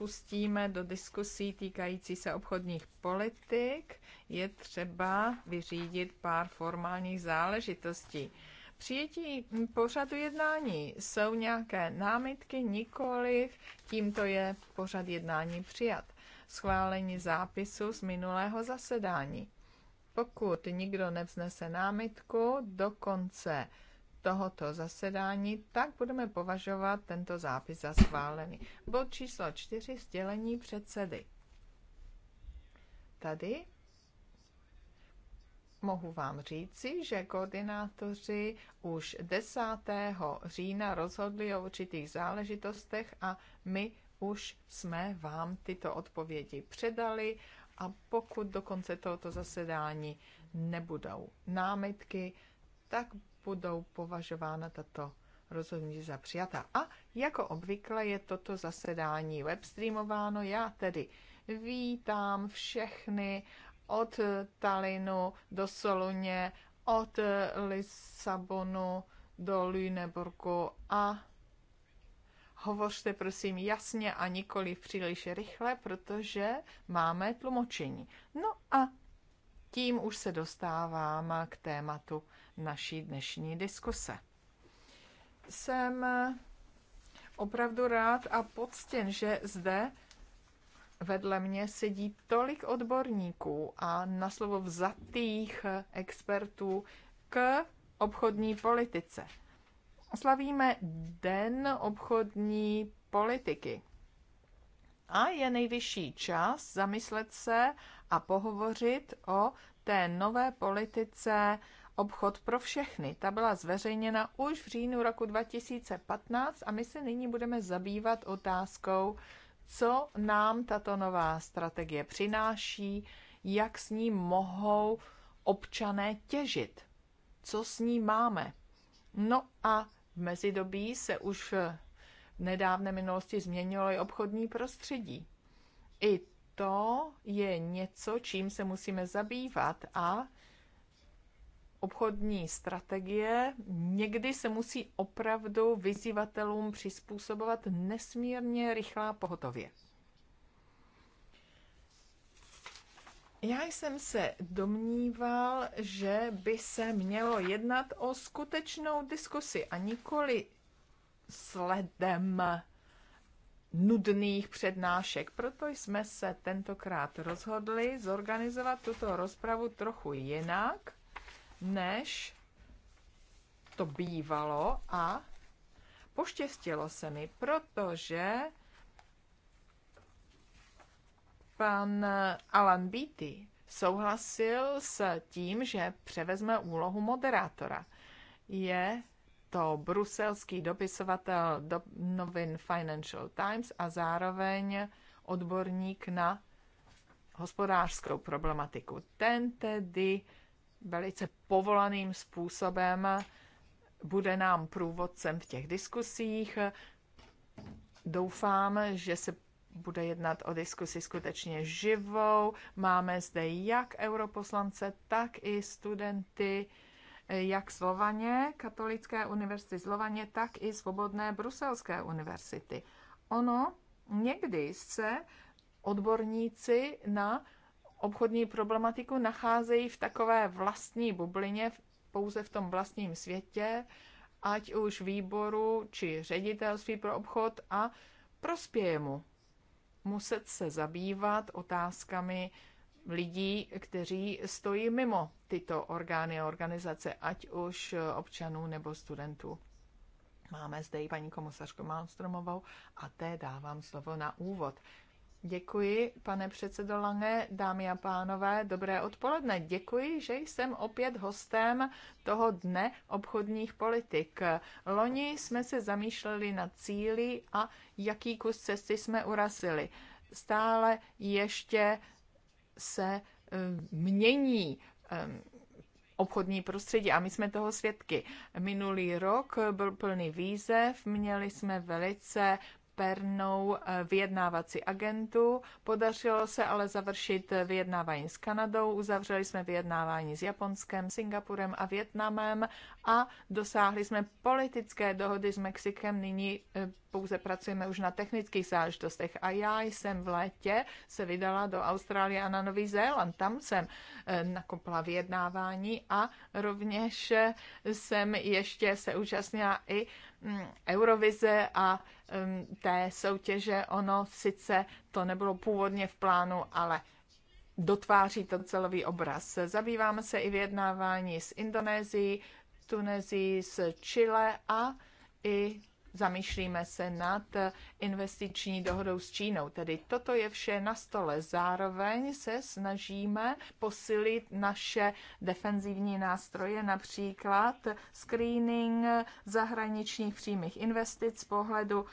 pustíme do diskusí týkající se obchodních politik, je třeba vyřídit pár formálních záležitostí. Přijetí pořadu jednání jsou nějaké námitky, nikoliv, tímto je pořad jednání přijat. Schválení zápisu z minulého zasedání. Pokud nikdo nevznese námitku do konce tohoto zasedání, tak budeme považovat tento zápis za schválený. Bod číslo čtyři sdělení předsedy. Tady mohu vám říci, že koordinátoři už 10. října rozhodli o určitých záležitostech a my už jsme vám tyto odpovědi předali a pokud do konce tohoto zasedání nebudou námitky, tak budou považována tato rozhodnutí za přijatá. A jako obvykle je toto zasedání webstreamováno. Já tedy vítám všechny od Talinu do Soluně, od Lisabonu do Lüneburgu a hovořte prosím jasně a nikoli příliš rychle, protože máme tlumočení. No a tím už se dostávám k tématu naší dnešní diskuse. Jsem opravdu rád a poctěn, že zde vedle mě sedí tolik odborníků a na slovo vzatých expertů k obchodní politice. Slavíme Den obchodní politiky. A je nejvyšší čas zamyslet se a pohovořit o té nové politice obchod pro všechny. Ta byla zveřejněna už v říjnu roku 2015 a my se nyní budeme zabývat otázkou, co nám tato nová strategie přináší, jak s ní mohou občané těžit, co s ní máme. No a v mezidobí se už v nedávné minulosti změnilo i obchodní prostředí. I to je něco, čím se musíme zabývat a obchodní strategie někdy se musí opravdu vyzývatelům přizpůsobovat nesmírně rychlá pohotově. Já jsem se domníval, že by se mělo jednat o skutečnou diskusi a nikoli sledem nudných přednášek. Proto jsme se tentokrát rozhodli zorganizovat tuto rozpravu trochu jinak – než to bývalo a poštěstilo se mi, protože pan Alan Beatty souhlasil s tím, že převezme úlohu moderátora. Je to bruselský dopisovatel do novin Financial Times a zároveň odborník na hospodářskou problematiku. Ten tedy velice povolaným způsobem bude nám průvodcem v těch diskusích. Doufám, že se bude jednat o diskusi skutečně živou. Máme zde jak europoslance, tak i studenty, jak Slovaně, Katolické univerzity Slovaně, tak i Svobodné Bruselské univerzity. Ono někdy se odborníci na obchodní problematiku nacházejí v takové vlastní bublině, pouze v tom vlastním světě, ať už výboru či ředitelství pro obchod a prospěje mu muset se zabývat otázkami lidí, kteří stojí mimo tyto orgány a organizace, ať už občanů nebo studentů. Máme zde i paní komisařku Malmstromovou a té dávám slovo na úvod. Děkuji, pane předsedo Lange, dámy a pánové, dobré odpoledne. Děkuji, že jsem opět hostem toho dne obchodních politik. Loni jsme se zamýšleli na cíly a jaký kus cesty jsme urazili. Stále ještě se eh, mění eh, obchodní prostředí a my jsme toho svědky. Minulý rok byl plný výzev, měli jsme velice Pernou eh, vyjednávací agentu. Podařilo se ale završit vyjednávání s Kanadou, uzavřeli jsme vyjednávání s Japonskem, Singapurem a Větnamem a dosáhli jsme politické dohody s Mexikem. Nyní eh, pouze pracujeme už na technických záležitostech. A já jsem v létě se vydala do Austrálie a na Nový Zéland. Tam jsem eh, nakopla vyjednávání a rovněž jsem ještě se účastnila i mm, Eurovize a té soutěže. Ono sice to nebylo původně v plánu, ale dotváří to celový obraz. Zabýváme se i vyjednávání s Indonésií, Tunezí, s Chile a i Zamýšlíme se nad eh, investiční dohodou s Čínou. Tedy toto je vše na stole. Zároveň se snažíme posilit naše defenzivní nástroje, například screening zahraničních přímých investic z pohledu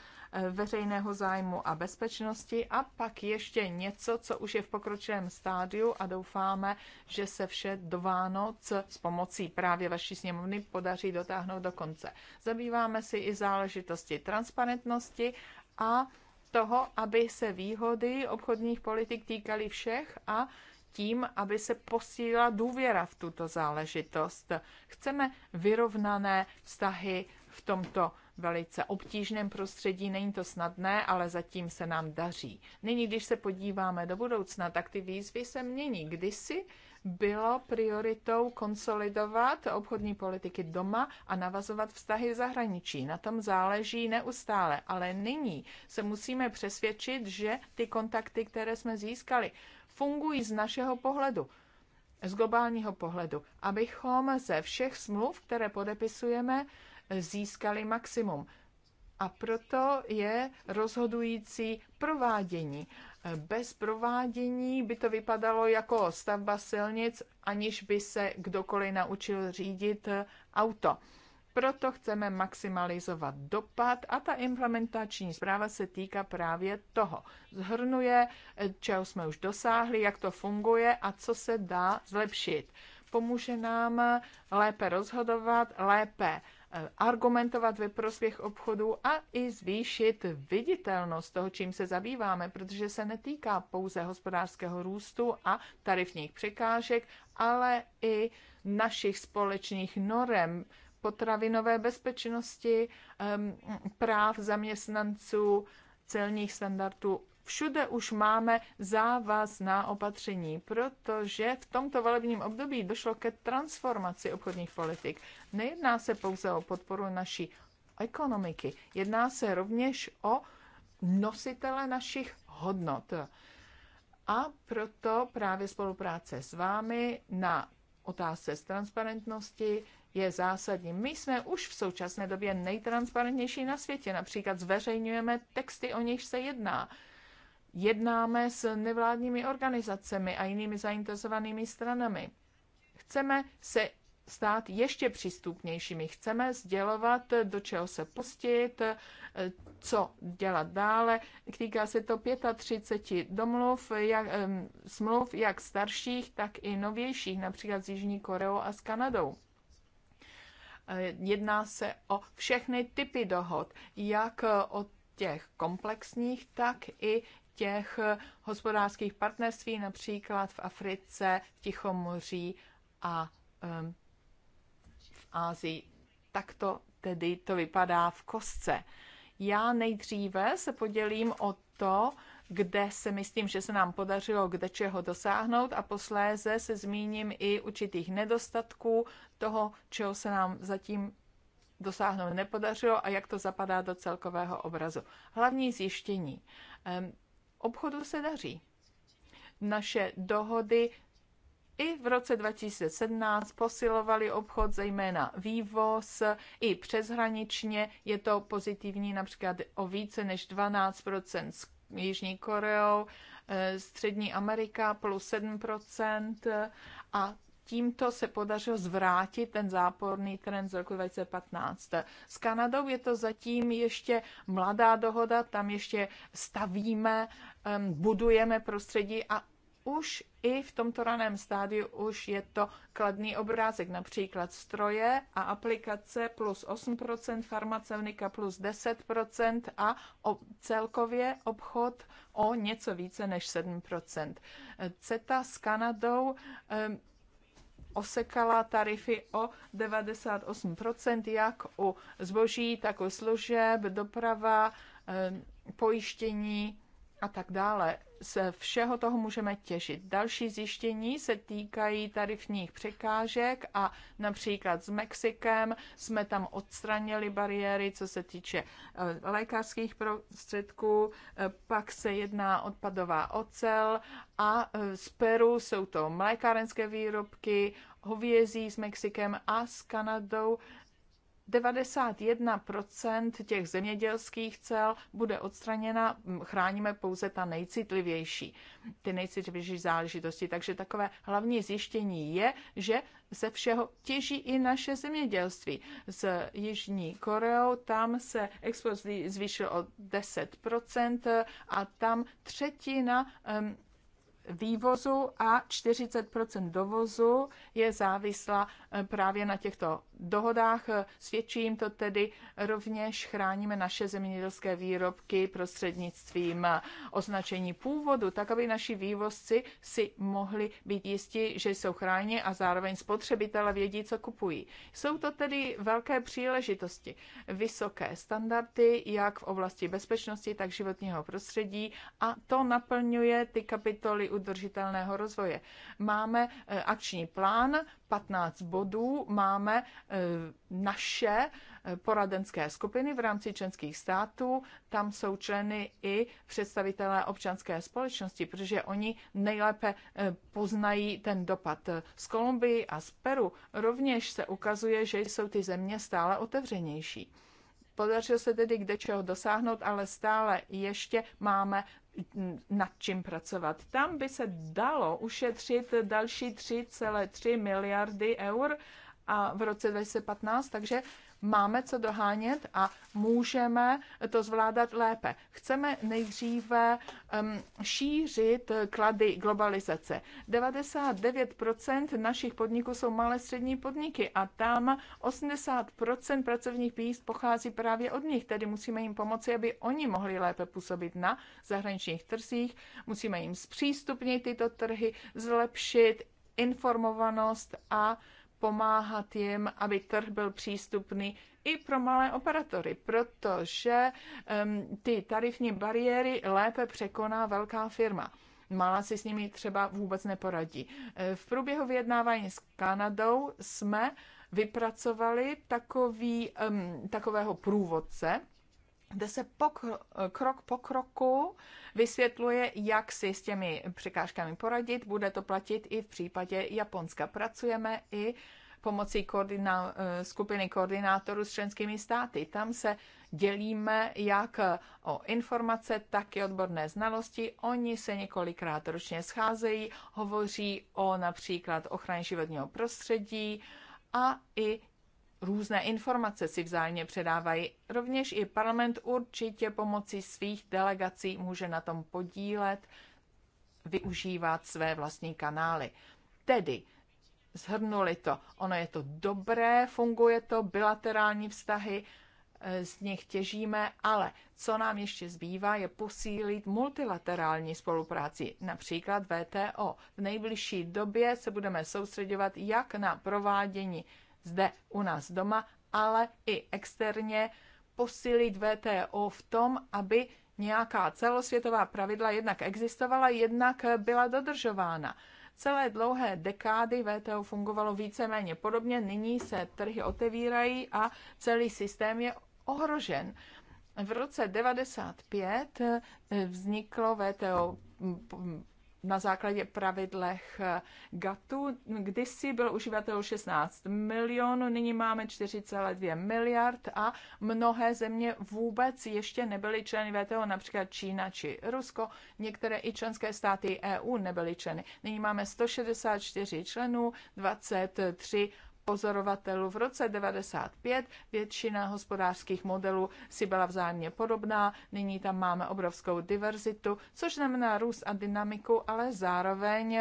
veřejného zájmu a bezpečnosti a pak ještě něco, co už je v pokročilém stádiu a doufáme, že se vše do Vánoc s pomocí právě vaší sněmovny podaří dotáhnout do konce. Zabýváme si i záležitosti transparentnosti a toho, aby se výhody obchodních politik týkaly všech a tím, aby se posílila důvěra v tuto záležitost. Chceme vyrovnané vztahy v tomto velice obtížném prostředí, není to snadné, ale zatím se nám daří. Nyní, když se podíváme do budoucna, tak ty výzvy se mění. Kdysi bylo prioritou konsolidovat obchodní politiky doma a navazovat vztahy v zahraničí. Na tom záleží neustále, ale nyní se musíme přesvědčit, že ty kontakty, které jsme získali, fungují z našeho pohledu z globálního pohledu, abychom ze všech smluv, které podepisujeme, získali maximum. A proto je rozhodující provádění. Bez provádění by to vypadalo jako stavba silnic, aniž by se kdokoliv naučil řídit auto. Proto chceme maximalizovat dopad a ta implementační zpráva se týká právě toho. Zhrnuje, čeho jsme už dosáhli, jak to funguje a co se dá zlepšit. Pomůže nám lépe rozhodovat, lépe Eh, argumentovat ve prospěch obchodu a i zvýšit viditelnost toho, čím se zabýváme, protože se netýká pouze hospodářského růstu a tarifních překážek, ale i našich společných norem, potravinové bezpečnosti, práv zaměstnanců, celních standardů Všude už máme závazná opatření, protože v tomto volebním období došlo ke transformaci obchodních politik. Nejedná se pouze o podporu naší ekonomiky, jedná se rovněž o nositele našich hodnot. A proto právě spolupráce s vámi na otázce z transparentnosti je zásadní. My jsme už v současné době nejtransparentnější na světě. Například zveřejňujeme texty, o nichž se jedná jednáme s nevládními organizacemi a jinými zainteresovanými stranami. Chceme se stát ještě přístupnějšími. Chceme sdělovat, do čeho se pustit, co dělat dále. Týká se to 35 domluv, jak, smluv, jak starších, tak i novějších, například s Jižní Koreou a s Kanadou. Jedná se o všechny typy dohod, jak o těch komplexních, tak i těch eh, hospodářských partnerství, například v Africe, v Tichomoří a um, v Ázii. Tak to tedy to vypadá v kostce. Já nejdříve se podělím o to, kde se myslím, že se nám podařilo kde čeho dosáhnout a posléze se zmíním i určitých nedostatků toho, čeho se nám zatím dosáhnout nepodařilo a jak to zapadá do celkového obrazu. Hlavní zjištění. Obchodu se daří. Naše dohody i v roce 2017 posilovali obchod, zejména vývoz, i přeshraničně je to pozitivní například o více než 12 s Jižní Koreou, eh, Střední Amerika plus 7 a tímto se podařilo zvrátit ten záporný trend z roku 2015. S Kanadou je to zatím ještě mladá dohoda, tam ještě stavíme, budujeme prostředí a už i v tomto raném stádiu už je to kladný obrázek, například stroje a aplikace plus 8%, farmaceutika plus 10% a celkově obchod o něco více než 7%. CETA s Kanadou osekala tarify o 98%, jak u zboží, tak u služeb, doprava, eh, pojištění a tak dále z všeho toho můžeme těžit. Další zjištění se týkají tarifních překážek a například s Mexikem jsme tam odstranili bariéry, co se týče eh, lékařských prostředků, eh, pak se jedná odpadová ocel a eh, z Peru jsou to mlékárenské výrobky, hovězí s Mexikem a s Kanadou 91% těch zemědělských cel bude odstraněna, chráníme pouze ta nejcitlivější, ty nejcitlivější záležitosti. Takže takové hlavní zjištění je, že ze všeho těží i naše zemědělství. S Jižní Koreou tam se export zvýšil o 10% a tam třetina vývozu a 40 dovozu je závislá eh, právě na těchto dohodách. Svědčím to tedy rovněž chráníme naše zemědělské výrobky prostřednictvím eh, označení původu, tak aby naši vývozci si mohli být jistí, že jsou chráněni a zároveň spotřebitele vědí, co kupují. Jsou to tedy velké příležitosti, vysoké standardy, jak v oblasti bezpečnosti, tak životního prostředí a to naplňuje ty kapitoly udržitelného rozvoje. Máme eh, akční plán, 15 bodů, máme eh, naše eh, poradenské skupiny v rámci členských států, tam jsou členy i představitelé občanské společnosti, protože oni nejlépe poznají ten dopad. Z Kolumbii a z Peru rovněž se ukazuje, že jsou ty země stále otevřenější. Podařilo se tedy kde čeho dosáhnout, ale stále ještě máme nad čím pracovat. Tam by se dalo ušetřit další 3,3 miliardy eur a v roce 2015, takže máme co dohánět a můžeme to zvládat lépe. Chceme nejdříve um, šířit klady globalizace. 99% našich podniků jsou malé střední podniky a tam 80% pracovních míst pochází právě od nich, tedy musíme jim pomoci, aby oni mohli lépe působit na zahraničních trzích, musíme jim zpřístupnit tyto trhy, zlepšit informovanost a pomáhat jim, aby trh byl přístupný i pro malé operatory, protože um, ty tarifní bariéry lépe překoná velká firma. Malá si s nimi třeba vůbec neporadí. E, v průběhu vyjednávání s Kanadou jsme vypracovali takový, um, takového průvodce, kde se pokro, krok po kroku vysvětluje, jak si s těmi překážkami poradit. Bude to platit i v případě Japonska. Pracujeme i pomocí koordina, eh, skupiny koordinátorů s členskými státy. Tam se dělíme jak o informace, tak i odborné znalosti. Oni se několikrát ročně scházejí, hovoří o například ochraně životního prostředí a i různé informace si vzájemně předávají. Rovněž i parlament určitě pomocí svých delegací může na tom podílet, využívat své vlastní kanály. Tedy, zhrnuli to, ono je to dobré, funguje to, bilaterální vztahy, e, z nich těžíme, ale co nám ještě zbývá, je posílit multilaterální spolupráci, například VTO. V nejbližší době se budeme soustředovat jak na provádění zde u nás doma, ale i externě posílit VTO v tom, aby nějaká celosvětová pravidla jednak existovala, jednak byla dodržována. Celé dlouhé dekády VTO fungovalo víceméně podobně, nyní se trhy otevírají a celý systém je ohrožen. V roce 1995 eh, vzniklo VTO na základě pravidlech eh, GATU. Kdysi byl uživatel 16 milionů, nyní máme 4,2 miliard a mnohé země vůbec ještě nebyly členy VTO, například Čína či Rusko. Některé i členské státy EU nebyly členy. Nyní máme 164 členů, 23 pozorovatelů. V roce 95 většina hospodářských modelů si byla vzájemně podobná, nyní tam máme obrovskou diverzitu, což znamená růst a dynamiku, ale zároveň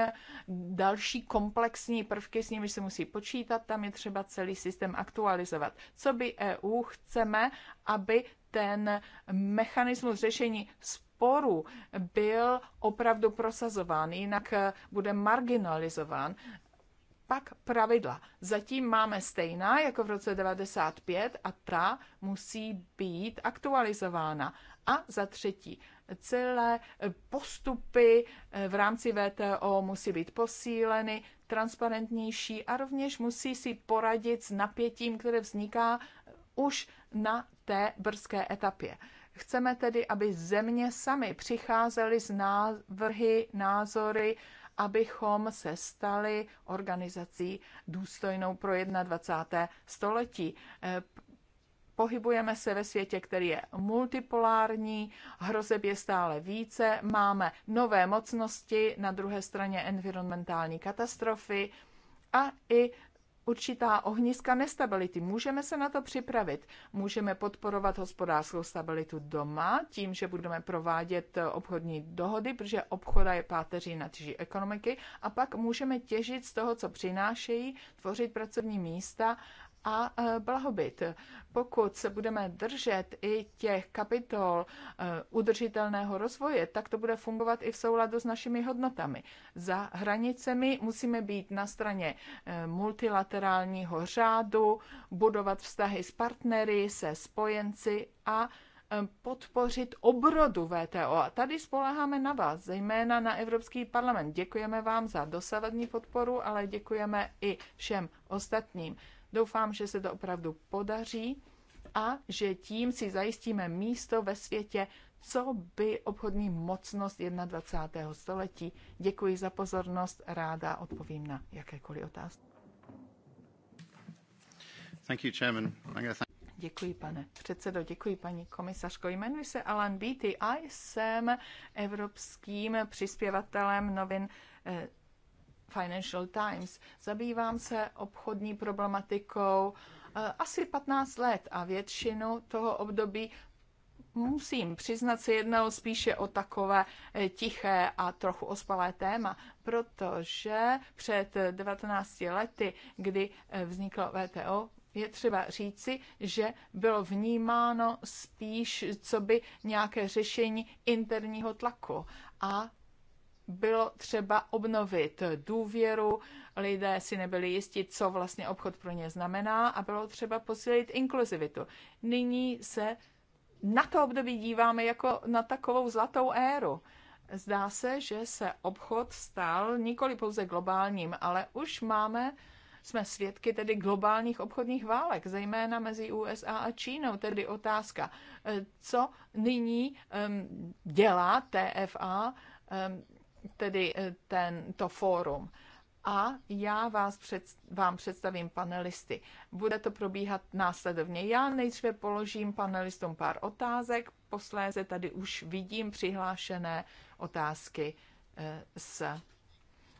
další komplexní prvky, s nimi se musí počítat, tam je třeba celý systém aktualizovat. Co by EU chceme, aby ten mechanismus řešení sporů byl opravdu prosazován, jinak bude marginalizován. Pak pravidla. Zatím máme stejná jako v roce 95 a ta musí být aktualizována. A za třetí, celé postupy eh, v rámci VTO musí být posíleny, transparentnější a rovněž musí si poradit s napětím, které vzniká eh, už na té brzké etapě. Chceme tedy, aby země sami přicházely s návrhy, názory, abychom se stali organizací důstojnou pro 21. století. Eh, pohybujeme se ve světě, který je multipolární, hrozeb je stále více, máme nové mocnosti, na druhé straně environmentální katastrofy a i určitá ohniska nestability. Můžeme se na to připravit. Můžeme podporovat hospodářskou stabilitu doma tím, že budeme provádět eh, obchodní dohody, protože obchoda je páteří na těží ekonomiky a pak můžeme těžit z toho, co přinášejí, tvořit pracovní místa a e, blahobyt. Pokud se budeme držet i těch kapitol e, udržitelného rozvoje, tak to bude fungovat i v souladu s našimi hodnotami. Za hranicemi musíme být na straně e, multilaterálního řádu, budovat vztahy s partnery, se spojenci a podpořit obrodu VTO. A tady spoleháme na vás, zejména na Evropský parlament. Děkujeme vám za dosavadní podporu, ale děkujeme i všem ostatním. Doufám, že se to opravdu podaří a že tím si zajistíme místo ve světě, co by obchodní mocnost 21. století. Děkuji za pozornost, ráda odpovím na jakékoliv otázky. Thank you, Chairman. Děkuji, pane předsedo, děkuji, paní komisařko. Jmenuji se Alan Beatty a jsem evropským přispěvatelem novin eh, Financial Times. Zabývám se obchodní problematikou eh, asi 15 let a většinu toho období musím přiznat se jednalo spíše o takové eh, tiché a trochu ospalé téma, protože před 19 lety, kdy eh, vzniklo VTO, je třeba říci, že bylo vnímáno spíš co by nějaké řešení interního tlaku. A bylo třeba obnovit důvěru, lidé si nebyli jistí, co vlastně obchod pro ně znamená a bylo třeba posílit inkluzivitu. Nyní se na to období díváme jako na takovou zlatou éru. Zdá se, že se obchod stal nikoli pouze globálním, ale už máme jsme svědky tedy globálních obchodních válek, zejména mezi USA a Čínou. Tedy otázka, eh, co nyní dělá TFA tedy eh, ten, to fórum. A já vás před, vám představím panelisty. Bude to probíhat následovně. Já nejdříve položím panelistům pár otázek, posléze tady už vidím přihlášené otázky z eh,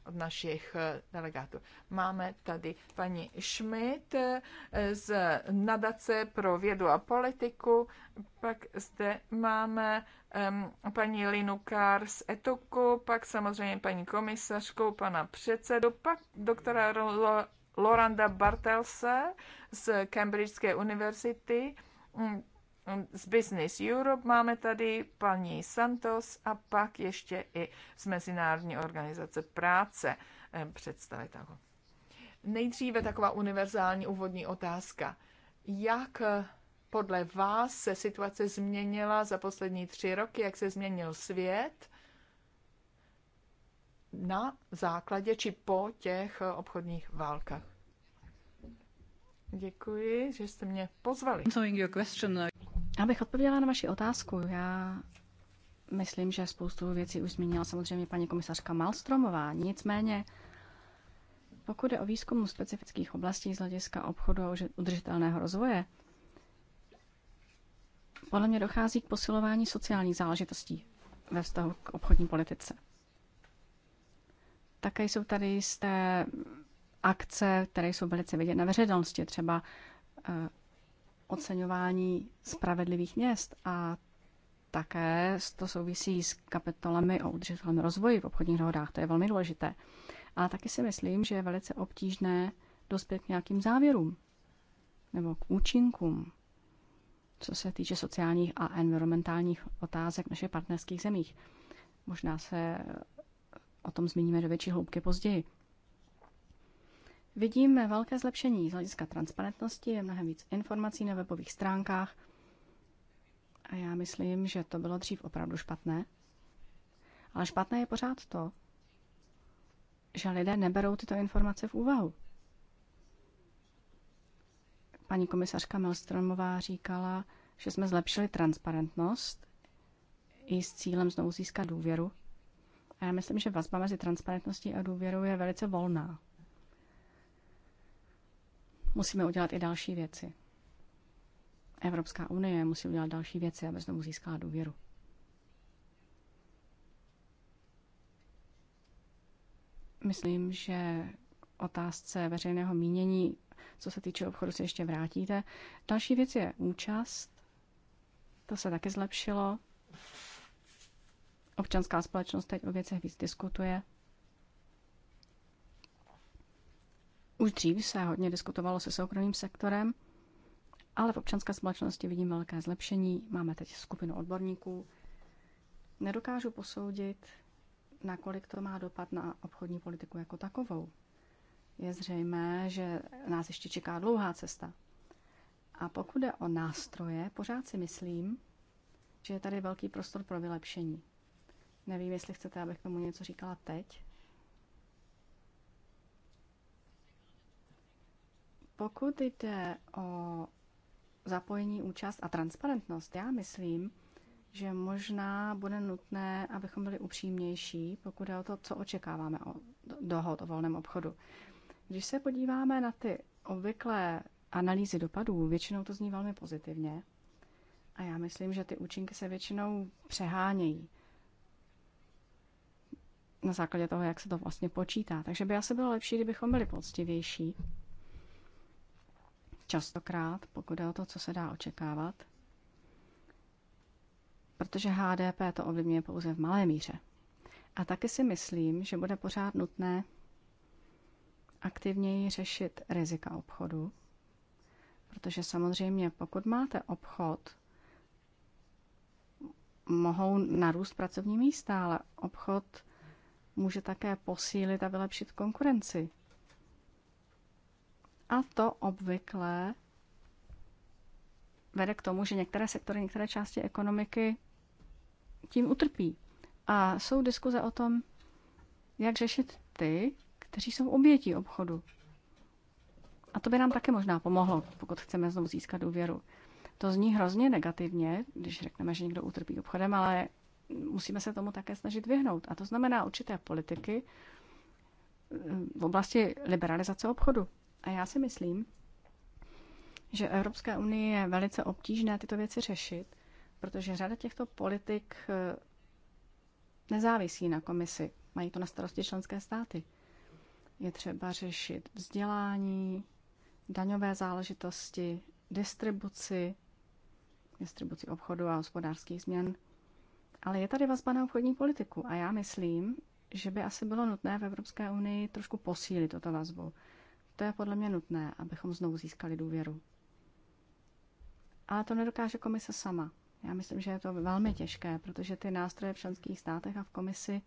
od našich eh, delegátů. Máme tady paní Schmidt eh, z Nadace pro vědu a politiku, pak zde máme um, paní Linu Kár z Etuku, pak samozřejmě paní komisařkou, pana předsedu, pak doktora Loranda Bartelse z Cambridgeské univerzity, Mm, z Business Europe máme tady paní Santos a pak ještě i z Mezinárodní organizace práce eh, představitelů. Nejdříve taková univerzální úvodní otázka. Jak eh, podle vás se situace změnila za poslední tři roky, jak se změnil svět na základě či po těch eh, obchodních válkách? Děkuji, že jste mě pozvali. Abych odpověděla na vaši otázku, já myslím, že spoustu věcí už zmínila samozřejmě paní komisařka Malstromová. Nicméně, pokud je o výzkum specifických oblastí z hlediska obchodu a udržitelného rozvoje, podle mě dochází k posilování sociálních záležitostí ve vztahu k obchodní politice. Také jsou tady jisté akce, které jsou velice vidět na veřejnosti, třeba eh, oceňování spravedlivých měst a také to souvisí s kapitolami o udržitelném rozvoji v obchodních dohodách. To je velmi důležité. A taky si myslím, že je velice obtížné dospět k nějakým závěrům nebo k účinkům, co se týče sociálních a environmentálních otázek v našich partnerských zemích. Možná se o tom zmíníme do větší hloubky později. Vidíme velké zlepšení z hlediska transparentnosti, je mnohem víc informací na webových stránkách a já myslím, že to bylo dřív opravdu špatné. Ale špatné je pořád to, že lidé neberou tyto informace v úvahu. Paní komisařka Melstromová říkala, že jsme zlepšili transparentnost i s cílem znovu získat důvěru. A já myslím, že vazba mezi transparentností a důvěrou je velice volná musíme udělat i další věci. Evropská unie musí udělat další věci, aby znovu získala důvěru. Myslím, že otázce veřejného mínění, co se týče obchodu, se ještě vrátíte. Další věc je účast. To se taky zlepšilo. Občanská společnost teď o věcech víc diskutuje. Už dřív se hodně diskutovalo se soukromým sektorem, ale v občanské společnosti vidím velké zlepšení. Máme teď skupinu odborníků. Nedokážu posoudit, nakolik to má dopad na obchodní politiku jako takovou. Je zřejmé, že nás ještě čeká dlouhá cesta. A pokud jde o nástroje, pořád si myslím, že je tady velký prostor pro vylepšení. Nevím, jestli chcete, abych tomu něco říkala teď, Pokud jde o zapojení, účast a transparentnost, já myslím, že možná bude nutné, abychom byli upřímnější, pokud je o to, co očekáváme o dohod o volném obchodu. Když se podíváme na ty obvyklé analýzy dopadů, většinou to zní velmi pozitivně. A já myslím, že ty účinky se většinou přehánějí na základě toho, jak se to vlastně počítá. Takže by asi bylo lepší, kdybychom byli poctivější častokrát, pokud je o to, co se dá očekávat, protože HDP to ovlivňuje pouze v malé míře. A taky si myslím, že bude pořád nutné aktivněji řešit rizika obchodu, protože samozřejmě pokud máte obchod, mohou narůst pracovní místa, ale obchod může také posílit a vylepšit konkurenci. A to obvykle vede k tomu, že některé sektory, některé části ekonomiky tím utrpí. A jsou diskuze o tom, jak řešit ty, kteří jsou obětí obchodu. A to by nám také možná pomohlo, pokud chceme znovu získat důvěru. To zní hrozně negativně, když řekneme, že někdo utrpí obchodem, ale musíme se tomu také snažit vyhnout. A to znamená určité politiky eh, v oblasti liberalizace obchodu. A já si myslím, že Evropské unii je velice obtížné tyto věci řešit, protože řada těchto politik eh, nezávisí na komisi. Mají to na starosti členské státy. Je třeba řešit vzdělání, daňové záležitosti, distribuci, distribuci obchodu a hospodářských změn. Ale je tady vazba na obchodní politiku a já myslím, že by asi bylo nutné v Evropské unii trošku posílit toto vazbu. To je podle mě nutné, abychom znovu získali důvěru. Ale to nedokáže komise sama. Já myslím, že je to velmi těžké, protože ty nástroje v členských státech a v komisi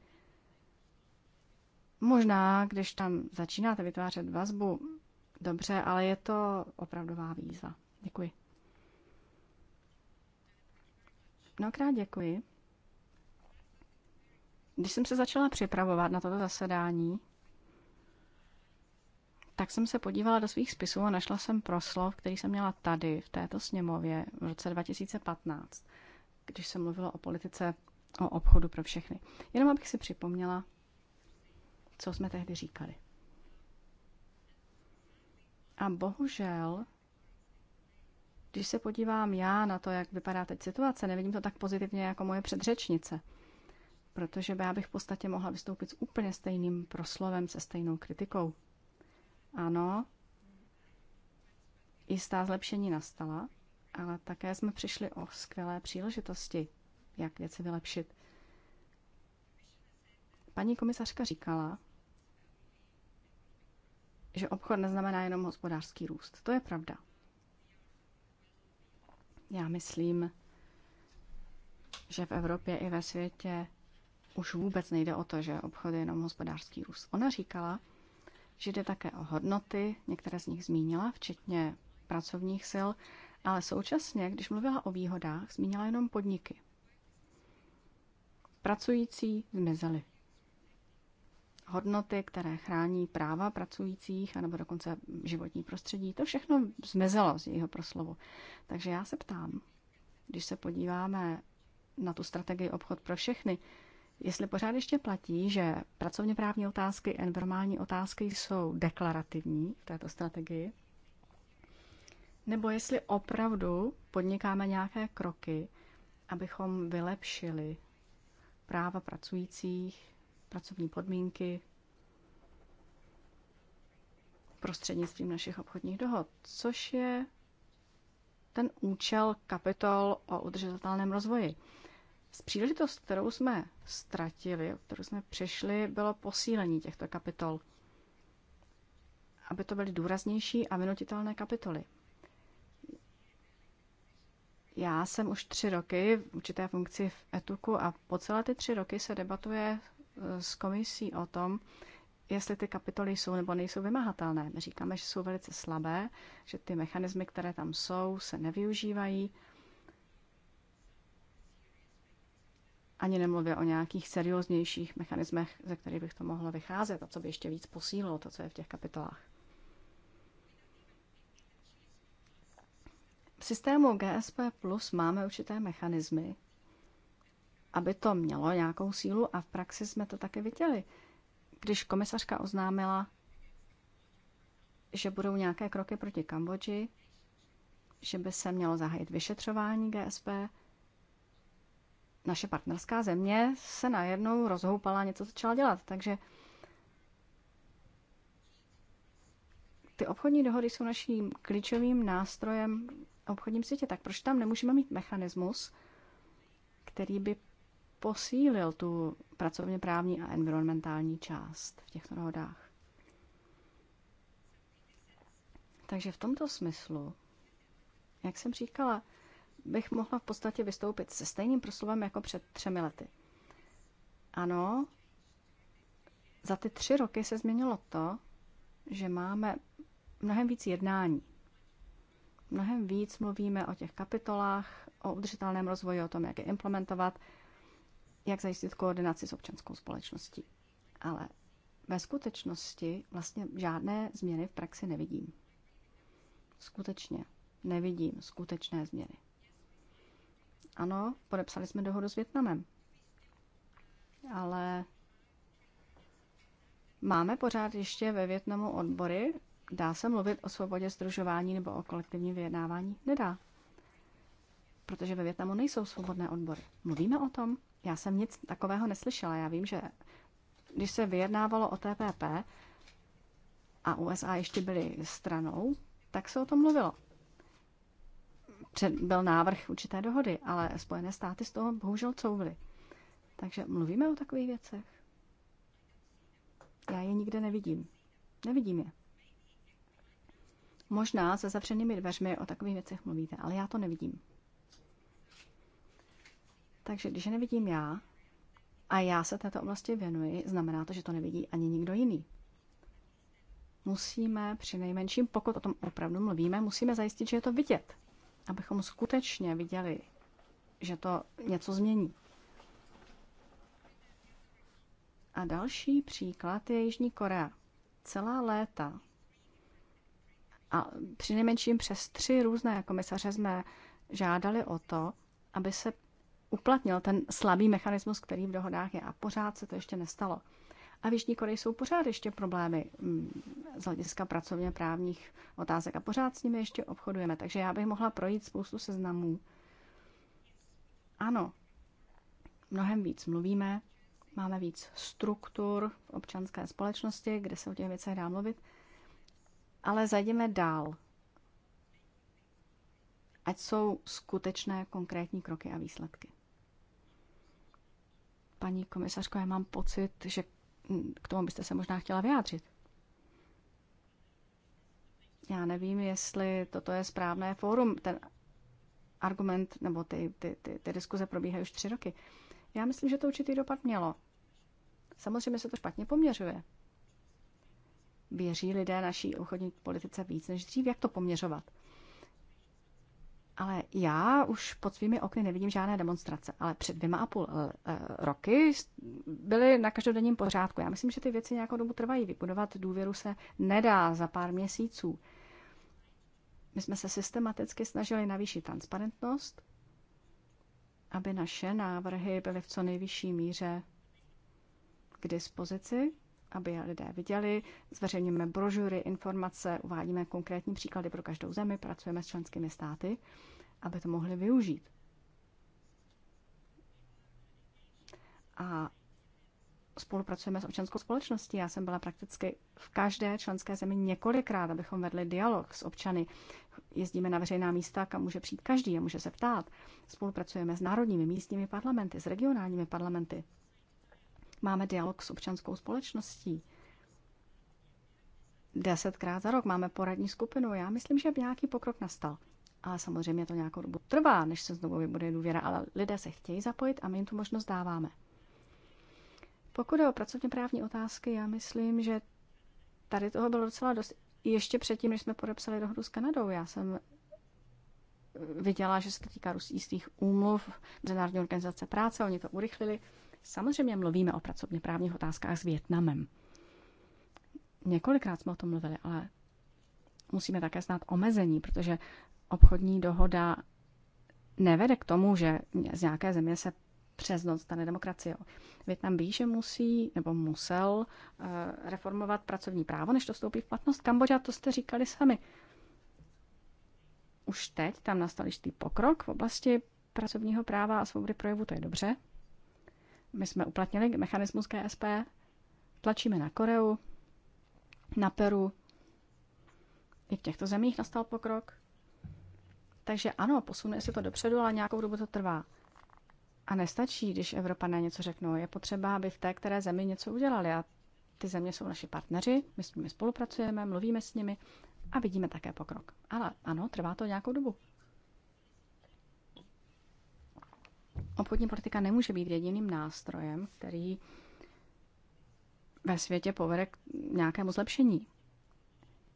možná, když tam začínáte vytvářet vazbu, dobře, ale je to opravdová výzva. Děkuji. Mnohokrát děkuji. Když jsem se začala připravovat na toto zasedání, tak jsem se podívala do svých spisů a našla jsem proslov, který jsem měla tady, v této sněmově, v roce 2015, když jsem mluvila o politice, o obchodu pro všechny. Jenom abych si připomněla, co jsme tehdy říkali. A bohužel, když se podívám já na to, jak vypadá teď situace, nevidím to tak pozitivně jako moje předřečnice. Protože já bych v podstatě mohla vystoupit s úplně stejným proslovem, se stejnou kritikou. Ano, jistá zlepšení nastala, ale také jsme přišli o skvělé příležitosti, jak věci vylepšit. Paní komisařka říkala, že obchod neznamená jenom hospodářský růst. To je pravda. Já myslím, že v Evropě i ve světě už vůbec nejde o to, že obchod je jenom hospodářský růst. Ona říkala, že jde také o hodnoty, některé z nich zmínila, včetně pracovních sil, ale současně, když mluvila o výhodách, zmínila jenom podniky. Pracující zmizely. Hodnoty, které chrání práva pracujících, anebo dokonce životní prostředí, to všechno zmizelo z jejího proslovu. Takže já se ptám, když se podíváme na tu strategii obchod pro všechny, Jestli pořád ještě platí, že pracovně právní otázky, a normální otázky jsou deklarativní v této strategii, nebo jestli opravdu podnikáme nějaké kroky, abychom vylepšili práva pracujících, pracovní podmínky prostřednictvím našich obchodních dohod, což je ten účel kapitol o udržitelném rozvoji. Z příležitost, kterou jsme ztratili, kterou jsme přišli, bylo posílení těchto kapitol, aby to byly důraznější a vynutitelné kapitoly. Já jsem už tři roky v určité funkci v ETUKu a po celé ty tři roky se debatuje eh, s komisí o tom, jestli ty kapitoly jsou nebo nejsou vymahatelné. My říkáme, že jsou velice slabé, že ty mechanismy, které tam jsou, se nevyužívají Ani nemluvě o nějakých serióznějších mechanismech, ze kterých bych to mohlo vycházet a co by ještě víc posílilo to, co je v těch kapitolách. V systému GSP Plus máme určité mechanismy, aby to mělo nějakou sílu a v praxi jsme to také viděli. Když komisařka oznámila, že budou nějaké kroky proti Kambodži, že by se mělo zahájit vyšetřování GSP, naše partnerská země se najednou rozhoupala, něco začala dělat. Takže ty obchodní dohody jsou naším klíčovým nástrojem v obchodním světě. Tak proč tam nemůžeme mít mechanismus, který by posílil tu pracovně právní a environmentální část v těchto dohodách? Takže v tomto smyslu, jak jsem říkala, bych mohla v podstatě vystoupit se stejným proslovem jako před třemi lety. Ano, za ty tři roky se změnilo to, že máme mnohem víc jednání. Mnohem víc mluvíme o těch kapitolách, o udržitelném rozvoji, o tom, jak je implementovat, jak zajistit koordinaci s občanskou společností. Ale ve skutečnosti vlastně žádné změny v praxi nevidím. Skutečně nevidím skutečné změny. Ano, podepsali jsme dohodu s Větnamem. Ale máme pořád ještě ve Větnamu odbory. Dá se mluvit o svobodě združování nebo o kolektivním vyjednávání? Nedá. Protože ve Větnamu nejsou svobodné odbory. Mluvíme o tom? Já jsem nic takového neslyšela. Já vím, že když se vyjednávalo o TPP a USA ještě byly stranou, tak se o tom mluvilo byl návrh určité dohody, ale Spojené státy z toho bohužel couvly. Takže mluvíme o takových věcech. Já je nikde nevidím. Nevidím je. Možná se zavřenými dveřmi o takových věcech mluvíte, ale já to nevidím. Takže když je nevidím já a já se této oblasti věnuji, znamená to, že to nevidí ani nikdo jiný. Musíme při nejmenším, pokud o tom opravdu mluvíme, musíme zajistit, že je to vidět abychom skutečně viděli, že to něco změní. A další příklad je Jižní Korea. Celá léta a přinejmenším přes tři různé komisaře jsme žádali o to, aby se uplatnil ten slabý mechanismus, který v dohodách je. A pořád se to ještě nestalo. A v Jižní Koreji jsou pořád ještě problémy mm, z hlediska pracovně právních otázek a pořád s nimi ještě obchodujeme. Takže já bych mohla projít spoustu seznamů. Ano, mnohem víc mluvíme, máme víc struktur v občanské společnosti, kde se o těch věcech dá mluvit, ale zajdeme dál. Ať jsou skutečné konkrétní kroky a výsledky. Paní komisařko, já mám pocit, že k tomu byste se možná chtěla vyjádřit. Já nevím, jestli toto je správné fórum. Ten argument nebo ty, ty, ty, ty diskuze probíhají už tři roky. Já myslím, že to určitý dopad mělo. Samozřejmě se to špatně poměřuje. Věří lidé naší obchodní politice víc než dřív? Jak to poměřovat? Ale já už pod svými okny nevidím žádné demonstrace. Ale před dvěma a půl eh, roky byly na každodenním pořádku. Já myslím, že ty věci nějakou dobu trvají. Vybudovat důvěru se nedá za pár měsíců. My jsme se systematicky snažili navýšit transparentnost, aby naše návrhy byly v co nejvyšší míře k dispozici aby lidé viděli. Zveřejňujeme brožury, informace, uvádíme konkrétní příklady pro každou zemi, pracujeme s členskými státy, aby to mohli využít. A spolupracujeme s občanskou společností. Já jsem byla prakticky v každé členské zemi několikrát, abychom vedli dialog s občany. Jezdíme na veřejná místa, kam může přijít každý a může se ptát. Spolupracujeme s národními místními parlamenty, s regionálními parlamenty, Máme dialog s občanskou společností. Desetkrát za rok máme poradní skupinu. Já myslím, že nějaký pokrok nastal. Ale samozřejmě to nějakou dobu trvá, než se znovu vybude důvěra, ale lidé se chtějí zapojit a my jim tu možnost dáváme. Pokud je o pracovně právní otázky, já myslím, že tady toho bylo docela dost. Ještě předtím, než jsme podepsali dohodu s Kanadou, já jsem viděla, že se to týká jistých úmluv Mezinárodní organizace práce, oni to urychlili. Samozřejmě mluvíme o pracovně právních otázkách s Větnamem. Několikrát jsme o tom mluvili, ale musíme také znát omezení, protože obchodní dohoda nevede k tomu, že z nějaké země se přes noc stane demokracie. Větnam ví, že musí nebo musel eh, reformovat pracovní právo, než to stoupí v platnost. Kambodža, to jste říkali sami. Už teď tam nastal jistý pokrok v oblasti pracovního práva a svobody projevu, to je dobře. My jsme uplatnili mechanismus GSP, tlačíme na Koreu, na Peru. I v těchto zemích nastal pokrok. Takže ano, posune se to dopředu, ale nějakou dobu to trvá. A nestačí, když Evropané něco řeknou. Je potřeba, aby v té které zemi něco udělali. A ty země jsou naši partneři, my s nimi spolupracujeme, mluvíme s nimi a vidíme také pokrok. Ale ano, trvá to nějakou dobu. Obchodní politika nemůže být jediným nástrojem, který ve světě povede k nějakému zlepšení.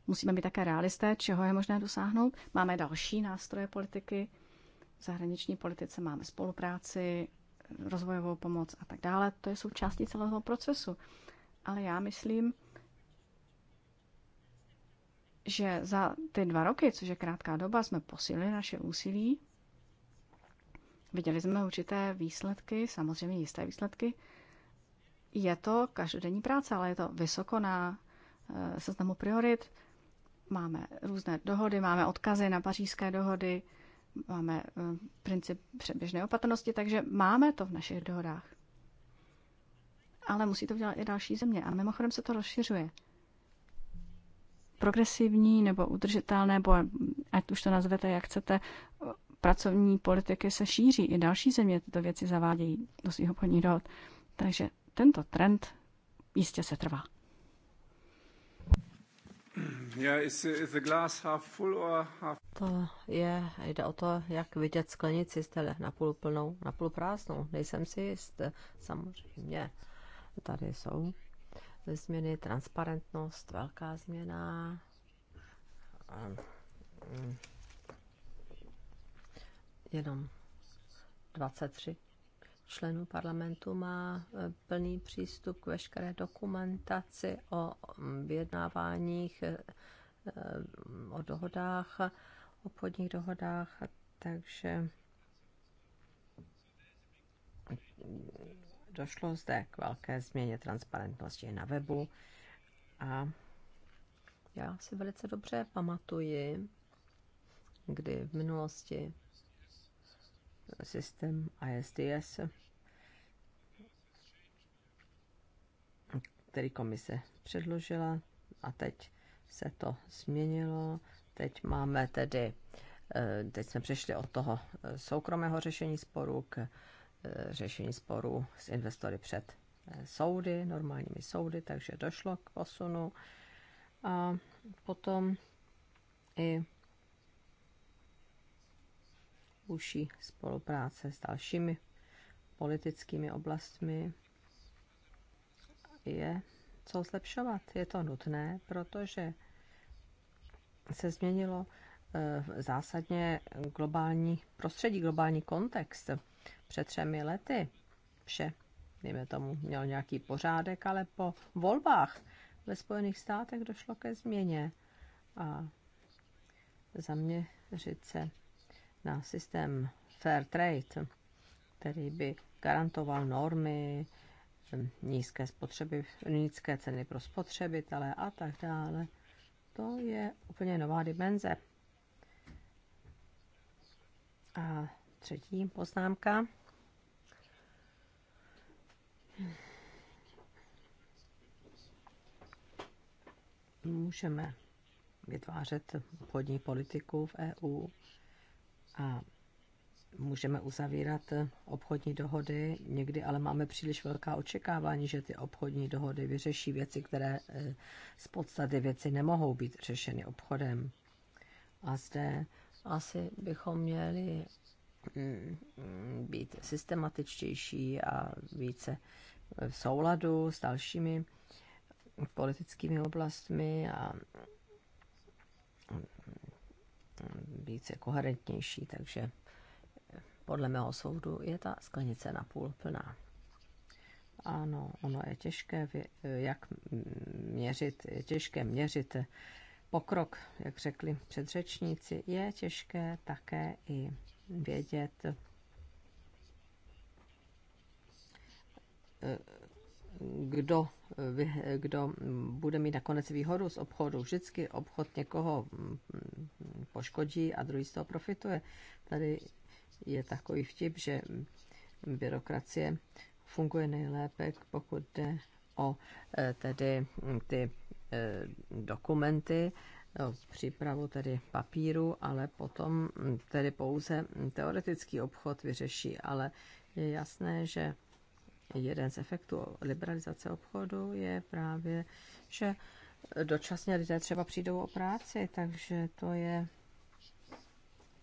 Musíme být také realisté, čeho je možné dosáhnout. Máme další nástroje politiky. V zahraniční politice máme spolupráci, rozvojovou pomoc a tak dále. To je součástí celého procesu. Ale já myslím, že za ty dva roky, což je krátká doba, jsme posílili naše úsilí Viděli jsme určité výsledky, samozřejmě jisté výsledky. Je to každodenní práce, ale je to vysoko na eh, seznamu priorit. Máme různé dohody, máme odkazy na pařížské dohody, máme eh, princip předběžné opatrnosti, takže máme to v našich dohodách. Ale musí to udělat i další země. A mimochodem se to rozšiřuje. Progresivní nebo udržitelné, nebo ať už to nazvete, jak chcete, pracovní politiky se šíří. I další země tyto věci zavádějí do svých obchodních dohod. Takže tento trend jistě se trvá. To je, jde o to, jak vidět sklenici, jste na půl plnou, na půl prázdnou. Nejsem si jist, samozřejmě. Tady jsou změny, transparentnost, velká změna. Mm, jenom 23 členů parlamentu má eh, plný přístup k veškeré dokumentaci o mm, vyjednáváních, eh, eh, o dohodách, podních dohodách, takže došlo zde k velké změně transparentnosti na webu a já si velice dobře pamatuji, kdy v minulosti systém ISDS, který komise předložila a teď se to změnilo. Teď máme tedy, eh, teď jsme přešli od toho eh, soukromého řešení sporu k eh, řešení sporu s investory před soudy, normálními soudy, takže došlo k posunu. A potom i užší spolupráce s dalšími politickými oblastmi je co zlepšovat. Je to nutné, protože se změnilo eh, zásadně globální prostředí, globální kontext. Před třemi lety vše, dejme tomu, měl nějaký pořádek, ale po volbách ve Spojených státech došlo ke změně a zaměřit se na systém fair trade, který by garantoval normy, nízké, spotřeby, nízké ceny pro spotřebitele a tak dále. To je úplně nová dimenze. A třetí poznámka. Můžeme vytvářet obchodní politiku v EU a můžeme uzavírat obchodní dohody, někdy ale máme příliš velká očekávání, že ty obchodní dohody vyřeší věci, které eh, z podstaty věci nemohou být řešeny obchodem. A zde asi bychom měli mm, být systematičtější a více v souladu s dalšími politickými oblastmi a více jako koherentnější, takže eh, podle mého soudu je ta sklenice napůl plná. Ano, ono je těžké, jak měřit, je těžké měřit pokrok, jak řekli předřečníci, je těžké také i vědět, eh, kdo, kdo bude mít nakonec výhodu z obchodu. Vždycky obchod někoho poškodí a druhý z toho profituje. Tady je takový vtip, že byrokracie funguje nejlépe, pokud jde o eh, tedy ty eh, dokumenty, no, přípravu tedy papíru, ale potom tedy pouze teoretický obchod vyřeší, ale je jasné, že jeden z efektů liberalizace obchodu je právě, že dočasně lidé třeba přijdou o práci, takže to je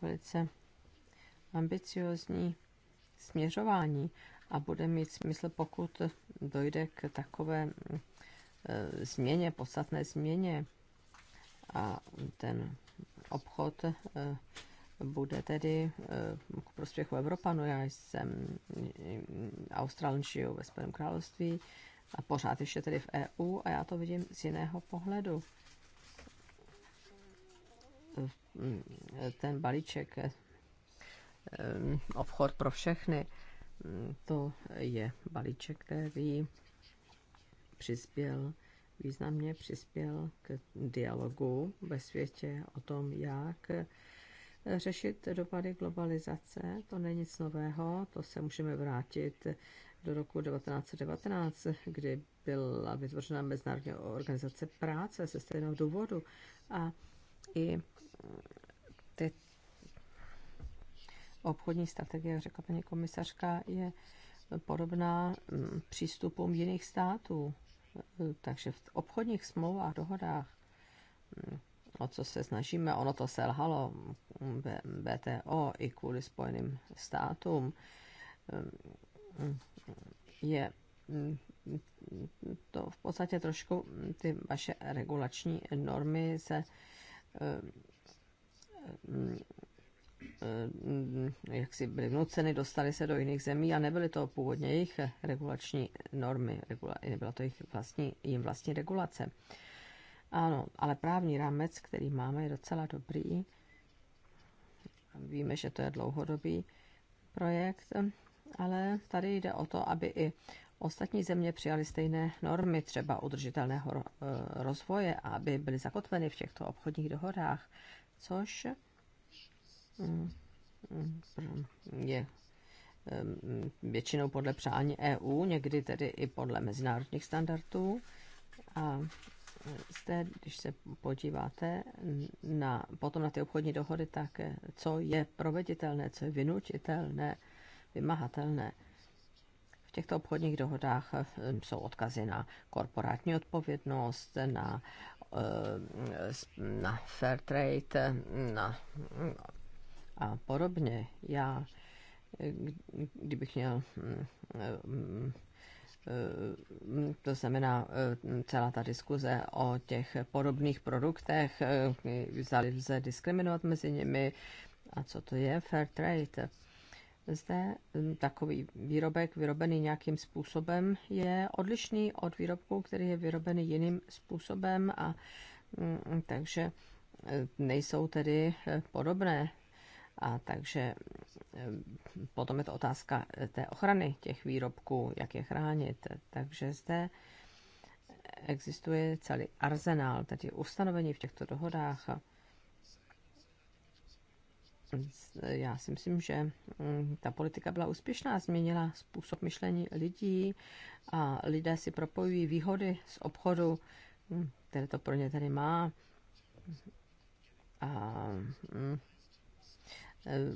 velice ambiciozní směřování a bude mít smysl, pokud dojde k takové eh, změně, podstatné změně a ten obchod eh, bude tedy eh, k prospěchu Evropanů. Já jsem eh, Australan ve Spojeném království a pořád ještě tedy v EU a já to vidím z jiného pohledu. Ten balíček eh, obchod pro všechny, mm, to je balíček, který přispěl významně přispěl k dialogu ve světě o tom, jak řešit dopady globalizace. To není nic nového, to se můžeme vrátit do roku 1919, kdy byla vytvořena Mezinárodní organizace práce ze stejného důvodu. A i eh, ty obchodní strategie, řekla paní komisařka, je podobná mm, přístupům jiných států. Eh, takže v obchodních smlouvách, dohodách mm, o co se snažíme, ono to selhalo BTO i kvůli Spojeným státům, je to v podstatě trošku ty vaše regulační normy se jak si byly vnuceny, dostali se do jiných zemí a nebyly to původně jejich regulační normy, nebyla to jejich vlastní, jim vlastní regulace. Ano, ale právní rámec, který máme, je docela dobrý. Víme, že to je dlouhodobý projekt, ale tady jde o to, aby i ostatní země přijaly stejné normy třeba udržitelného eh, rozvoje a aby byly zakotveny v těchto obchodních dohodách, což mm, je mm, většinou podle přání EU, někdy tedy i podle mezinárodních standardů. A jste, když se podíváte na, potom na ty obchodní dohody, tak co je proveditelné, co je vynučitelné, vymahatelné. V těchto obchodních dohodách eh, jsou odkazy na korporátní odpovědnost, na, eh, na fair trade eh, na, a podobně. Já, kdybych měl hm, hm, Eh, to znamená eh, celá ta diskuze o těch podobných produktech, eh, zdali lze diskriminovat mezi nimi a co to je fair trade. Zde hm, takový výrobek vyrobený nějakým způsobem je odlišný od výrobku, který je vyrobený jiným způsobem a hm, takže nejsou tedy podobné. A takže hm, potom je to otázka eh, té ochrany těch výrobků, jak je chránit. Takže zde existuje celý arzenál, tedy ustanovení v těchto dohodách. Já si myslím, že mm, ta politika byla úspěšná, změnila způsob myšlení lidí a lidé si propojují výhody z obchodu, mm, které to pro ně tady má. A mm, Eh,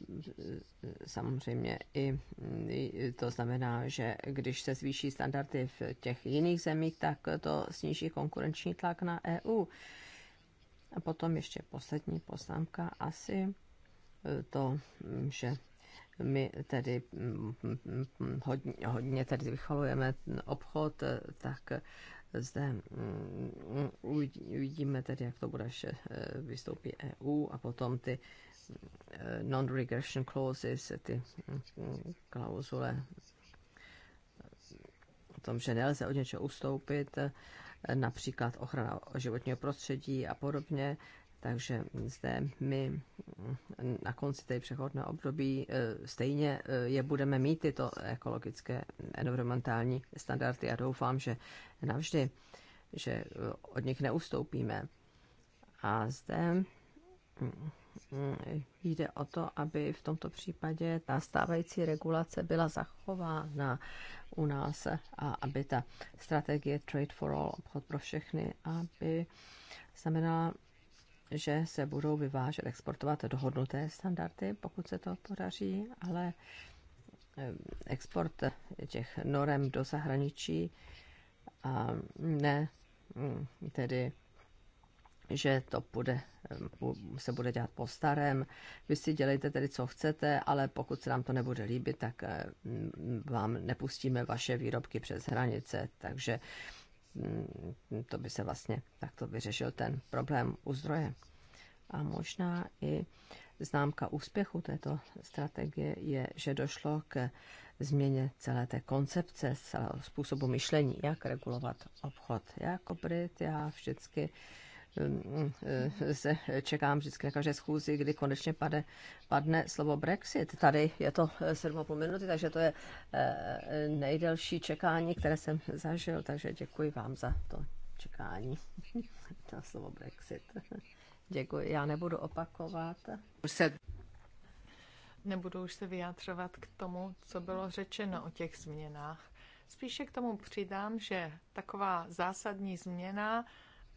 samozřejmě i to znamená, že když se zvýší standardy v těch jiných zemích, tak to sníží konkurenční tlak na EU. A potom ještě poslední poznámka asi to, že my tedy hodně, hodně tedy vycholujeme obchod, tak zde mm, uvidíme tedy, jak to bude, že eh, vystoupí EU a potom ty Eh, non-regression clauses, eh, ty mm, klauzule eh, o tom, že nelze od něčeho ustoupit, například ochrana životního prostředí a podobně. Takže zde my mm, na konci té přechodné období stejně je budeme mít tyto ekologické environmentální standardy a doufám, že navždy, že od nich neustoupíme. A zde mm, Mm, jde o to, aby v tomto případě ta stávající regulace byla zachována u nás a aby ta strategie Trade for All, obchod pro všechny, aby znamenala, že se budou vyvážet, exportovat dohodnuté standardy, pokud se to podaří, ale eh, export těch norem do zahraničí a ne mm, tedy že to bude, eh, se bude dělat po starém. Vy si dělejte tedy, co chcete, ale pokud se nám to nebude líbit, tak eh, vám nepustíme vaše výrobky přes hranice. Takže mm, to by se vlastně takto vyřešil ten problém u zdroje. A možná i známka úspěchu této strategie je, že došlo k změně celé té koncepce, celého způsobu myšlení, jak regulovat obchod. Jako Brit já vždycky Eh, eh, se čekám vždycky na každé schůzi, kdy konečně pade, padne slovo Brexit. Tady je to 7,5 eh, minuty, takže to je nejdelší čekání, které jsem zažil, takže děkuji vám za to čekání na slovo Brexit. Děkuji, já nebudu opakovat. Nebudu už se vyjádřovat k tomu, co bylo řečeno o těch změnách. Spíše k tomu přidám, že taková zásadní změna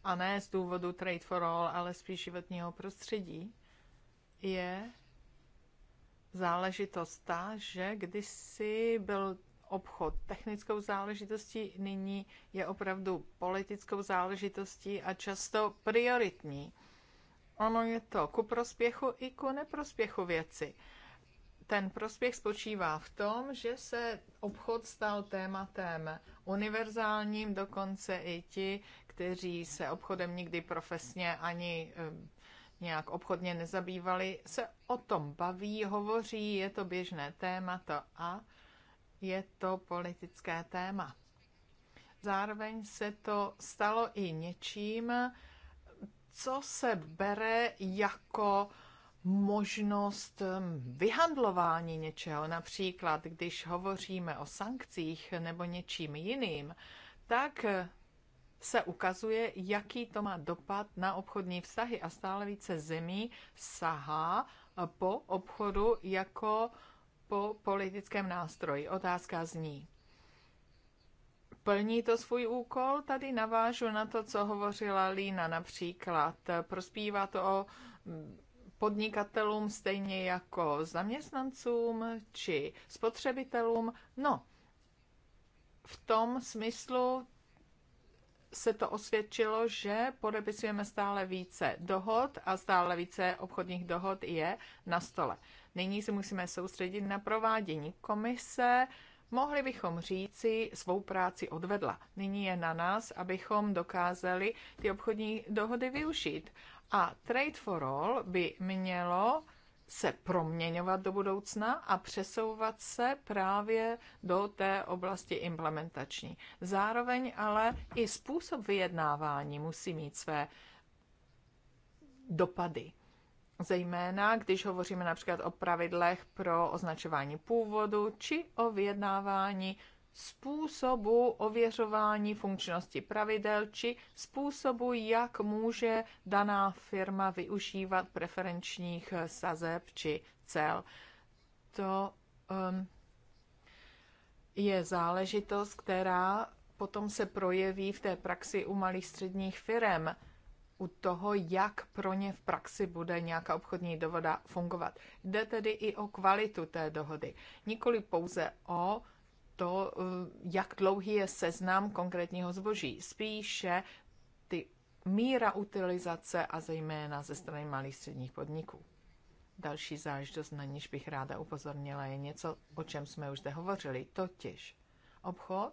a ne z důvodu Trade for All, ale spíš životního prostředí, je záležitost ta, že kdysi byl obchod technickou záležitostí, nyní je opravdu politickou záležitostí a často prioritní. Ono je to ku prospěchu i ku neprospěchu věci. Ten prospěch spočívá v tom, že se obchod stal tématem univerzálním, dokonce i ti, kteří se obchodem nikdy profesně ani eh, nějak obchodně nezabývali, se o tom baví, hovoří, je to běžné téma to a je to politické téma. Zároveň se to stalo i něčím, co se bere jako možnost hm, vyhandlování něčeho. Například, když hovoříme o sankcích nebo něčím jiným, tak se ukazuje, jaký to má dopad na obchodní vztahy a stále více zemí sahá eh, po obchodu jako po politickém nástroji. Otázka zní. Plní to svůj úkol? Tady navážu na to, co hovořila Lína například. Prospívá to o eh, podnikatelům stejně jako zaměstnancům či spotřebitelům? No, v tom smyslu se to osvědčilo, že podepisujeme stále více dohod a stále více obchodních dohod je na stole. Nyní se musíme soustředit na provádění komise. Mohli bychom říci, svou práci odvedla. Nyní je na nás, abychom dokázali ty obchodní dohody využít. A Trade for All by mělo se proměňovat do budoucna a přesouvat se právě do té oblasti implementační. Zároveň ale i způsob vyjednávání musí mít své dopady. Zejména, když hovoříme například o pravidlech pro označování původu či o vyjednávání způsobu ověřování funkčnosti pravidel či způsobu, jak může daná firma využívat preferenčních sazeb či cel. To um, je záležitost, která potom se projeví v té praxi u malých středních firm, u toho, jak pro ně v praxi bude nějaká obchodní dohoda fungovat. Jde tedy i o kvalitu té dohody, nikoli pouze o to, eh, jak dlouhý je seznam konkrétního zboží. Spíše ty míra utilizace a zejména ze strany malých středních podniků. Další záležitost, na níž bych ráda upozornila, je něco, o čem jsme už zde hovořili, totiž obchod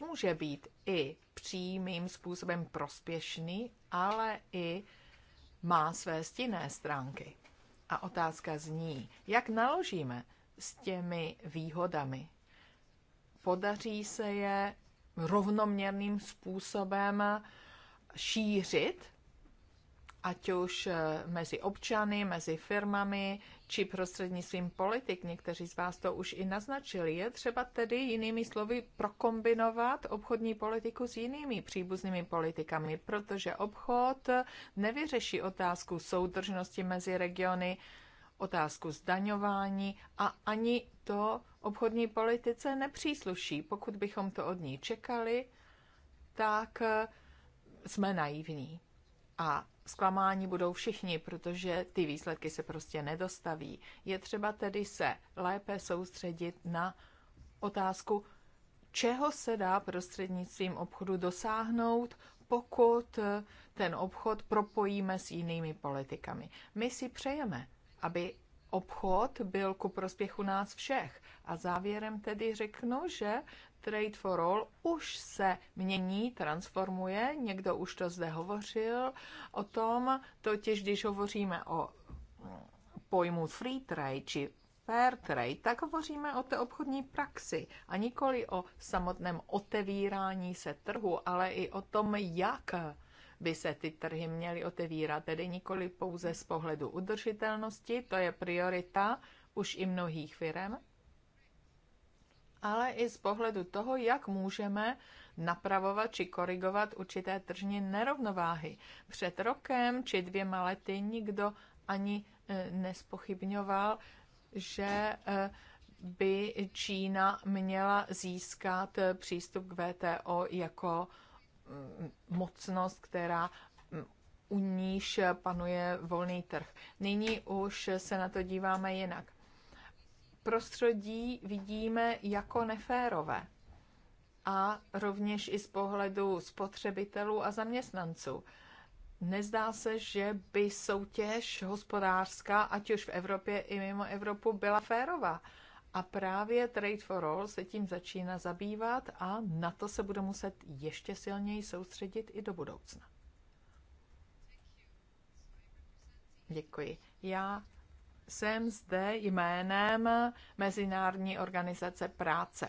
může být i přímým způsobem prospěšný, ale i má své stinné stránky. A otázka zní, jak naložíme s těmi výhodami. Podaří se je rovnoměrným způsobem šířit, ať už eh, mezi občany, mezi firmami, či prostřednictvím politik. Někteří z vás to už i naznačili. Je třeba tedy jinými slovy prokombinovat obchodní politiku s jinými příbuznými politikami, protože obchod nevyřeší otázku soudržnosti mezi regiony, otázku zdaňování a ani to obchodní politice nepřísluší. Pokud bychom to od ní čekali, tak eh, jsme naivní. A zklamání budou všichni, protože ty výsledky se prostě nedostaví. Je třeba tedy se lépe soustředit na otázku, čeho se dá prostřednictvím obchodu dosáhnout, pokud eh, ten obchod propojíme s jinými politikami. My si přejeme, aby obchod byl ku prospěchu nás všech. A závěrem tedy řeknu, že Trade for All už se mění, transformuje, někdo už to zde hovořil o tom, totiž když hovoříme o pojmu free trade či fair trade, tak hovoříme o té obchodní praxi a nikoli o samotném otevírání se trhu, ale i o tom, jak by se ty trhy měly otevírat, tedy nikoli pouze z pohledu udržitelnosti, to je priorita už i mnohých firm, ale i z pohledu toho, jak můžeme napravovat či korigovat určité tržní nerovnováhy. Před rokem či dvěma lety nikdo ani e, nespochybňoval, že e, by Čína měla získat e, přístup k VTO jako Mm, mocnost, která mm, u níž panuje volný trh. Nyní už se na to díváme jinak. Prostředí vidíme jako neférové a rovněž i z pohledu spotřebitelů a zaměstnanců. Nezdá se, že by soutěž hospodářská, ať už v Evropě i mimo Evropu, byla férová. A právě Trade for All se tím začíná zabývat a na to se bude muset ještě silněji soustředit i do budoucna. Děkuji. Já jsem zde jménem Mezinárodní organizace práce.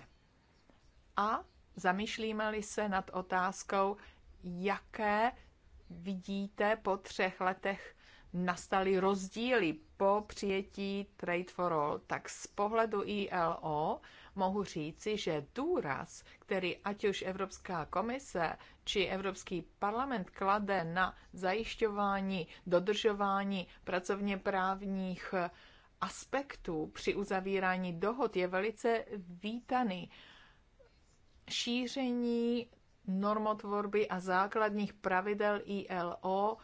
A zamýšlíme-li se nad otázkou, jaké vidíte po třech letech nastaly rozdíly po přijetí Trade for All, tak z pohledu ILO mohu říci, že důraz, který ať už Evropská komise či Evropský parlament klade na zajišťování, dodržování pracovně právních aspektů při uzavírání dohod je velice vítaný. Šíření normotvorby a základních pravidel ILO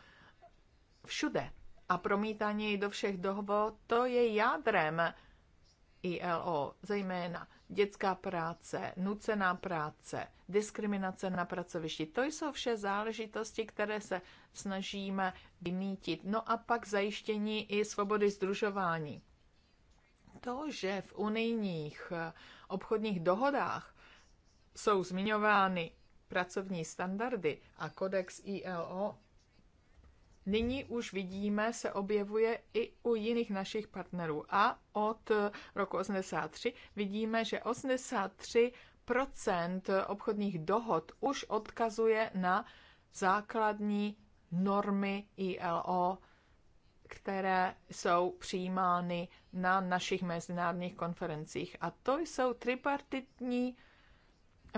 všude a promítání do všech dohod, to je jádrem ILO, zejména dětská práce, nucená práce, diskriminace na pracovišti. To jsou vše záležitosti, které se snažíme vymítit. No a pak zajištění i svobody združování. To, že v unijních obchodních dohodách jsou zmiňovány pracovní standardy a kodex ILO nyní už vidíme, se objevuje i u jiných našich partnerů. A od roku 83 vidíme, že 83 obchodních dohod už odkazuje na základní normy ILO, které jsou přijímány na našich mezinárodních konferencích. A to jsou tripartitní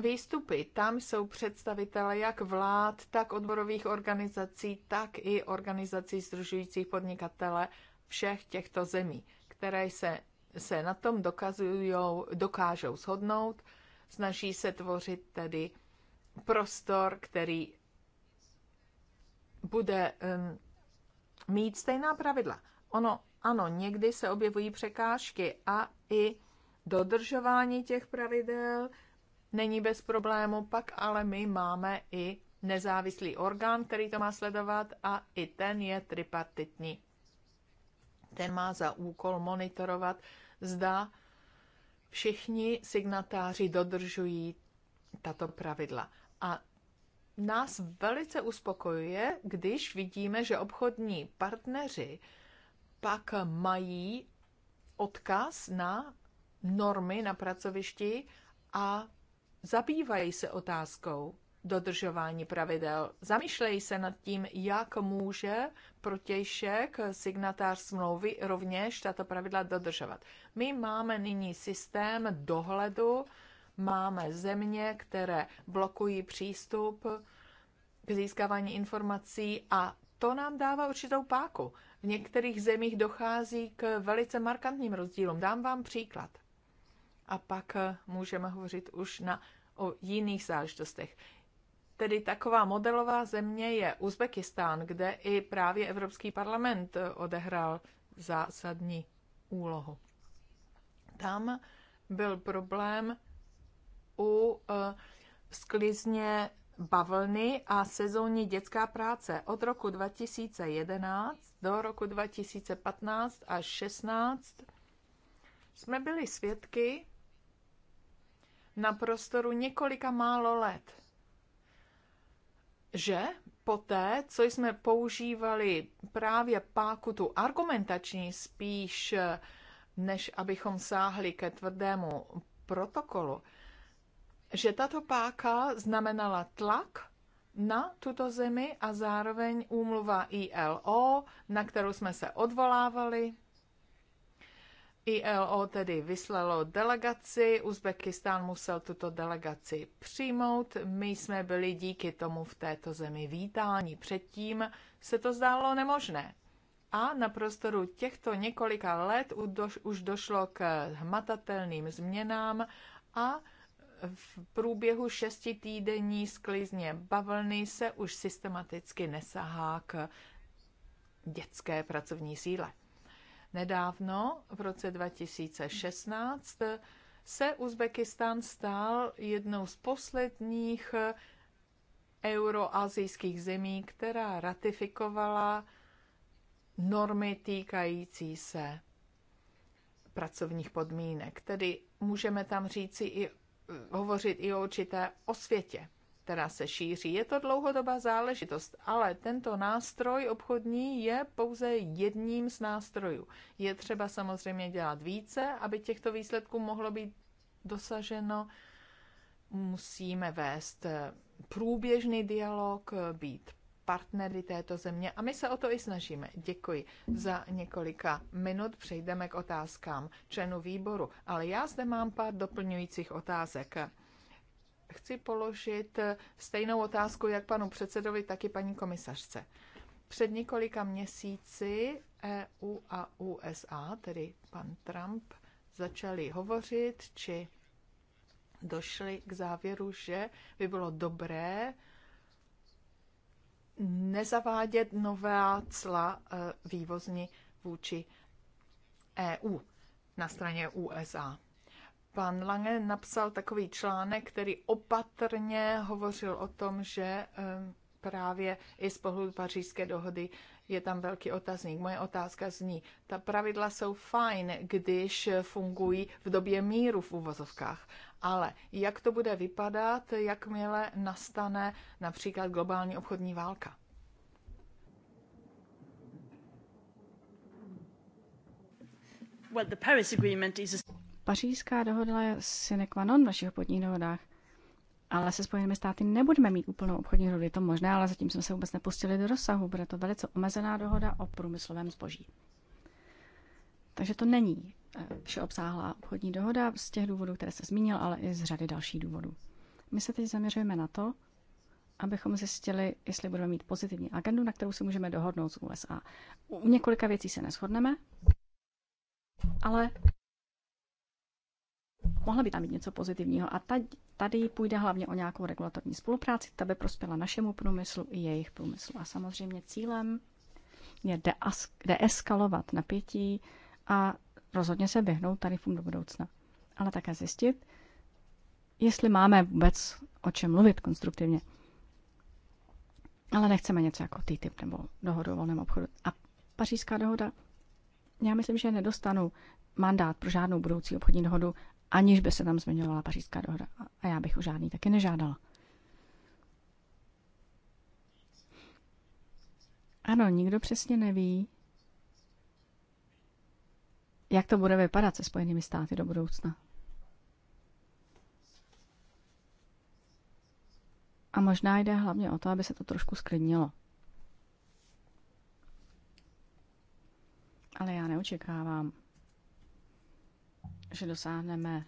výstupy. Tam jsou představitelé jak vlád, tak odborových organizací, tak i organizací združujících podnikatele všech těchto zemí, které se, se na tom dokazujou, dokážou shodnout, snaží se tvořit tedy prostor, který bude um, mít stejná pravidla. Ono, ano, někdy se objevují překážky a i dodržování těch pravidel není bez problému, pak ale my máme i nezávislý orgán, který to má sledovat a i ten je tripartitní. Ten má za úkol monitorovat, zda všichni signatáři dodržují tato pravidla. A nás velice uspokojuje, když vidíme, že obchodní partneři pak mají odkaz na normy na pracovišti a zabývají se otázkou dodržování pravidel. Zamýšlejí se nad tím, jak může protějšek, signatář smlouvy, rovněž tato pravidla dodržovat. My máme nyní systém dohledu, máme země, které blokují přístup k získávání informací a to nám dává určitou páku. V některých zemích dochází k velice markantním rozdílům. Dám vám příklad a pak eh, můžeme hovořit už na, o jiných záležitostech. Tedy taková modelová země je Uzbekistán, kde i právě Evropský parlament eh, odehrál zásadní úlohu. Tam byl problém u uh, sklizně bavlny a sezónní dětská práce. Od roku 2011 do roku 2015 až 16 jsme byli svědky na prostoru několika málo let. Že poté, co jsme používali právě páku tu argumentační spíš, než abychom sáhli ke tvrdému protokolu, že tato páka znamenala tlak na tuto zemi a zároveň úmluva ILO, na kterou jsme se odvolávali, ILO tedy vyslalo delegaci, Uzbekistán musel tuto delegaci přijmout. My jsme byli díky tomu v této zemi vítáni. Předtím se to zdálo nemožné. A na prostoru těchto několika let už došlo k hmatatelným změnám a v průběhu šesti týdení sklizně bavlny se už systematicky nesahá k dětské pracovní síle. Nedávno, v roce 2016, se Uzbekistán stal jednou z posledních euroazijských zemí, která ratifikovala normy týkající se pracovních podmínek. Tedy můžeme tam říci i hovořit i o určité osvětě která se šíří. Je to dlouhodobá záležitost, ale tento nástroj obchodní je pouze jedním z nástrojů. Je třeba samozřejmě dělat více, aby těchto výsledků mohlo být dosaženo. Musíme vést průběžný dialog, být partnery této země a my se o to i snažíme. Děkuji. Za několika minut přejdeme k otázkám členů výboru, ale já zde mám pár doplňujících otázek chci položit eh, stejnou otázku jak panu předsedovi, tak i paní komisařce. Před několika měsíci EU a USA, tedy pan Trump, začali hovořit, či došli k závěru, že by bylo dobré nezavádět nová cla eh, vývozní vůči EU na straně USA. Pan Lange napsal takový článek, který opatrně hovořil o tom, že eh, právě i z pohledu pařížské dohody je tam velký otazník. Moje otázka zní, ta pravidla jsou fajn, když fungují v době míru v uvozovkách, ale jak to bude vypadat, jakmile nastane například globální obchodní válka? Well, the Paris Agreement is a... Pařížská dohoda je sine qua non v našich obchodních dohodách. Ale se Spojenými státy nebudeme mít úplnou obchodní dohodu. Je to možné, ale zatím jsme se vůbec nepustili do rozsahu. Bude to velice omezená dohoda o průmyslovém zboží. Takže to není eh, všeobsáhlá obchodní dohoda z těch důvodů, které se zmínil, ale i z řady dalších důvodů. My se teď zaměřujeme na to, abychom zjistili, jestli budeme mít pozitivní agendu, na kterou se můžeme dohodnout s USA. U několika věcí se neschodneme, ale mohla by tam být něco pozitivního. A tady půjde hlavně o nějakou regulatorní spolupráci, ta by prospěla našemu průmyslu i jejich průmyslu. A samozřejmě cílem je deeskalovat napětí a rozhodně se vyhnout tarifům do budoucna. Ale také zjistit, jestli máme vůbec o čem mluvit konstruktivně. Ale nechceme něco jako TTIP nebo dohodu o volném obchodu. A pařížská dohoda, já myslím, že nedostanu mandát pro žádnou budoucí obchodní dohodu, aniž by se tam zmiňovala pařížská dohoda. A já bych o žádný taky nežádala. Ano, nikdo přesně neví, jak to bude vypadat se Spojenými státy do budoucna. A možná jde hlavně o to, aby se to trošku sklidnilo. Ale já neočekávám, že dosáhneme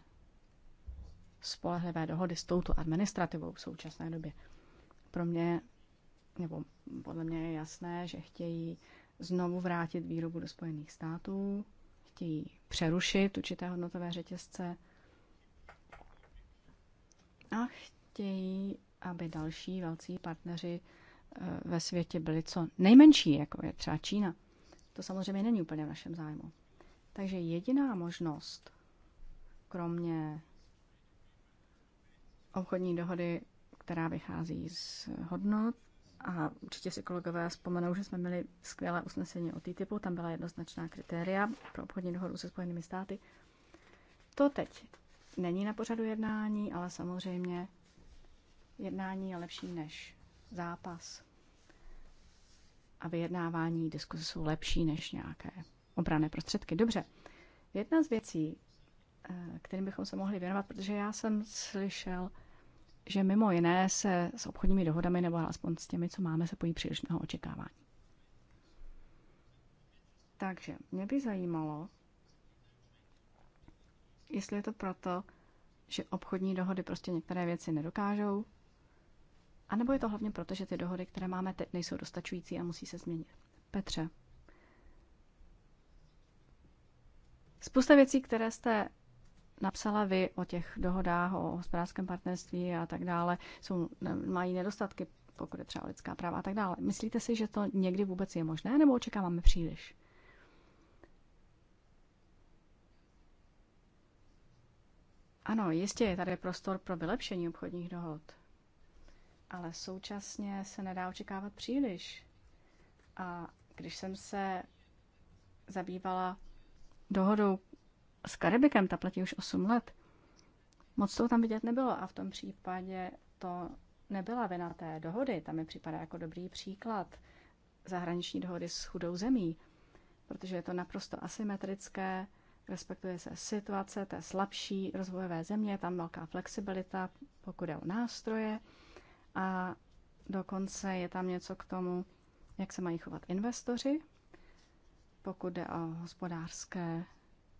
spolehlivé dohody s touto administrativou v současné době. Pro mě, nebo podle mě je jasné, že chtějí znovu vrátit výrobu do Spojených států, chtějí přerušit určité hodnotové řetězce a chtějí, aby další velcí partneři eh, ve světě byli co nejmenší, jako je třeba Čína. To samozřejmě není úplně v našem zájmu. Takže jediná možnost, kromě obchodní dohody, která vychází z hodnot, a určitě si kolegové vzpomenou, že jsme měli skvělé usnesení o TTIPu, tam byla jednoznačná kritéria pro obchodní dohodu se Spojenými státy. To teď není na pořadu jednání, ale samozřejmě jednání je lepší než zápas. A vyjednávání diskuse jsou lepší než nějaké obrané prostředky. Dobře, jedna z věcí, Eh, kterým bychom se mohli věnovat, protože já jsem slyšel, že mimo jiné se s obchodními dohodami nebo alespoň s těmi, co máme, se pojí příliš mnoho očekávání. Takže mě by zajímalo, jestli je to proto, že obchodní dohody prostě některé věci nedokážou, anebo je to hlavně proto, že ty dohody, které máme teď, nejsou dostačující a musí se změnit. Petře, spousta věcí, které jste napsala vy o těch dohodách, o hospodářském partnerství a tak dále, jsou, mají nedostatky, pokud je třeba lidská práva a tak dále. Myslíte si, že to někdy vůbec je možné, nebo očekáváme příliš? Ano, jistě je tady prostor pro vylepšení obchodních dohod, ale současně se nedá očekávat příliš. A když jsem se zabývala dohodou s Karibikem, ta platí už 8 let. Moc toho tam vidět nebylo a v tom případě to nebyla vina té dohody. Tam mi připadá jako dobrý příklad zahraniční dohody s chudou zemí, protože je to naprosto asymetrické, respektuje se situace té slabší rozvojové země, je tam velká flexibilita, pokud je o nástroje a dokonce je tam něco k tomu, jak se mají chovat investoři, pokud jde o hospodářské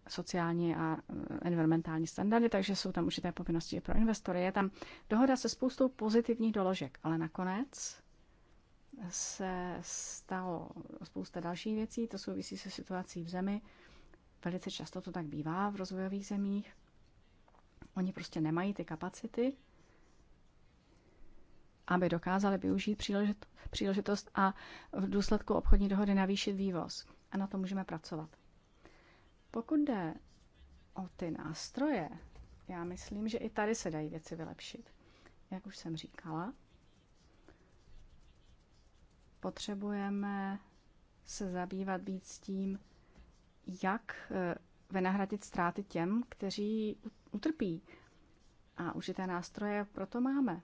sociální a eh, environmentální standardy, takže jsou tam určité povinnosti i pro investory. Je tam dohoda se spoustou pozitivních doložek, ale nakonec se stalo spousta dalších věcí, to souvisí se situací v zemi. Velice často to tak bývá v rozvojových zemích. Oni prostě nemají ty kapacity, aby dokázali využít příležitost a v důsledku obchodní dohody navýšit vývoz. A na to můžeme pracovat. Pokud jde o ty nástroje, já myslím, že i tady se dají věci vylepšit. Jak už jsem říkala, potřebujeme se zabývat víc tím, jak eh, vynahradit ztráty těm, kteří utrpí. A užité nástroje proto máme.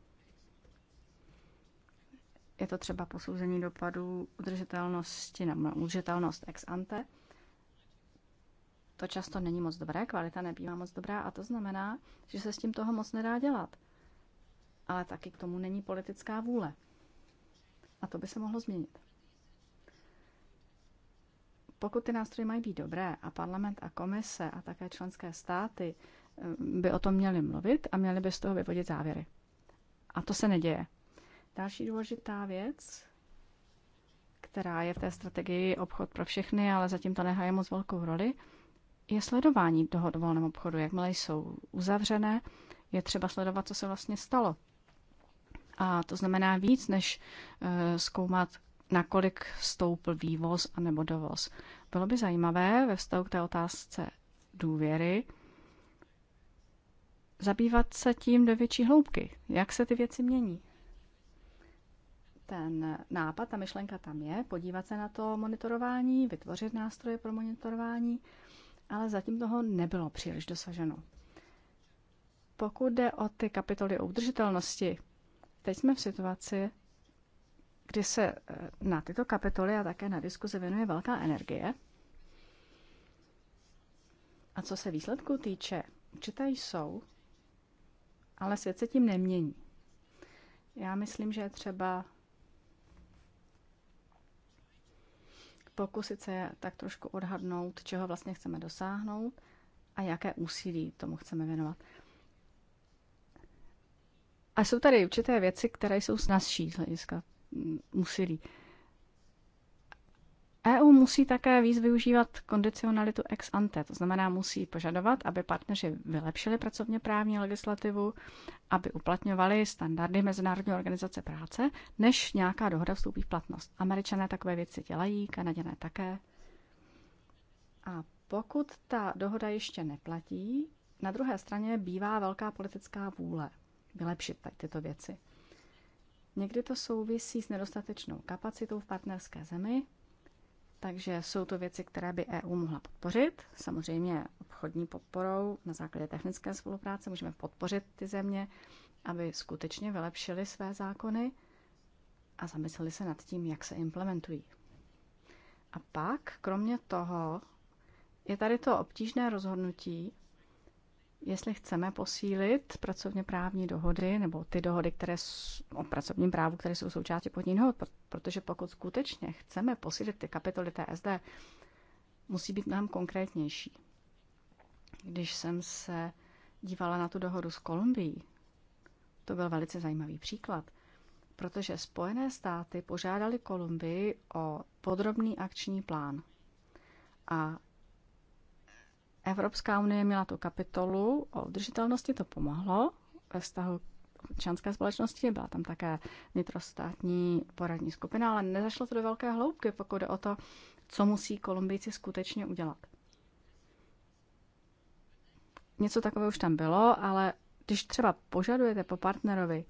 Je to třeba posouzení dopadů udržitelnosti nebo udržitelnost ex ante – to často není moc dobré, kvalita nebývá moc dobrá a to znamená, že se s tím toho moc nedá dělat. Ale taky k tomu není politická vůle. A to by se mohlo změnit. Pokud ty nástroje mají být dobré a parlament a komise a také členské státy eh, by o tom měli mluvit a měli by z toho vyvodit závěry. A to se neděje. Další důležitá věc, která je v té strategii obchod pro všechny, ale zatím to nehraje moc velkou roli, je sledování toho dovolného obchodu. Jakmile jsou uzavřené, je třeba sledovat, co se vlastně stalo. A to znamená víc, než eh, zkoumat, nakolik stoupl vývoz anebo dovoz. Bylo by zajímavé ve vztahu k té otázce důvěry zabývat se tím do větší hloubky. Jak se ty věci mění? Ten nápad, ta myšlenka tam je, podívat se na to monitorování, vytvořit nástroje pro monitorování – ale zatím toho nebylo příliš dosaženo. Pokud jde o ty kapitoly o udržitelnosti, teď jsme v situaci, kdy se eh, na tyto kapitoly a také na diskuze věnuje velká energie. A co se výsledku týče, určité jsou, ale svět se tím nemění. Já myslím, že je třeba pokusit se tak trošku odhadnout, čeho vlastně chceme dosáhnout a jaké úsilí tomu chceme věnovat. A jsou tady určité věci, které jsou snazší z hlediska mm, úsilí. EU musí také víc využívat kondicionalitu ex ante, to znamená musí požadovat, aby partneři vylepšili pracovně právní legislativu, aby uplatňovali standardy Mezinárodní organizace práce, než nějaká dohoda vstoupí v platnost. Američané takové věci dělají, Kanaděné také. A pokud ta dohoda ještě neplatí, na druhé straně bývá velká politická vůle vylepšit tady tyto věci. Někdy to souvisí s nedostatečnou kapacitou v partnerské zemi, takže jsou to věci, které by EU mohla podpořit. Samozřejmě obchodní podporou na základě technické spolupráce můžeme podpořit ty země, aby skutečně vylepšili své zákony a zamysleli se nad tím, jak se implementují. A pak, kromě toho, je tady to obtížné rozhodnutí, Jestli chceme posílit pracovně právní dohody nebo ty dohody, které o pracovním právu, které jsou součástí podního, protože pokud skutečně chceme posílit ty kapitoly TSD, musí být nám konkrétnější. Když jsem se dívala na tu dohodu s Kolumbií, to byl velice zajímavý příklad, protože Spojené státy požádali Kolumbii o podrobný akční plán. A Evropská unie měla tu kapitolu o udržitelnosti, to pomohlo ve vztahu k občanské společnosti, byla tam také vnitrostátní poradní skupina, ale nezašlo to do velké hloubky, pokud jde o to, co musí Kolumbijci skutečně udělat. Něco takového už tam bylo, ale když třeba požadujete po partnerovi,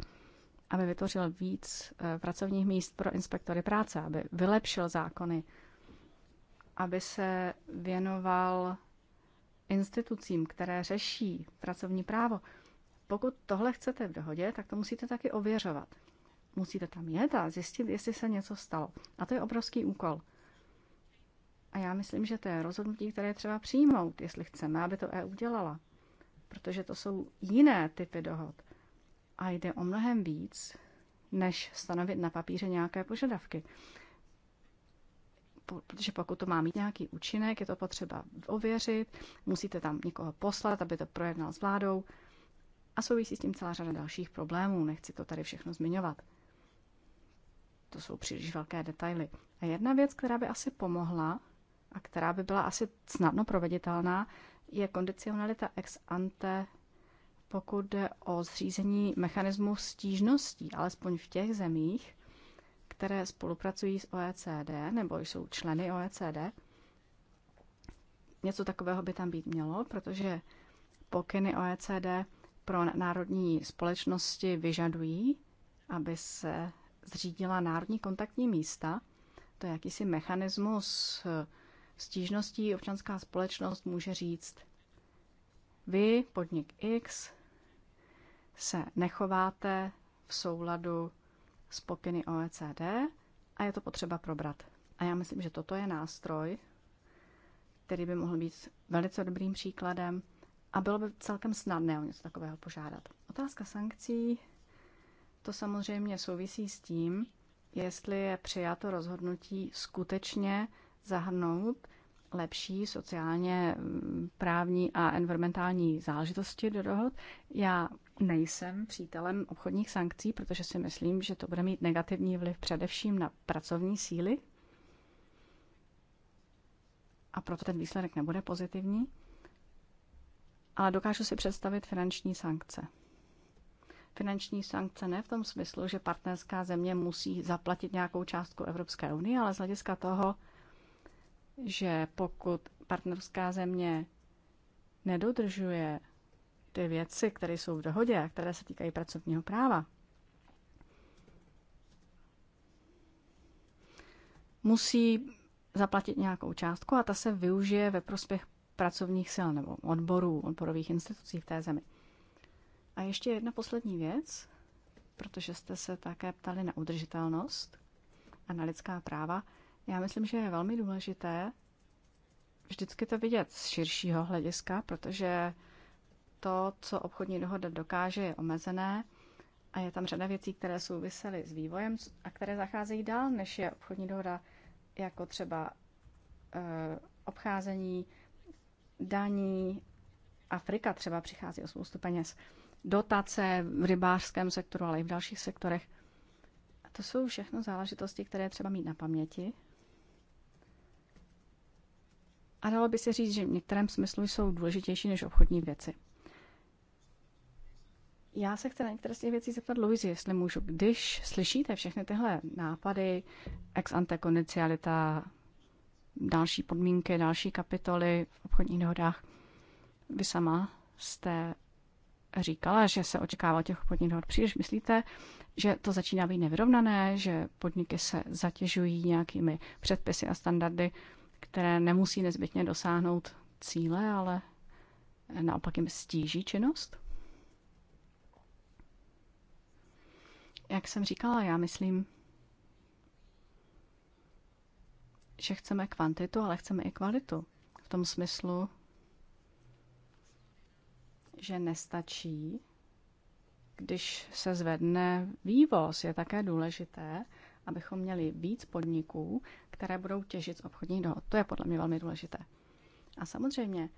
aby vytvořil víc eh, pracovních míst pro inspektory práce, aby vylepšil zákony, aby se věnoval institucím, které řeší pracovní právo, pokud tohle chcete v dohodě, tak to musíte taky ověřovat. Musíte tam jet a zjistit, jestli se něco stalo. A to je obrovský úkol. A já myslím, že to je rozhodnutí, které je třeba přijmout, jestli chceme, aby to EU dělala. Protože to jsou jiné typy dohod. A jde o mnohem víc, než stanovit na papíře nějaké požadavky protože pokud to má mít nějaký účinek, je to potřeba ověřit, musíte tam někoho poslat, aby to projednal s vládou a souvisí s tím celá řada dalších problémů, nechci to tady všechno zmiňovat. To jsou příliš velké detaily. A jedna věc, která by asi pomohla a která by byla asi snadno proveditelná, je kondicionalita ex ante, pokud jde o zřízení mechanismu stížností, alespoň v těch zemích, které spolupracují s OECD nebo jsou členy OECD. Něco takového by tam být mělo, protože pokyny OECD pro národní společnosti vyžadují, aby se zřídila národní kontaktní místa. To je jakýsi mechanismus stížností. Občanská společnost může říct, vy, podnik X, se nechováte v souladu z pokyny OECD a je to potřeba probrat. A já myslím, že toto je nástroj, který by mohl být velice dobrým příkladem a bylo by celkem snadné o něco takového požádat. Otázka sankcí, to samozřejmě souvisí s tím, jestli je přijato rozhodnutí skutečně zahrnout lepší sociálně mm, právní a environmentální záležitosti do dohod. Já nejsem přítelem obchodních sankcí, protože si myslím, že to bude mít negativní vliv především na pracovní síly a proto ten výsledek nebude pozitivní. Ale dokážu si představit finanční sankce. Finanční sankce ne v tom smyslu, že partnerská země musí zaplatit nějakou částku Evropské unie, ale z hlediska toho, že pokud partnerská země nedodržuje ty věci, které jsou v dohodě a které se týkají pracovního práva, musí zaplatit nějakou částku a ta se využije ve prospěch pracovních sil nebo odborů, odborových institucí v té zemi. A ještě jedna poslední věc, protože jste se také ptali na udržitelnost a na lidská práva. Já myslím, že je velmi důležité vždycky to vidět z širšího hlediska, protože to, co obchodní dohoda dokáže, je omezené a je tam řada věcí, které souvisely s vývojem a které zacházejí dál, než je obchodní dohoda, jako třeba e, obcházení daní. Afrika třeba přichází o spoustu peněz. Dotace v rybářském sektoru, ale i v dalších sektorech. A to jsou všechno záležitosti, které třeba mít na paměti. A dalo by se říct, že v některém smyslu jsou důležitější než obchodní věci. Já se chci na některé z těch věcí zeptat Louise, jestli můžu. Když slyšíte všechny tyhle nápady, ex ante kondicialita, další podmínky, další kapitoly v obchodních dohodách, vy sama jste říkala, že se očekává těch obchodních dohod příliš. Myslíte, že to začíná být nevyrovnané, že podniky se zatěžují nějakými předpisy a standardy, které nemusí nezbytně dosáhnout cíle, ale naopak jim stíží činnost? Jak jsem říkala, já myslím, že chceme kvantitu, ale chceme i kvalitu. V tom smyslu, že nestačí, když se zvedne vývoz, je také důležité, abychom měli víc podniků, které budou těžit z obchodních dohod. To je podle mě velmi důležité. A samozřejmě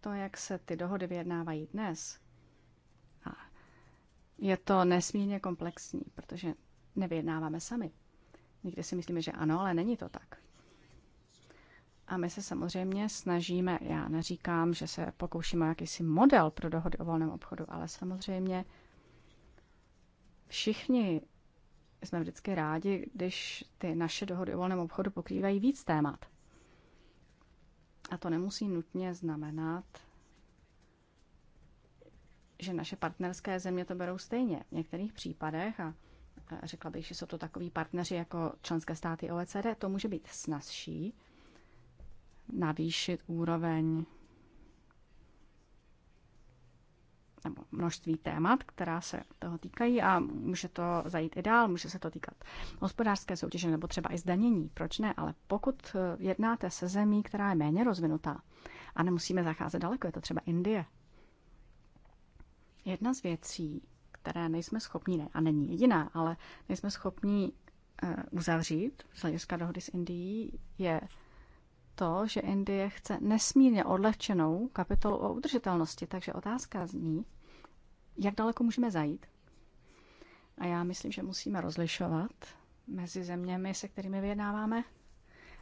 to, jak se ty dohody vyjednávají dnes, a je to nesmírně komplexní, protože nevyjednáváme sami. Někdy si myslíme, že ano, ale není to tak. A my se samozřejmě snažíme, já neříkám, že se pokoušíme o jakýsi model pro dohody o volném obchodu, ale samozřejmě všichni jsme vždycky rádi, když ty naše dohody o volném obchodu pokrývají víc témat. A to nemusí nutně znamenat, že naše partnerské země to berou stejně. V některých případech, a řekla bych, že jsou to takový partneři jako členské státy OECD, to může být snazší navýšit úroveň nebo množství témat, která se toho týkají a může to zajít i dál, může se to týkat hospodářské soutěže nebo třeba i zdanění, proč ne, ale pokud eh, jednáte se zemí, která je méně rozvinutá a nemusíme zacházet daleko, je to třeba Indie. Jedna z věcí, které nejsme schopni, ne, a není jediná, ale nejsme schopni eh, uzavřít z hlediska dohody s Indií, je to, že Indie chce nesmírně odlehčenou kapitolu o udržitelnosti. Takže otázka zní, jak daleko můžeme zajít. A já myslím, že musíme rozlišovat mezi zeměmi, se kterými vyjednáváme.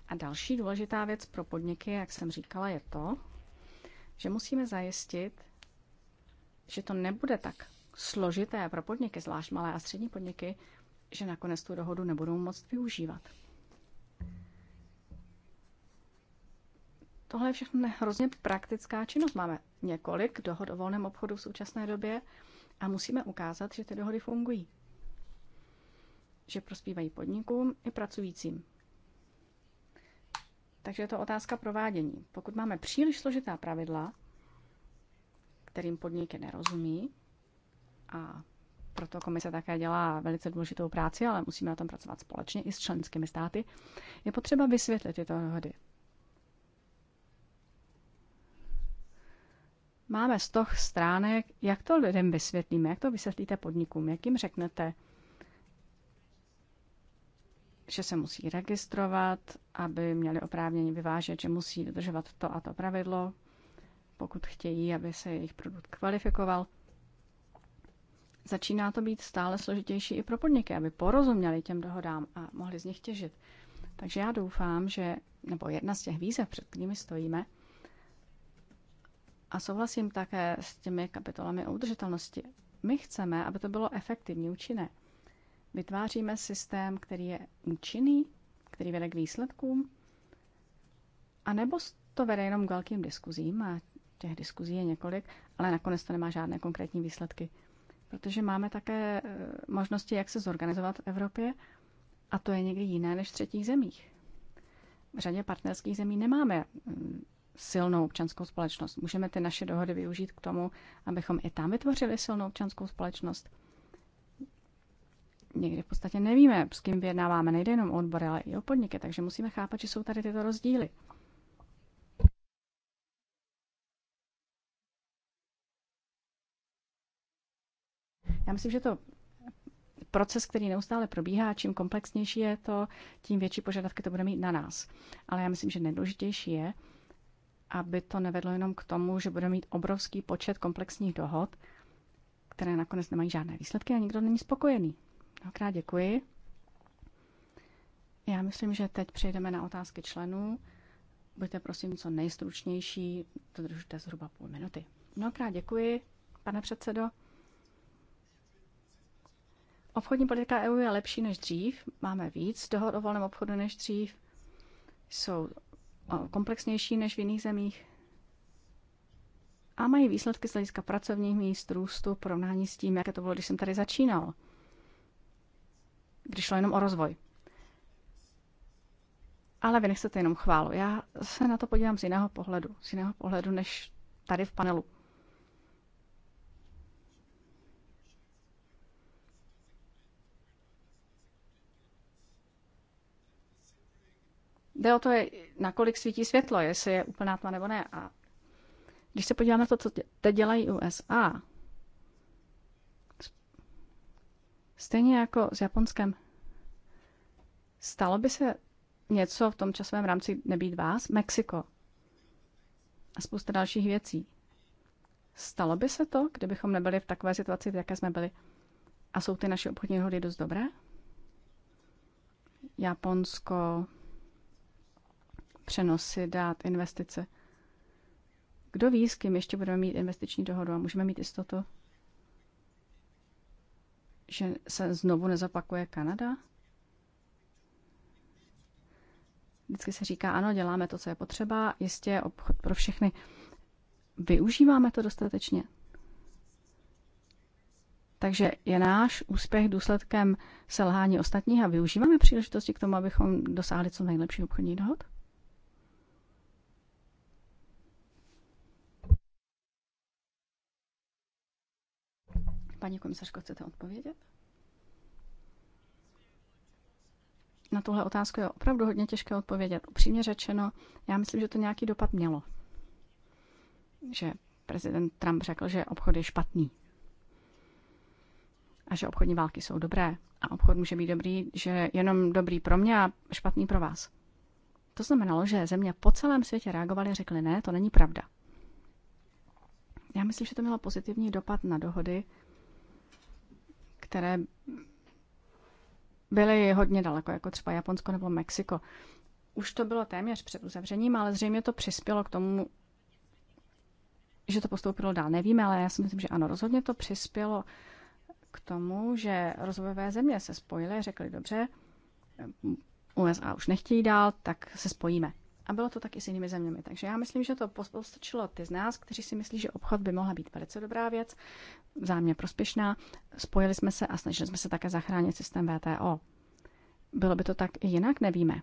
A další důležitá věc pro podniky, jak jsem říkala, je to, že musíme zajistit, že to nebude tak složité pro podniky, zvlášť malé a střední podniky, že nakonec tu dohodu nebudou moct využívat. Tohle je všechno hrozně praktická činnost. Máme několik dohod o volném obchodu v současné době a musíme ukázat, že ty dohody fungují. Že prospívají podnikům i pracujícím. Takže je to otázka provádění. Pokud máme příliš složitá pravidla, kterým podniky nerozumí, a proto komise také dělá velice důležitou práci, ale musíme na tom pracovat společně i s členskými státy, je potřeba vysvětlit tyto dohody. Máme stoch stránek, jak to lidem vysvětlíme, jak to vysvětlíte podnikům, jak jim řeknete, že se musí registrovat, aby měli oprávnění vyvážet, že musí dodržovat to a to pravidlo, pokud chtějí, aby se jejich produkt kvalifikoval. Začíná to být stále složitější i pro podniky, aby porozuměli těm dohodám a mohli z nich těžit. Takže já doufám, že, nebo jedna z těch výzev, před kterými stojíme, a souhlasím také s těmi kapitolami o udržitelnosti. My chceme, aby to bylo efektivní, účinné. Vytváříme systém, který je účinný, který vede k výsledkům, a nebo to vede jenom k velkým diskuzím a těch diskuzí je několik, ale nakonec to nemá žádné konkrétní výsledky. Protože máme také e, možnosti, jak se zorganizovat v Evropě a to je někdy jiné než v třetích zemích. V řadě partnerských zemí nemáme silnou občanskou společnost. Můžeme ty naše dohody využít k tomu, abychom i tam vytvořili silnou občanskou společnost. Někdy v podstatě nevíme, s kým vyjednáváme, nejde jenom o odbory, ale i o podniky, takže musíme chápat, že jsou tady tyto rozdíly. Já myslím, že to proces, který neustále probíhá, čím komplexnější je to, tím větší požadavky to bude mít na nás. Ale já myslím, že nejdůležitější je, aby to nevedlo jenom k tomu, že bude mít obrovský počet komplexních dohod, které nakonec nemají žádné výsledky a nikdo není spokojený. Mnohokrát děkuji. Já myslím, že teď přejdeme na otázky členů. Buďte prosím co nejstručnější, to držte zhruba půl minuty. Mnohokrát děkuji, pane předsedo. Obchodní politika EU je lepší než dřív, máme víc dohod o volném obchodu než dřív, jsou komplexnější než v jiných zemích a mají výsledky z hlediska pracovních míst, růstu, porovnání s tím, jaké to bylo, když jsem tady začínal, když šlo jenom o rozvoj. Ale vy nechcete jenom chválu. Já se na to podívám z jiného pohledu, z jiného pohledu než tady v panelu. Jde o to, nakolik svítí světlo, jestli je úplná tma nebo ne. A když se podíváme na to, co teď dělají USA, stejně jako s Japonskem, stalo by se něco v tom časovém rámci nebýt vás? Mexiko a spousta dalších věcí. Stalo by se to, kdybychom nebyli v takové situaci, v jaké jsme byli? A jsou ty naše obchodní hody dost dobré? Japonsko, přenosy dát, investice. Kdo ví, s kým ještě budeme mít investiční dohodu a můžeme mít jistotu, že se znovu nezapakuje Kanada? Vždycky se říká, ano, děláme to, co je potřeba, jistě je obchod pro všechny. Využíváme to dostatečně. Takže je náš úspěch důsledkem selhání ostatních a využíváme příležitosti k tomu, abychom dosáhli co nejlepší obchodní dohod? Paní komisařko, chcete odpovědět? Na tuhle otázku je opravdu hodně těžké odpovědět. Upřímně řečeno, já myslím, že to nějaký dopad mělo. Že prezident Trump řekl, že obchod je špatný. A že obchodní války jsou dobré. A obchod může být dobrý, že jenom dobrý pro mě a špatný pro vás. To znamenalo, že země po celém světě reagovaly a řekly, ne, to není pravda. Já myslím, že to mělo pozitivní dopad na dohody které byly hodně daleko, jako třeba Japonsko nebo Mexiko. Už to bylo téměř před uzavřením, ale zřejmě to přispělo k tomu, že to postoupilo dál. Nevíme, ale já si myslím, že ano, rozhodně to přispělo k tomu, že rozvojové země se spojily, řekli dobře, USA už nechtějí dál, tak se spojíme. A bylo to tak i s jinými zeměmi. Takže já myslím, že to postačilo ty z nás, kteří si myslí, že obchod by mohla být velice dobrá věc, vzájemně prospěšná. Spojili jsme se a snažili jsme se také zachránit systém VTO. Bylo by to tak i jinak, nevíme.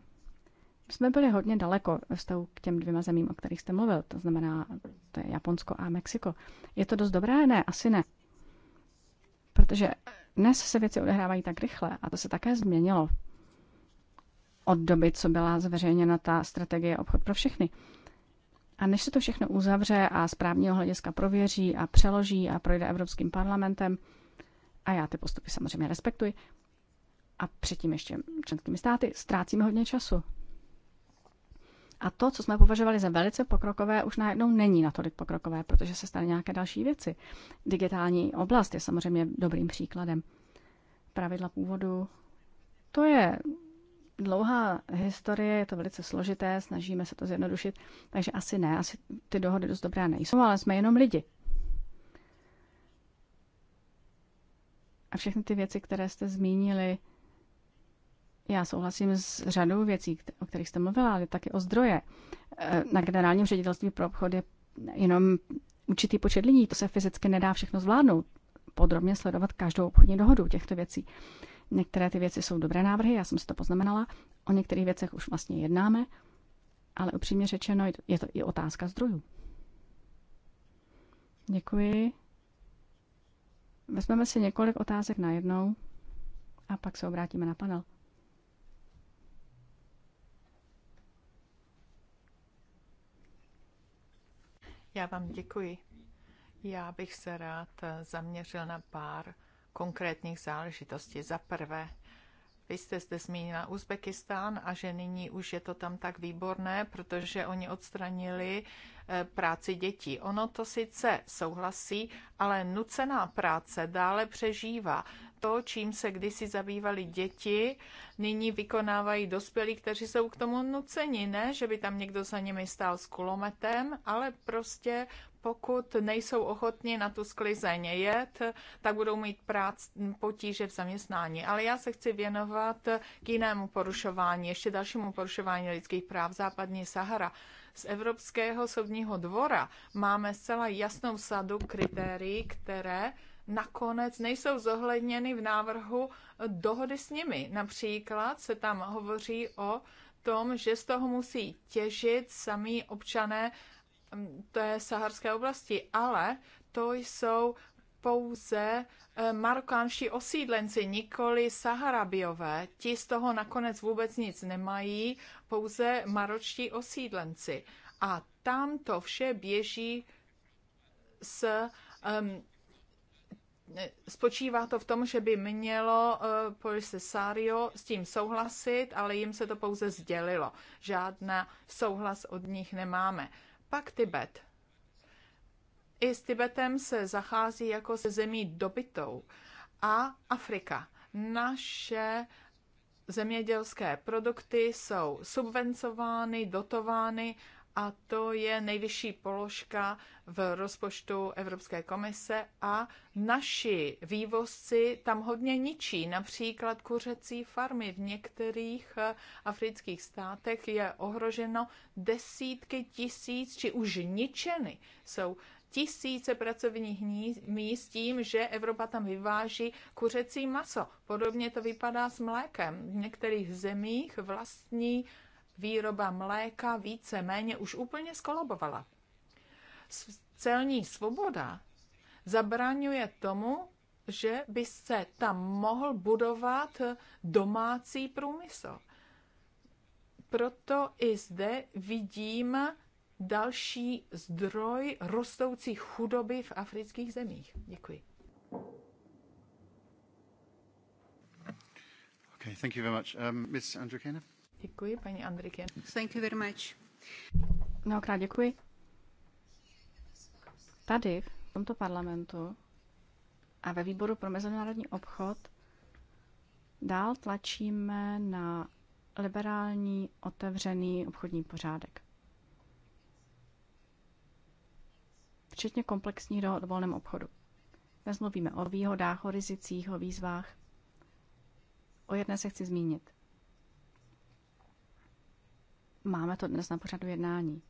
My jsme byli hodně daleko ve vztahu k těm dvěma zemím, o kterých jste mluvil, to znamená to je Japonsko a Mexiko. Je to dost dobré? Ne, asi ne. Protože dnes se věci odehrávají tak rychle a to se také změnilo od doby, co byla zveřejněna ta strategie obchod pro všechny. A než se to všechno uzavře a správního hlediska prověří a přeloží a projde Evropským parlamentem, a já ty postupy samozřejmě respektuji, a předtím ještě členskými státy, ztrácíme hodně času. A to, co jsme považovali za velice pokrokové, už najednou není natolik pokrokové, protože se staly nějaké další věci. Digitální oblast je samozřejmě dobrým příkladem. Pravidla původu, to je dlouhá historie, je to velice složité, snažíme se to zjednodušit, takže asi ne, asi ty dohody dost dobré nejsou, ale jsme jenom lidi. A všechny ty věci, které jste zmínili, já souhlasím s řadou věcí, o kterých jste mluvila, ale taky o zdroje. E, na generálním ředitelství pro obchod je jenom určitý počet lidí, to se fyzicky nedá všechno zvládnout. Podrobně sledovat každou obchodní dohodu těchto věcí. Některé ty věci jsou dobré návrhy, já jsem si to poznamenala. O některých věcech už vlastně jednáme, ale upřímně řečeno je to i otázka zdrojů. Děkuji. Vezmeme si několik otázek na najednou a pak se obrátíme na panel. Já vám děkuji. Já bych se rád zaměřil na pár konkrétních záležitostí. Za prvé, vy jste zde zmínila Uzbekistán a že nyní už je to tam tak výborné, protože oni odstranili eh, práci dětí. Ono to sice souhlasí, ale nucená práce dále přežívá. To, čím se kdysi zabývali děti, nyní vykonávají dospělí, kteří jsou k tomu nuceni. Ne, že by tam někdo za nimi stál s kulometem, ale prostě pokud nejsou ochotni na tu sklizeň jet, tak budou mít prác, potíže v zaměstnání. Ale já se chci věnovat k jinému porušování, ještě dalšímu porušování lidských práv západní Sahara. Z Evropského soudního dvora máme zcela jasnou sadu kritérií, které nakonec nejsou zohledněny v návrhu dohody s nimi. Například se tam hovoří o tom, že z toho musí těžit samý občané té saharské oblasti, ale to jsou pouze eh, marokánští osídlenci, nikoli saharabiové. Ti z toho nakonec vůbec nic nemají, pouze maročtí osídlenci. A tam to vše běží s um, spočívá to v tom, že by mělo uh, eh, Polisesario s tím souhlasit, ale jim se to pouze sdělilo. Žádná souhlas od nich nemáme. Pak Tibet. I s Tibetem se zachází jako se zemí dobytou. A Afrika. Naše zemědělské produkty jsou subvencovány, dotovány a to je nejvyšší položka v rozpočtu Evropské komise a naši vývozci tam hodně ničí. Například kuřecí farmy v některých eh, afrických státech je ohroženo desítky tisíc, či už ničeny jsou tisíce pracovních míst tím, že Evropa tam vyváží kuřecí maso. Podobně to vypadá s mlékem. V některých zemích vlastní výroba mléka více méně už úplně skolabovala. Celní svoboda zabraňuje tomu, že by se tam mohl budovat domácí průmysl. Proto i zde vidím další zdroj rostoucí chudoby v afrických zemích. Děkuji. Okay, thank you very much. Um, Ms. Andrew Kenneth? Děkuji, paní Andrikien. Thank you very much. Mnohokrát děkuji. Tady, v tomto parlamentu a ve výboru pro mezinárodní obchod dál tlačíme na liberální, otevřený obchodní pořádek. Včetně komplexních dohod o volném obchodu. Dnes mluvíme o výhodách, o rizicích, o výzvách. O jedné se chci zmínit. Máme to dnes na pořadu jednání.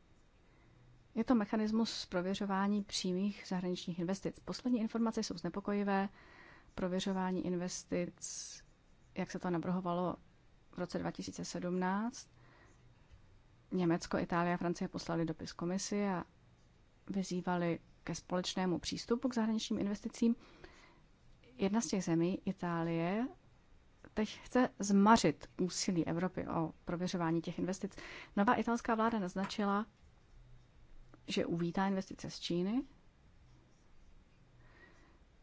Je to mechanismus prověřování přímých zahraničních investic. Poslední informace jsou znepokojivé. Prověřování investic, jak se to nabrhovalo v roce 2017, Německo, Itálie a Francie poslali dopis komisi a vyzývali ke společnému přístupu k zahraničním investicím. Jedna z těch zemí, Itálie, teď chce zmařit úsilí Evropy o prověřování těch investic. Nová italská vláda naznačila, že uvítá investice z Číny.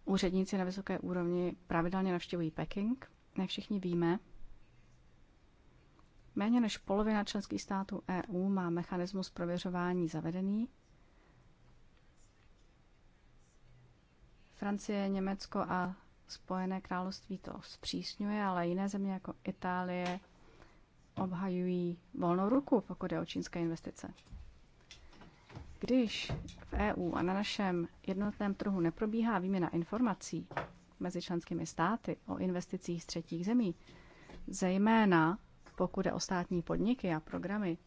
Úředníci na vysoké úrovni pravidelně navštěvují Peking. Jak všichni víme, méně než polovina členských států EU má mechanismus prověřování zavedený. Francie, Německo a Spojené království to zpřísňuje, ale jiné země jako Itálie obhajují volnou ruku, pokud je o čínské investice. Když v EU a na našem jednotném trhu neprobíhá výměna informací mezi členskými státy o investicích z třetích zemí, zejména pokud je o státní podniky a programy,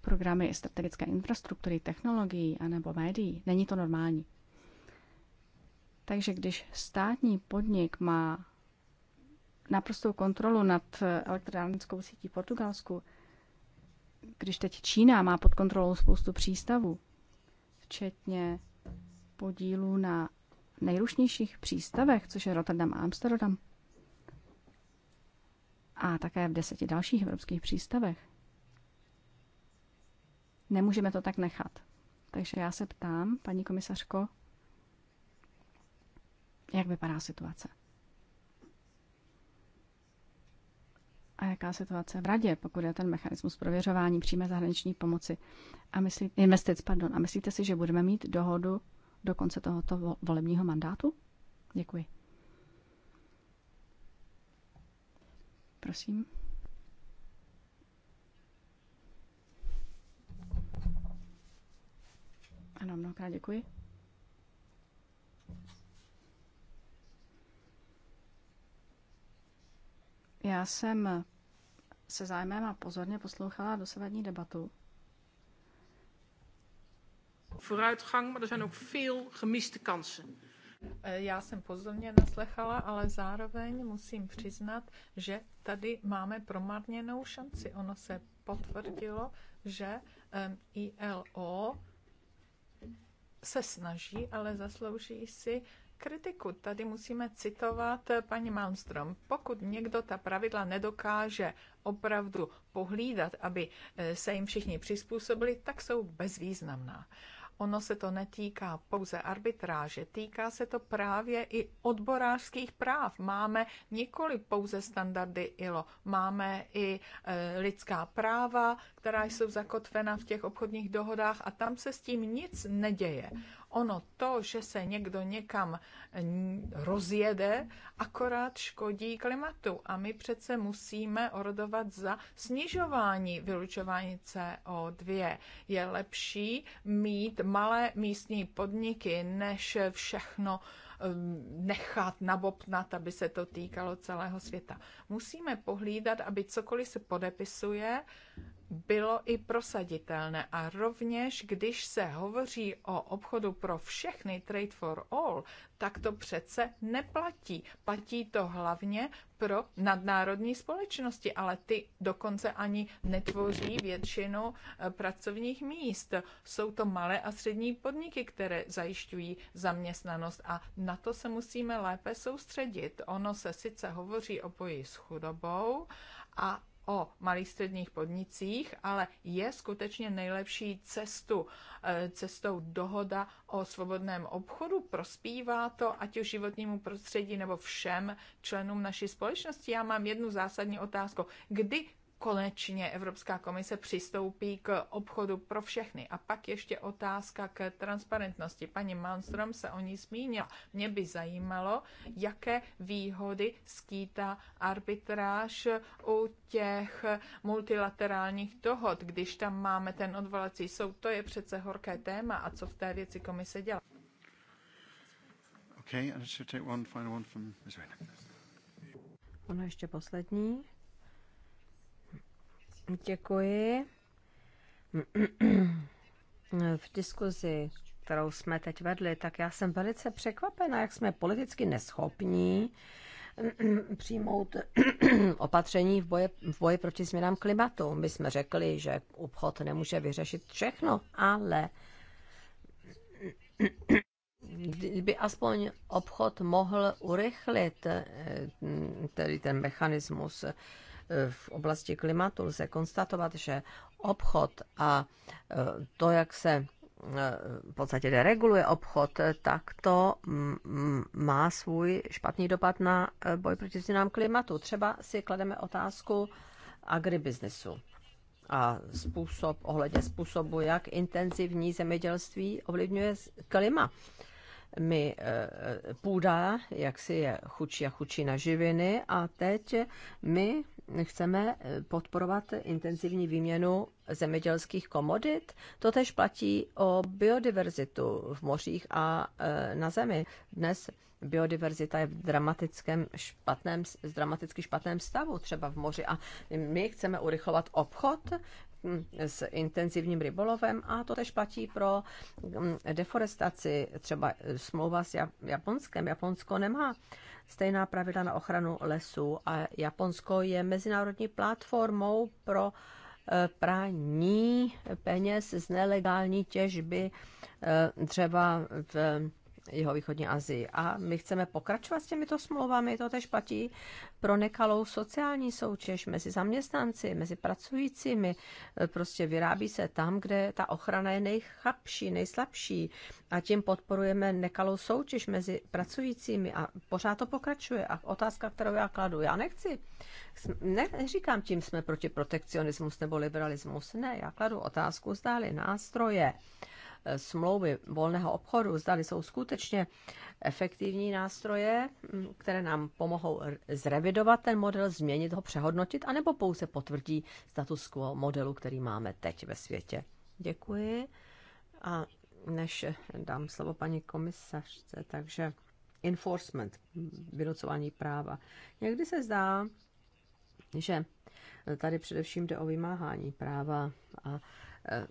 programy strategické infrastruktury, technologií anebo médií, není to normální. Takže když státní podnik má naprostou kontrolu nad eh, elektrárnickou sítí v Portugalsku, když teď Čína má pod kontrolou spoustu přístavů, včetně podílu na nejrušnějších přístavech, což je Rotterdam a Amsterdam, a také v deseti dalších evropských přístavech, nemůžeme to tak nechat. Takže já se ptám, paní komisařko, jak vypadá situace? A jaká situace v radě, pokud je ten mechanismus prověřování přímé zahraniční pomoci a myslí, investic? Pardon, a myslíte si, že budeme mít dohodu do konce tohoto volebního mandátu? Děkuji. Prosím. Ano, mnohokrát děkuji. Já jsem se zájmem a pozorně poslouchala dosavadní debatu. Vooruitgang, maar er zijn ook veel gemiste kansen. Eh, já jsem pozorně naslechala, ale zároveň musím přiznat, že tady máme promarněnou šanci. Ono se potvrdilo, že ILO se snaží, ale zaslouží si kritiku. Tady musíme citovat eh, paní Malmström. Pokud někdo ta pravidla nedokáže opravdu pohlídat, aby eh, se jim všichni přizpůsobili, tak jsou bezvýznamná. Ono se to netýká pouze arbitráže, týká se to právě i odborářských práv. Máme nikoli pouze standardy ILO, máme i e, lidská práva, která jsou zakotvena v těch obchodních dohodách a tam se s tím nic neděje. Ono to, že se někdo někam rozjede, akorát škodí klimatu. A my přece musíme orodovat za snižování vylučování CO2. Je lepší mít malé místní podniky, než všechno um, nechat nabopnat, aby se to týkalo celého světa. Musíme pohlídat, aby cokoliv se podepisuje, bylo i prosaditelné. A rovněž, když se hovoří o obchodu pro všechny, trade for all, tak to přece neplatí. Platí to hlavně pro nadnárodní společnosti, ale ty dokonce ani netvoří většinu eh, pracovních míst. Jsou to malé a střední podniky, které zajišťují zaměstnanost a na to se musíme lépe soustředit. Ono se sice hovoří o boji s chudobou, a o malých středních podnicích, ale je skutečně nejlepší cestu, e, cestou dohoda o svobodném obchodu. Prospívá to ať už životnímu prostředí nebo všem členům naší společnosti. Já mám jednu zásadní otázku. Kdy konečně Evropská komise přistoupí k obchodu pro všechny. A pak ještě otázka k transparentnosti. Paní Malmström se o ní zmínila. Mě by zajímalo, jaké výhody skýtá arbitráž u těch multilaterálních dohod, když tam máme ten odvolací soud. To je přece horké téma. A co v té věci komise dělá? Okay, I should take one final one from Ono ještě poslední Děkuji. V diskuzi, kterou jsme teď vedli, tak já jsem velice překvapena, jak jsme politicky neschopní přijmout opatření v boji, v boji proti změnám klimatu. My jsme řekli, že obchod nemůže vyřešit všechno, ale kdyby aspoň obchod mohl urychlit eh, tedy ten mechanismus v oblasti klimatu lze konstatovat, že obchod a e, to, jak se e, v podstatě dereguluje obchod, tak to má svůj špatný dopad na e, boj proti změnám klimatu. Třeba si klademe otázku agribiznesu a způsob, ohledně způsobu, jak intenzivní zemědělství ovlivňuje klima. My půda, jak si je chučí a chučí na živiny a teď my chceme eh, podporovat intenzivní výměnu zemědělských komodit. To tež platí o biodiverzitu v mořích a eh, na zemi. Dnes biodiverzita je v dramatickém špatném, dramaticky špatném stavu, třeba v moři. A my chceme urychlovat obchod s intenzivním rybolovem a to tež platí pro mm, deforestaci, třeba smlouva s Japonskem. Japonsko nemá stejná pravidla na ochranu lesů a Japonsko je mezinárodní platformou pro eh, praní peněz z nelegální těžby eh, třeba v jeho východní Asii. A my chceme pokračovat s těmito smlouvami, to tež platí pro nekalou sociální soutěž mezi zaměstnanci, mezi pracujícími. E, prostě vyrábí se tam, kde ta ochrana je nejchabší, nejslabší a tím podporujeme nekalou soutěž mezi pracujícími a pořád to pokračuje. A otázka, kterou já kladu, já nechci, ne, neříkám tím, jsme proti protekcionismus nebo liberalismus, ne, já kladu otázku, zdáli nástroje, Eh, smlouvy volného obchodu, zdali jsou skutečně efektivní nástroje, mm, které nám pomohou zrevidovat ten model, změnit ho, přehodnotit, anebo pouze potvrdí status quo modelu, který máme teď ve světě. Děkuji. A než dám slovo paní komisařce, takže enforcement, vynucování práva. Někdy se zdá, že tady především jde o vymáhání práva a eh,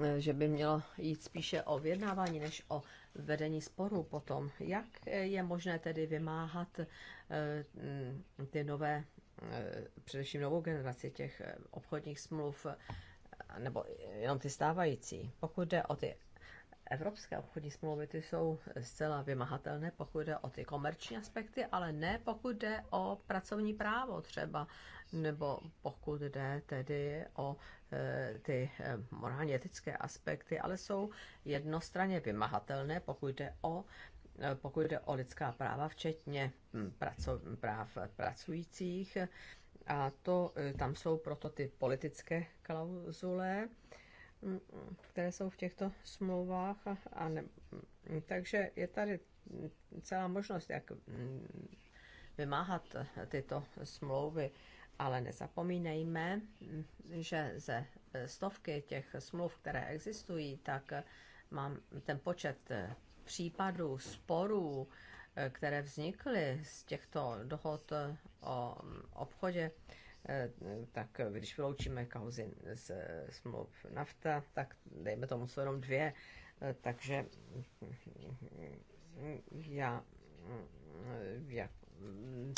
Eh, že by mělo jít spíše o vyjednávání než o vedení sporu potom. Jak je možné tedy vymáhat eh, mm, ty nové, eh, především novou generaci těch obchodních smluv, nebo jenom ty stávající? Pokud jde o ty evropské obchodní smlouvy, ty jsou zcela vymahatelné, pokud jde o ty komerční aspekty, ale ne pokud jde o pracovní právo třeba, nebo pokud jde tedy o Eh, ty eh, morálně etické aspekty, ale jsou jednostranně vymahatelné, pokud jde o eh, pokud jde o lidská práva, včetně hm, praco, práv pracujících. A to tam jsou proto ty politické klauzule, hm, které jsou v těchto smlouvách. A, a ne, hm, takže je tady celá možnost, jak vymáhat tyto smlouvy ale nezapomínejme, že ze eh, stovky těch smluv, které existují, tak eh, mám ten počet eh, případů, sporů, které vznikly z těchto dohod o mm, obchodě, tak když vyloučíme kauzy z smluv nafta, tak dejme tomu jsou jenom dvě, takže mm, mm, já, já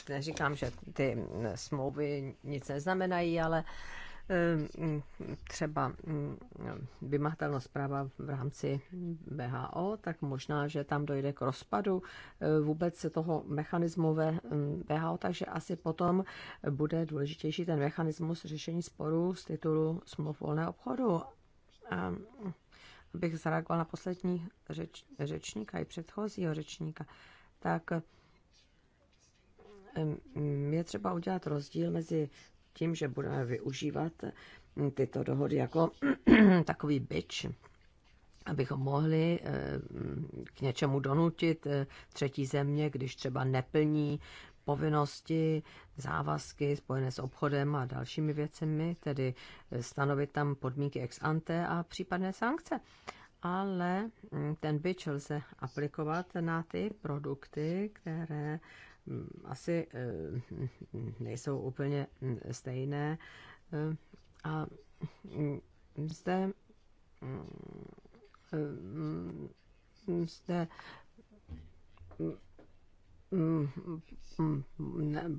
neříkám, že ty smlouvy nic neznamenají, ale eh, třeba mm, vymahatelnost práva v rámci BHO, tak možná, že tam dojde k rozpadu eh, vůbec toho mechanismu ve mm, BHO, takže asi potom bude důležitější ten mechanismus řešení sporů z titulu smluv volného obchodu. A abych zareagoval na poslední řeč, řečníka i předchozího řečníka, tak Mm, je třeba udělat rozdíl mezi tím, že budeme využívat mm, tyto dohody jako takový byč, abychom mohli eh, k něčemu donutit eh, třetí země, když třeba neplní povinnosti, závazky spojené s obchodem a dalšími věcemi, tedy eh, stanovit tam podmínky ex ante a případné sankce. Ale mm, ten byč lze aplikovat na ty produkty, které Mm, asi eh, nejsou úplně stejné. Eh, a mm, zde, mm, eh, zde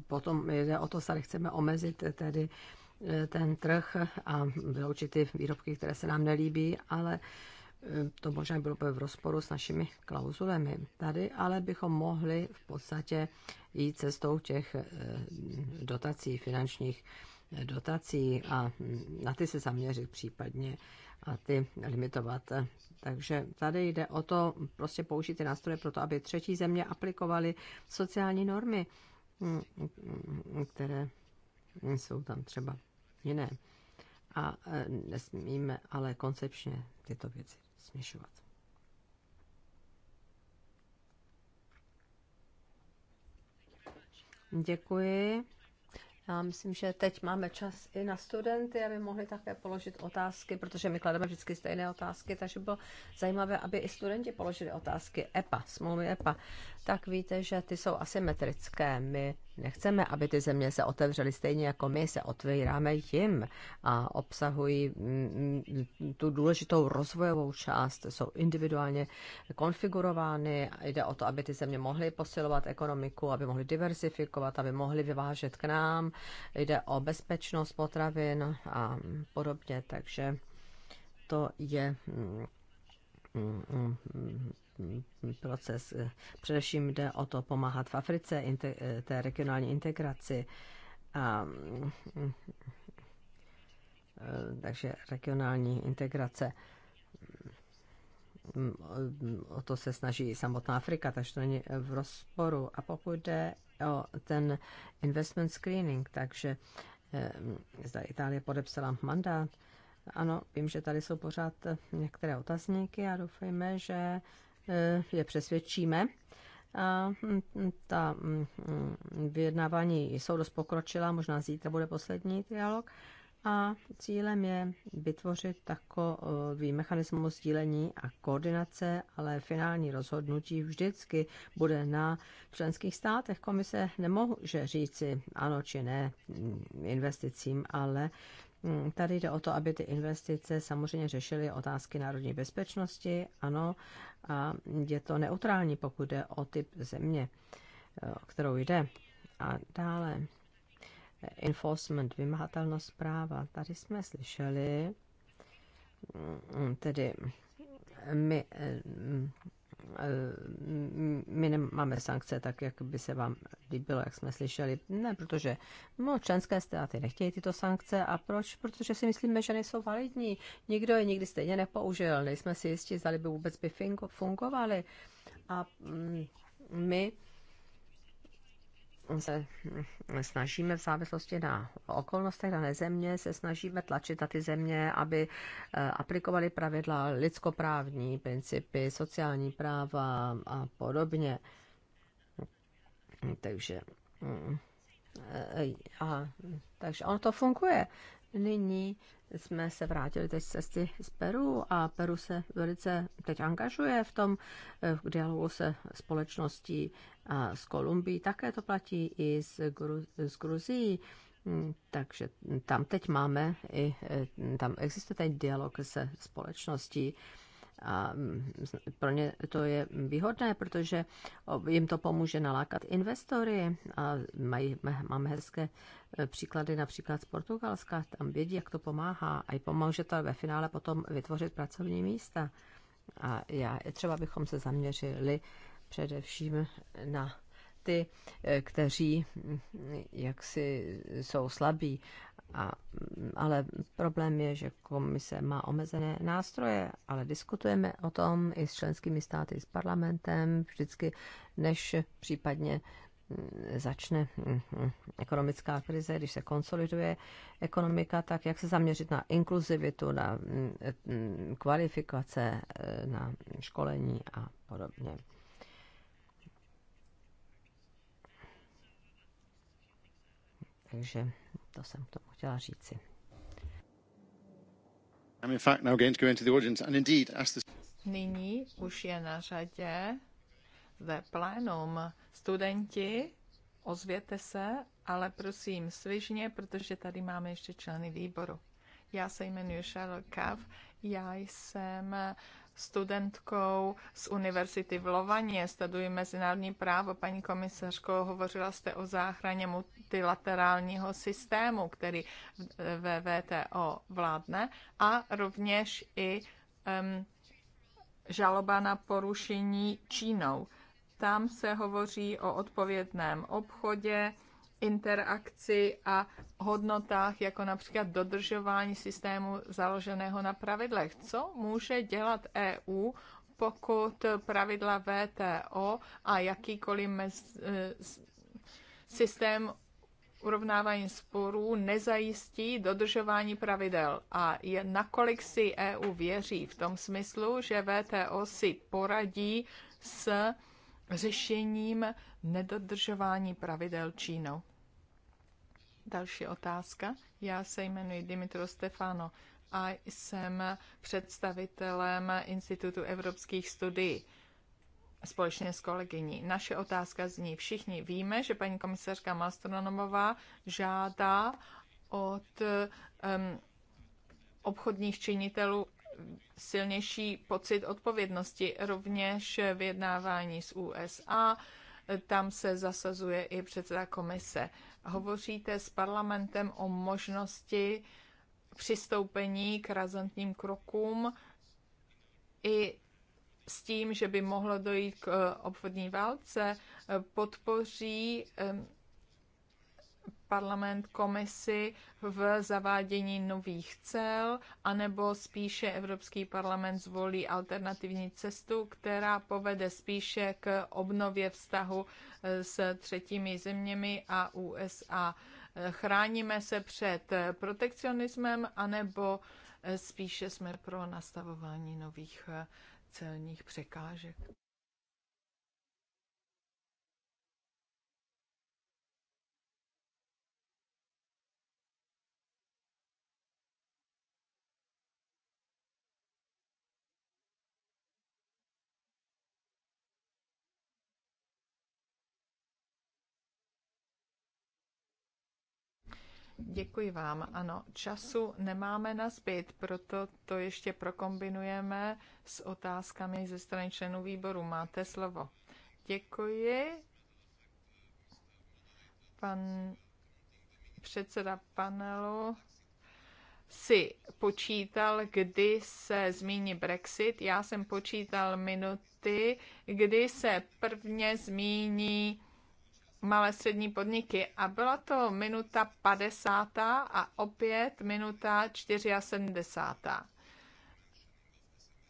potom jde o to, zda chceme omezit tedy ten trh a vyloučit ty výrobky, které se nám nelíbí, ale to možná bylo v rozporu s našimi klauzulemi. Tady ale bychom mohli v podstatě jít cestou těch eh, dotací, finančních eh, dotací a mm, na ty se zaměřit případně a ty limitovat. Takže tady jde o to prostě použít ty nástroje pro to, aby třetí země aplikovaly sociální normy, mm, které jsou tam třeba jiné. A eh, nesmíme ale koncepčně tyto věci směšovat. Děkuji. Já myslím, že teď máme čas i na studenty, aby mohli také položit otázky, protože my klademe vždycky stejné otázky, takže bylo zajímavé, aby i studenti položili otázky EPA, smlouvy EPA. Tak víte, že ty jsou asymetrické. My Nechceme, aby ty země se otevřely stejně jako my se otvíráme jim a obsahují mm, tu důležitou rozvojovou část, jsou individuálně konfigurovány. Jde o to, aby ty země mohly posilovat ekonomiku, aby mohly diversifikovat, aby mohly vyvážet k nám. Jde o bezpečnost potravin a podobně, takže to je mm, mm, Mm, proces. Eh, především jde o to pomáhat v Africe, eh, té regionální integraci. A, mm, eh, takže regionální integrace. Mm, o to se snaží samotná Afrika, takže to není v rozporu. A pokud jde o ten investment screening, takže zda Itálie podepsala mandát, ano, vím, že tady jsou pořád některé otazníky a doufejme, že Eh, je přesvědčíme. A mm, mm, ta mm, vyjednávání jsou dost pokročila, možná zítra bude poslední dialog. A cílem je vytvořit takový mechanismus sdílení a koordinace, ale finální rozhodnutí vždycky bude na členských státech. Komise nemůže říci ano či ne investicím, ale Hmm, tady jde o to, aby ty investice samozřejmě řešily otázky národní bezpečnosti, ano, a je to neutrální, pokud jde o typ země, eh, o kterou jde. A dále eh, enforcement, vymahatelnost práva. Tady jsme slyšeli, hmm, tedy my eh, Eh, my nemáme sankce tak, jak by se vám líbilo, jak jsme slyšeli. Ne, protože no, členské státy nechtějí tyto sankce. A proč? Protože si myslíme, že nejsou validní. Nikdo je nikdy stejně nepoužil. Nejsme si jistí, zda by vůbec by fungovaly. A mm, my se snažíme v závislosti na okolnostech dané země, se snažíme tlačit na ty země, aby eh, aplikovali pravidla lidskoprávní, principy, sociální práva a podobně. Takže, mm, eh, a, takže ono to funguje. Nyní jsme se vrátili teď z cesty z Peru a Peru se velice teď angažuje v tom eh, v dialogu se společností z Kolumbii. Také to platí i z Gru, z Gruzií. Mm, takže tam teď máme i, eh, tam existuje ten dialog se společností a mm, pro ně to je výhodné, protože jim to pomůže nalákat investory a mají, máme hezké e, příklady například z Portugalska, tam vědí, jak to pomáhá a i pomůže to ve finále potom vytvořit pracovní místa. A já, třeba bychom se zaměřili především na ty, e, kteří mm, jaksi jsou slabí a, ale problém je, že komise má omezené nástroje, ale diskutujeme o tom i s členskými státy, s parlamentem, vždycky, než případně mm, začne mm, mm, ekonomická krize, když se konsoliduje ekonomika, tak jak se zaměřit na inkluzivitu, na kvalifikace, e, na školení a podobně. Takže to jsem to chtěla říci. Nyní už je na řadě ve plénum. Studenti, ozvěte se, ale prosím svižně, protože tady máme ještě členy výboru. Já se jmenuji Charles Kav, já jsem studentkou z Univerzity v Lovaně, studuji mezinárodní právo. Paní komisařko, hovořila jste o záchraně multilaterálního systému, který ve VTO vládne a rovněž i um, žaloba na porušení Čínou. Tam se hovoří o odpovědném obchodě, interakci a hodnotách, jako například dodržování systému založeného na pravidlech. Co může dělat EU, pokud pravidla VTO a jakýkoliv mez, eh, systém urovnávání sporů nezajistí dodržování pravidel a je, nakolik si EU věří v tom smyslu, že VTO si poradí s řešením nedodržování pravidel Čínou. Další otázka. Já se jmenuji Dimitro Stefano a jsem představitelem Institutu evropských studií společně s kolegyní. Naše otázka zní, všichni víme, že paní komisařka Mastronomová žádá od um, obchodních činitelů silnější pocit odpovědnosti, rovněž vyjednávání s USA, tam se zasazuje i předseda komise. Hovoříte s parlamentem o možnosti přistoupení k razantním krokům i s tím, že by mohlo dojít k eh, obvodní válce, eh, podpoří eh, parlament komisi v zavádění nových cel, anebo spíše Evropský parlament zvolí alternativní cestu, která povede spíše k obnově vztahu eh, s třetími zeměmi a USA. Eh, chráníme se před protekcionismem, anebo eh, spíše jsme pro nastavování nových celních překážek. Děkuji vám. Ano, času nemáme na zbyt, proto to ještě prokombinujeme s otázkami ze strany členů výboru. Máte slovo. Děkuji. Pan předseda panelu si počítal, kdy se zmíní Brexit. Já jsem počítal minuty, kdy se prvně zmíní malé střední podniky. A byla to minuta 50. a opět minuta 74.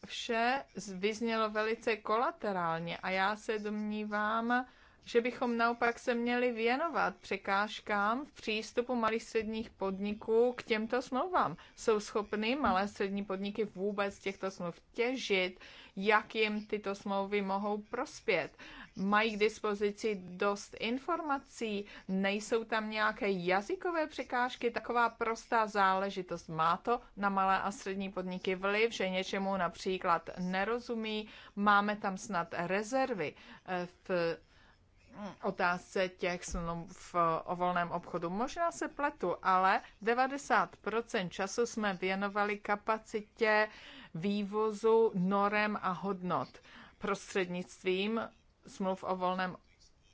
Vše vyznělo velice kolaterálně a já se domnívám, že bychom naopak se měli věnovat překážkám v přístupu malých středních podniků k těmto smlouvám. Jsou schopny malé střední podniky vůbec těchto smluv těžit, jak jim tyto smlouvy mohou prospět mají k dispozici dost informací, nejsou tam nějaké jazykové překážky, taková prostá záležitost. Má to na malé a střední podniky vliv, že něčemu například nerozumí, máme tam snad rezervy eh, v mm, otázce těch v o volném obchodu. Možná se pletu, ale 90% času jsme věnovali kapacitě vývozu norem a hodnot prostřednictvím smluv o volném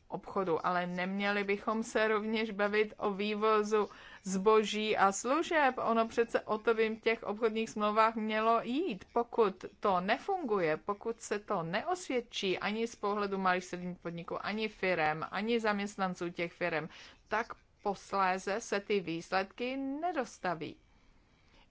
obchodu, ale neměli bychom se rovněž bavit o vývozu zboží a služeb. Ono přece o to by v těch obchodních smlouvách mělo jít. Pokud to nefunguje, pokud se to neosvědčí ani z pohledu malých středních podniků, ani firem, ani zaměstnanců těch firem, tak posléze se ty výsledky nedostaví.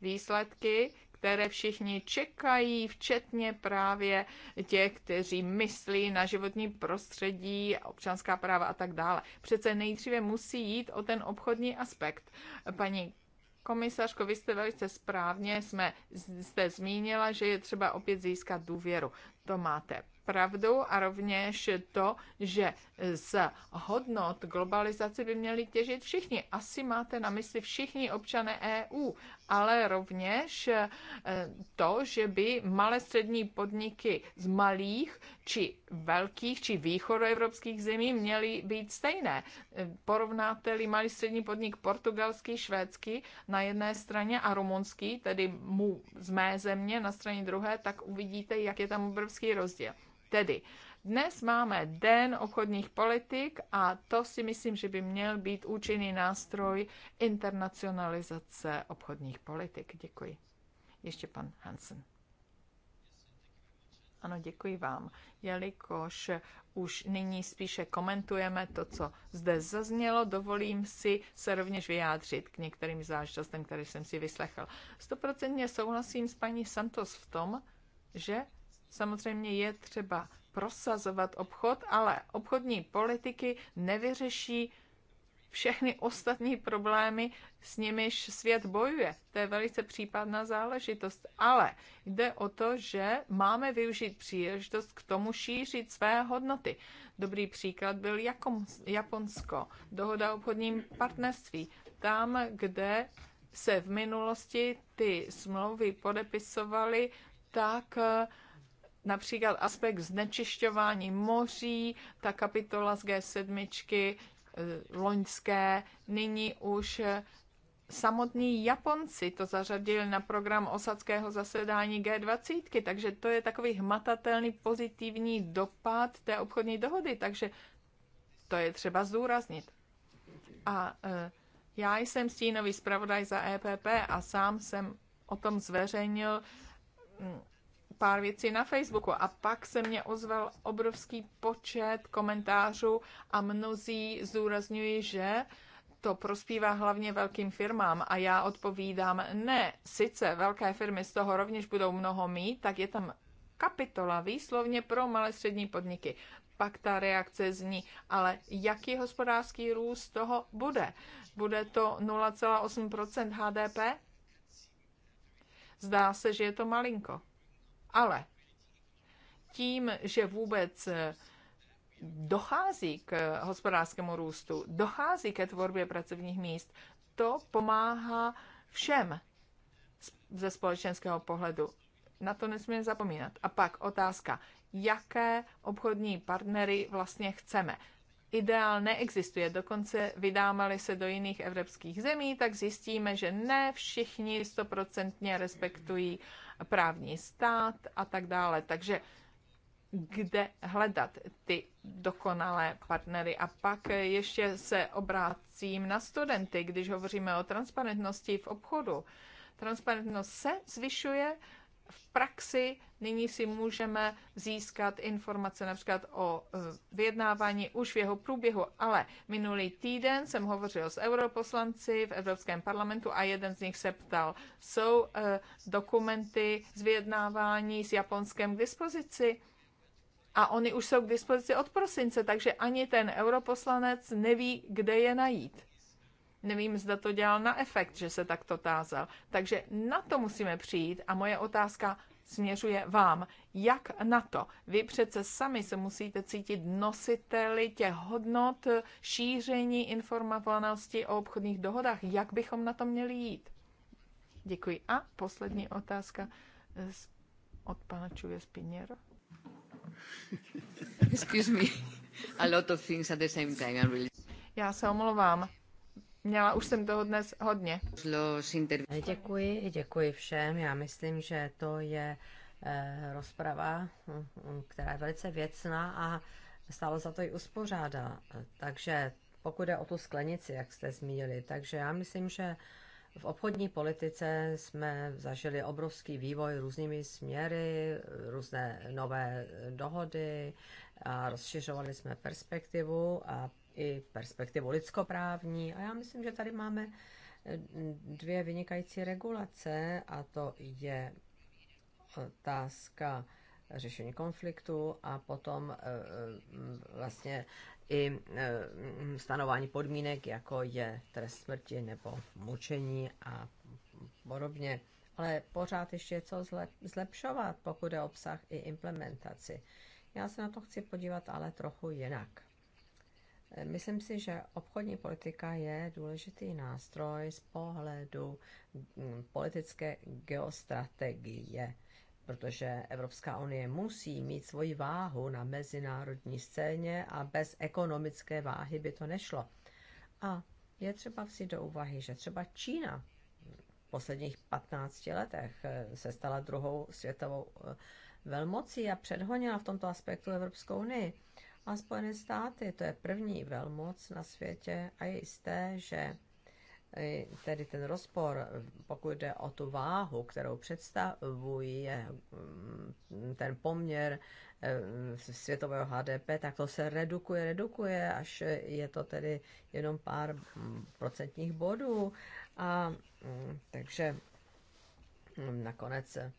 Výsledky, které všichni čekají, včetně právě těch, kteří myslí na životní prostředí, občanská práva a tak dále. Přece nejdříve musí jít o ten obchodní aspekt. Paní Komisařko, vy jste velice správně, jsme, jste zmínila, že je třeba opět získat důvěru. To máte pravdu a rovněž to, že z hodnot globalizace by měli těžit všichni. Asi máte na mysli všichni občané EU ale rovněž eh, to, že by malé střední podniky z malých či velkých či východoevropských zemí měly být stejné. Porovnáte-li malý střední podnik portugalský, švédský na jedné straně a rumunský, tedy mu z mé země na straně druhé, tak uvidíte, jak je tam obrovský rozdíl. Tedy dnes máme den obchodních politik a to si myslím, že by měl být účinný nástroj internacionalizace obchodních politik. Děkuji. Ještě pan Hansen. Ano, děkuji vám. Jelikož už nyní spíše komentujeme to, co zde zaznělo, dovolím si se rovněž vyjádřit k některým záležitostem, které jsem si vyslechl. Stoprocentně souhlasím s paní Santos v tom, že samozřejmě je třeba prosazovat obchod, ale obchodní politiky nevyřeší všechny ostatní problémy, s nimiž svět bojuje. To je velice případná záležitost. Ale jde o to, že máme využít příležitost k tomu šířit své hodnoty. Dobrý příklad byl Japonsko, dohoda o obchodním partnerství. Tam, kde se v minulosti ty smlouvy podepisovaly, tak uh, například aspekt znečišťování moří, ta kapitola z G7 eh, loňské, nyní už eh, samotní Japonci to zařadili na program osadského zasedání G20, takže to je takový hmatatelný pozitivní dopad té obchodní dohody, takže to je třeba zdůraznit. A eh, já jsem stínový zpravodaj za EPP a sám jsem o tom zveřejnil mm, pár věcí na Facebooku a pak se mě ozval obrovský počet komentářů a mnozí zúrazňují, že to prospívá hlavně velkým firmám a já odpovídám, ne, sice velké firmy z toho rovněž budou mnoho mít, tak je tam kapitola výslovně pro malé střední podniky. Pak ta reakce zní, ale jaký hospodářský růst toho bude? Bude to 0,8 HDP? Zdá se, že je to malinko. Ale tím, že vůbec eh, dochází k eh, hospodářskému růstu, dochází ke tvorbě pracovních míst, to pomáhá všem ze společenského pohledu. Na to nesmíme zapomínat. A pak otázka, jaké obchodní partnery vlastně chceme ideál neexistuje. Dokonce vydámali se do jiných evropských zemí, tak zjistíme, že ne všichni stoprocentně respektují právní stát a tak dále. Takže kde hledat ty dokonalé partnery. A pak ještě se obrácím na studenty, když hovoříme o transparentnosti v obchodu. Transparentnost se zvyšuje, v praxi nyní si můžeme získat informace například o e, vyjednávání už v jeho průběhu, ale minulý týden jsem hovořil s europoslanci v Evropském parlamentu a jeden z nich se ptal, jsou e, dokumenty z vyjednávání s Japonskem k dispozici? A oni už jsou k dispozici od prosince, takže ani ten europoslanec neví, kde je najít. Nevím, zda to dělal na efekt, že se takto tázal. Takže na to musíme přijít a moje otázka směřuje vám. Jak na to? Vy přece sami se musíte cítit nositeli těch hodnot šíření informovanosti o obchodních dohodách. Jak bychom na to měli jít? Děkuji. A poslední otázka eh, od pana Čuje Spiněro. Excuse me. A lot of things at the same time. I'm really... Já se omlouvám. Měla už jsem toho dnes hodně. Děkuji, děkuji všem. Já myslím, že to je eh, rozprava, hm, která je velice věcná a stálo za to i uspořádá. Takže pokud je o tu sklenici, jak jste zmínili, takže já myslím, že v obchodní politice jsme zažili obrovský vývoj různými směry, různé nové dohody a rozšiřovali jsme perspektivu a i perspektivu lidskoprávní. A já myslím, že tady máme eh, dvě vynikající regulace, a to je otázka řešení konfliktu a potom eh, eh, vlastně i stanování podmínek, jako je trest smrti nebo mučení a podobně. Ale pořád ještě je co zlepšovat, pokud je obsah i implementaci. Já se na to chci podívat ale trochu jinak. Myslím si, že obchodní politika je důležitý nástroj z pohledu mm, politické geostrategie, protože Evropská unie musí mít svoji váhu na mezinárodní scéně a bez ekonomické váhy by to nešlo. A je třeba vzít do úvahy, že třeba Čína v posledních 15 letech eh, se stala druhou světovou eh, velmocí a předhonila v tomto aspektu Evropskou unii a Spojené státy. To je první velmoc na světě a je jisté, že e, tedy ten rozpor, pokud jde o tu váhu, kterou představuje mm, ten poměr e, světového HDP, tak to se redukuje, redukuje, až je to tedy jenom pár mm, procentních bodů. A mm, takže nakonec e,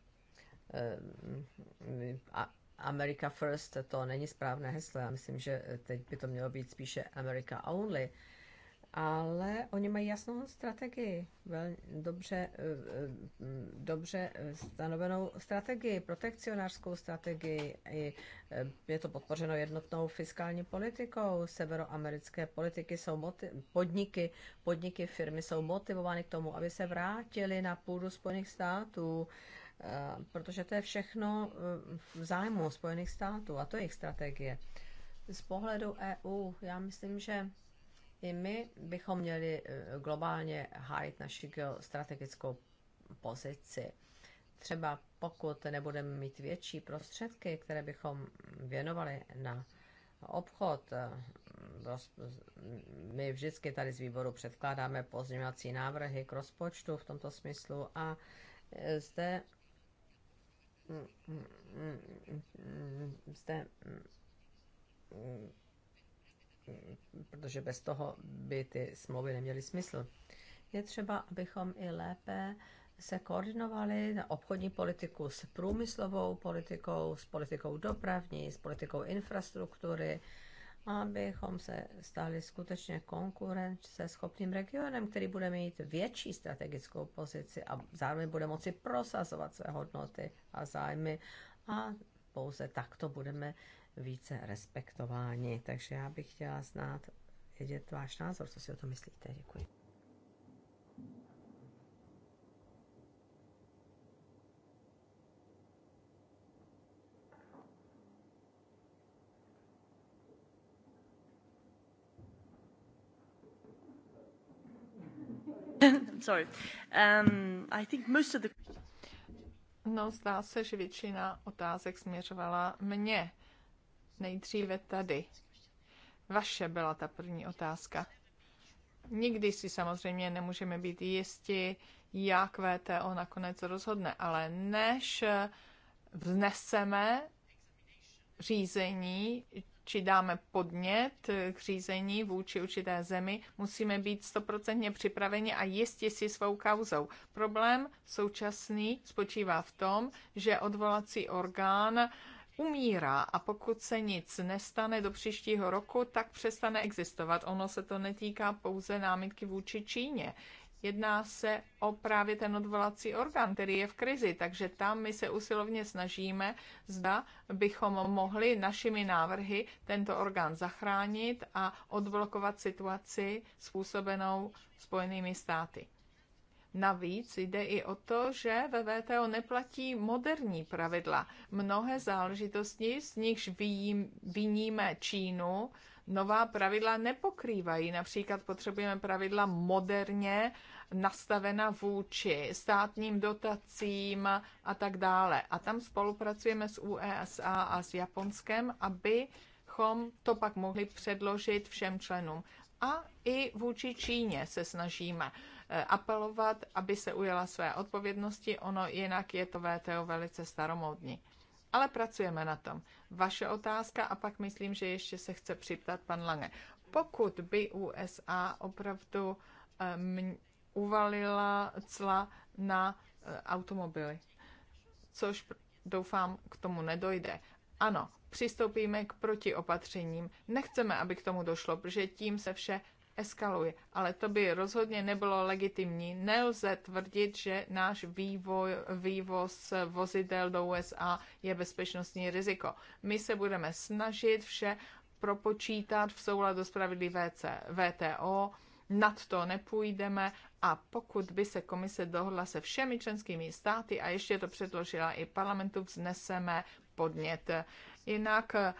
a America First, to není správné heslo. Já myslím, že eh, teď by to mělo být spíše America Only. Ale oni mají jasnou strategii, velmi dobře, eh, eh, dobře stanovenou strategii, protekcionářskou strategii. Je to podpořeno jednotnou fiskální politikou. Severoamerické politiky jsou podniky, podniky firmy jsou motivovány k tomu, aby se vrátili na půdu Spojených států Eh, protože to je všechno eh, v zájmu Spojených států a to je jejich strategie. Z pohledu EU, já myslím, že i my bychom měli eh, globálně hájit naši geostrategickou pozici. Třeba pokud nebudeme mít větší prostředky, které bychom věnovali na obchod, my vždycky tady z výboru předkládáme pozměňovací návrhy k rozpočtu v tomto smyslu a zde jste, protože bez toho by ty smlouvy neměly smysl. Je třeba, abychom i lépe se koordinovali na obchodní politiku s průmyslovou politikou, s politikou dopravní, s politikou infrastruktury, abychom se stali skutečně konkurence schopným regionem, který bude mít větší strategickou pozici a zároveň bude moci prosazovat své hodnoty a zájmy a pouze takto budeme více respektováni. Takže já bych chtěla znát, vědět váš názor, co si o to myslíte. Děkuji. sorry. Um, I think most of the... No, zdá se, že většina otázek směřovala mě. Nejdříve tady. Vaše byla ta první otázka. Nikdy si samozřejmě nemůžeme být jisti, jak VTO nakonec rozhodne, ale než vzneseme řízení či dáme podnět k řízení vůči určité zemi, musíme být stoprocentně připraveni a jistě si svou kauzou. Problém současný spočívá v tom, že odvolací orgán umírá a pokud se nic nestane do příštího roku, tak přestane existovat. Ono se to netýká pouze námitky vůči Číně. Jedná se o právě ten odvolací orgán, který je v krizi, takže tam my se usilovně snažíme, zda bychom mohli našimi návrhy tento orgán zachránit a odblokovat situaci způsobenou Spojenými státy. Navíc jde i o to, že ve VTO neplatí moderní pravidla. Mnohé záležitosti, z nichž vyníme Čínu, nová pravidla nepokrývají. Například potřebujeme pravidla moderně nastavena vůči státním dotacím a tak dále. A tam spolupracujeme s USA e a s Japonskem, abychom to pak mohli předložit všem členům. A i vůči Číně se snažíme eh, apelovat, aby se ujela své odpovědnosti, ono jinak je to VTO velice staromodní. Ale pracujeme na tom. Vaše otázka a pak myslím, že ještě se chce připtat pan Lange. Pokud by USA opravdu um, uvalila cla na uh, automobily, což doufám k tomu nedojde. Ano, přistoupíme k protiopatřením. Nechceme, aby k tomu došlo, protože tím se vše eskaluje. Ale to by rozhodně nebylo legitimní. Nelze tvrdit, že náš vývoj, vývoz vozidel do USA je bezpečnostní riziko. My se budeme snažit vše propočítat v souladu s pravidly VTO, nad to nepůjdeme a pokud by se komise dohodla se všemi členskými státy a ještě to předložila i parlamentu, vzneseme podnět. Jinak eh,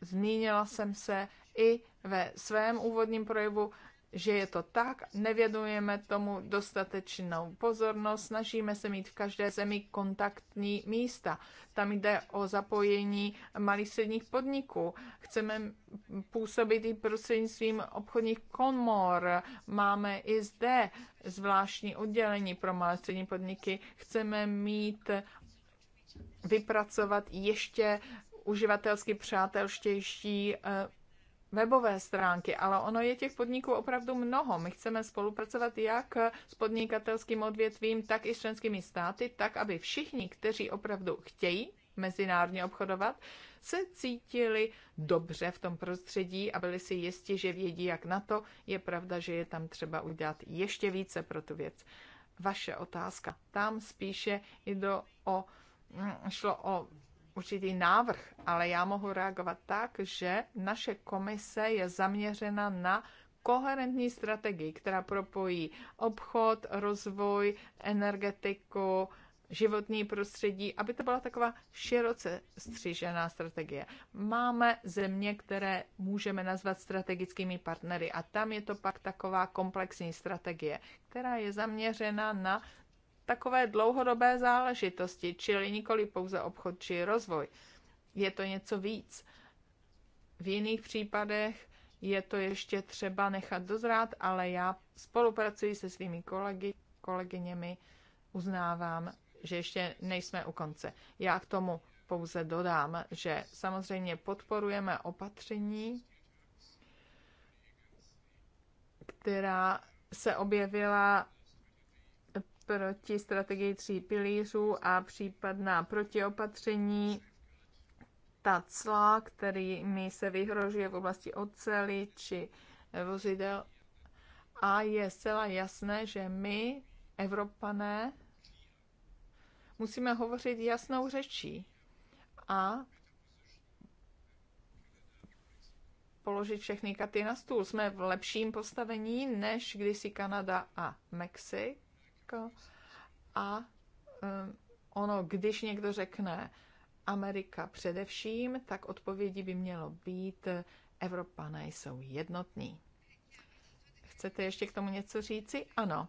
zmínila jsem se i ve svém úvodním projevu, že je to tak, nevědujeme tomu dostatečnou pozornost, snažíme se mít v každé zemi kontaktní místa. Tam jde o zapojení malých středních podniků. Chceme působit i prostřednictvím obchodních komor. Máme i zde zvláštní oddělení pro malé střední podniky. Chceme mít vypracovat ještě uživatelsky přátelštější eh, webové stránky, ale ono je těch podniků opravdu mnoho. My chceme spolupracovat jak s podnikatelským odvětvím, tak i s členskými státy, tak aby všichni, kteří opravdu chtějí mezinárodně obchodovat, se cítili dobře v tom prostředí a byli si jisti, že vědí, jak na to. Je pravda, že je tam třeba udělat ještě více pro tu věc. Vaše otázka. Tam spíše jde o, mm, šlo o určitý návrh, ale já mohu reagovat tak, že naše komise je zaměřena na koherentní strategii, která propojí obchod, rozvoj, energetiku, životní prostředí, aby to byla taková široce střížená strategie. Máme země, které můžeme nazvat strategickými partnery a tam je to pak taková komplexní strategie, která je zaměřena na takové dlouhodobé záležitosti, čili nikoli pouze obchod či rozvoj. Je to něco víc. V jiných případech je to ještě třeba nechat dozrát, ale já spolupracuji se svými kolegy, kolegyněmi, uznávám, že ještě nejsme u konce. Já k tomu pouze dodám, že samozřejmě podporujeme opatření, která se objevila proti strategii tří pilířů a případná protiopatření, ta cla, mi se vyhrožuje v oblasti oceli či vozidel. A je zcela jasné, že my, Evropané, musíme hovořit jasnou řečí a položit všechny katy na stůl. Jsme v lepším postavení, než kdysi Kanada a Mexik Amerika a um, ono, když někdo řekne Amerika především, tak odpovědí by mělo být Evropané jsou jednotní. Chcete ještě k tomu něco říci? Ano.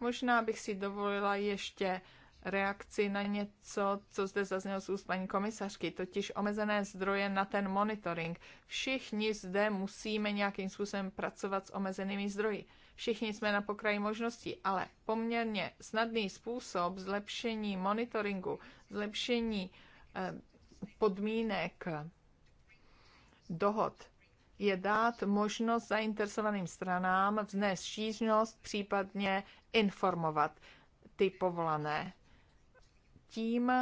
Možná bych si dovolila ještě reakci na něco, co zde zaznělo z úst paní komisařky, totiž omezené zdroje na ten monitoring. Všichni zde musíme nějakým způsobem pracovat s omezenými zdroji. Všichni jsme na pokraji možností, ale poměrně snadný způsob zlepšení monitoringu, zlepšení eh, podmínek eh, dohod je dát možnost zainteresovaným stranám vznést stížnost, případně informovat ty povolané. Tím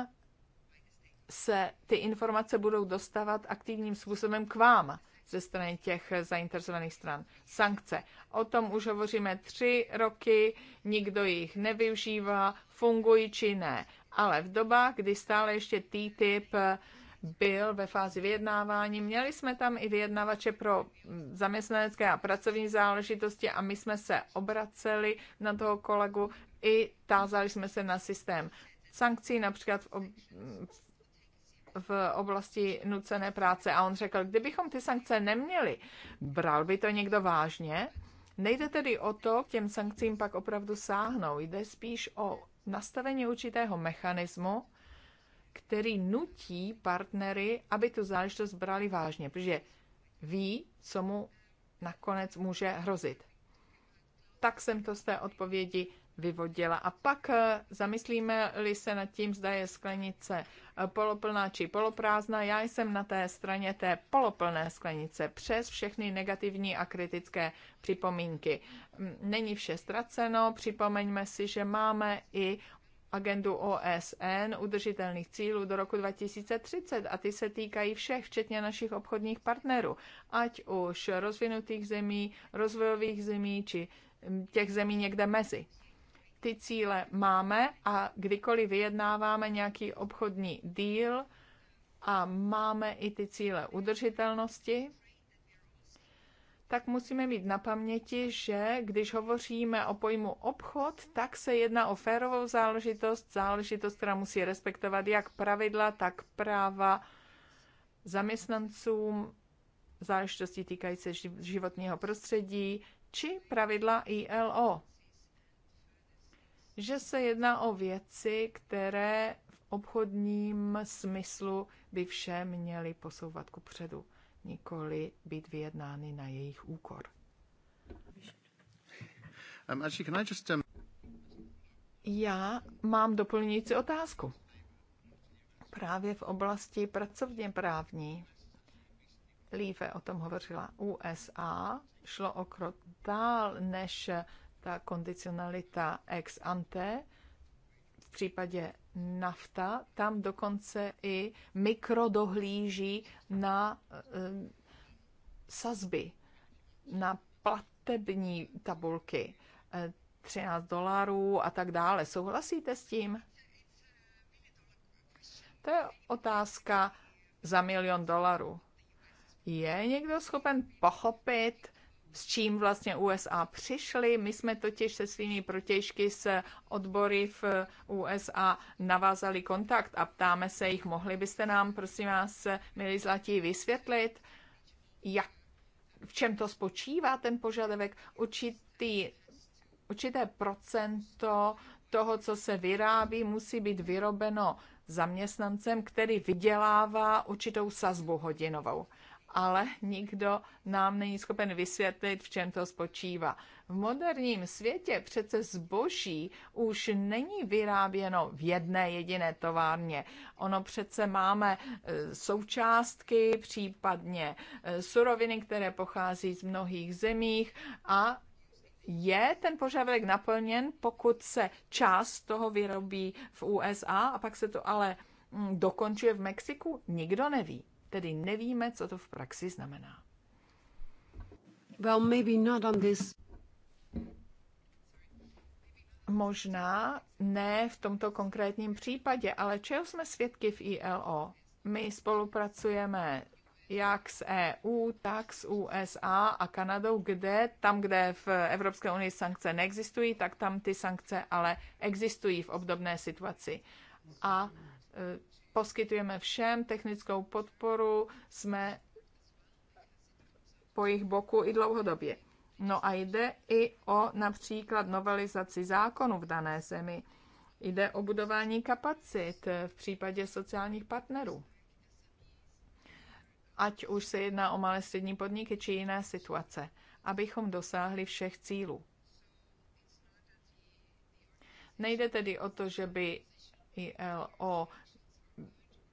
se ty informace budou dostávat aktivním způsobem k vám ze strany těch zainteresovaných stran. Sankce. O tom už hovoříme tři roky, nikdo jich nevyužívá, fungují či ne. Ale v dobách, kdy stále ještě TTIP byl ve fázi vyjednávání. Měli jsme tam i vyjednavače pro zaměstnanecké a pracovní záležitosti a my jsme se obraceli na toho kolegu i tázali jsme se na systém sankcí, například v, ob- v oblasti nucené práce. A on řekl, kdybychom ty sankce neměli, bral by to někdo vážně? Nejde tedy o to, k těm sankcím pak opravdu sáhnou. Jde spíš o nastavení určitého mechanismu, který nutí partnery, aby tu záležitost brali vážně, protože ví, co mu nakonec může hrozit. Tak jsem to z té odpovědi vyvodila. A pak eh, zamyslíme-li se nad tím, zda je sklenice eh, poloplná či poloprázdná. Já jsem na té straně té poloplné sklenice přes všechny negativní a kritické připomínky. Mm, není vše ztraceno, připomeňme si, že máme i agendu OSN udržitelných cílů do roku 2030 a ty se týkají všech, včetně našich obchodních partnerů, ať už rozvinutých zemí, rozvojových zemí či mm, těch zemí někde mezi ty cíle máme a kdykoliv vyjednáváme nějaký obchodní díl a máme i ty cíle udržitelnosti, tak musíme mít na paměti, že když hovoříme o pojmu obchod, tak se jedná o férovou záležitost, záležitost, která musí respektovat jak pravidla, tak práva zaměstnancům, záležitosti týkající životního prostředí či pravidla ILO že se jedná o věci, které v obchodním smyslu by vše měly posouvat ku předu, nikoli být vyjednány na jejich úkor. Um, actually, can I just, um... Já mám doplňující otázku. Právě v oblasti pracovně právní, Líve o tom hovořila, USA šlo o krok dál než ta kondicionalita ex ante, v případě nafta, tam dokonce i mikrodohlíží na e, sazby, na platební tabulky, 13 eh, dolarů a tak dále. Souhlasíte s tím? To je otázka za milion dolarů. Je někdo schopen pochopit, s čím vlastně USA přišly. My jsme totiž se svými protěžky s odbory v USA navázali kontakt a ptáme se jich, mohli byste nám, prosím vás, milí zlatí, vysvětlit, jak, v čem to spočívá ten požadavek, určitý, určité procento toho, co se vyrábí, musí být vyrobeno zaměstnancem, který vydělává určitou sazbu hodinovou ale nikdo nám není schopen vysvětlit, v čem to spočívá. V moderním světě přece zboží už není vyráběno v jedné jediné továrně. Ono přece máme e, součástky, případně e, suroviny, které pochází z mnohých zemích a je ten požadavek naplněn, pokud se část toho vyrobí v USA a pak se to ale mm, dokončuje v Mexiku? Nikdo neví tedy nevíme, co to v praxi znamená. Well, maybe not on this. Možná ne v tomto konkrétním případě, ale čeho jsme svědky v ILO? My spolupracujeme jak s EU, tak s USA a Kanadou, kde tam, kde v Evropské unii sankce neexistují, tak tam ty sankce ale existují v obdobné situaci. A e, poskytujeme všem technickou podporu, jsme po jejich boku i dlouhodobě. No a jde i o například novelizaci zákonu v dané zemi. Jde o budování kapacit v případě sociálních partnerů. Ať už se jedná o malé střední podniky či jiné situace, abychom dosáhli všech cílů. Nejde tedy o to, že by ILO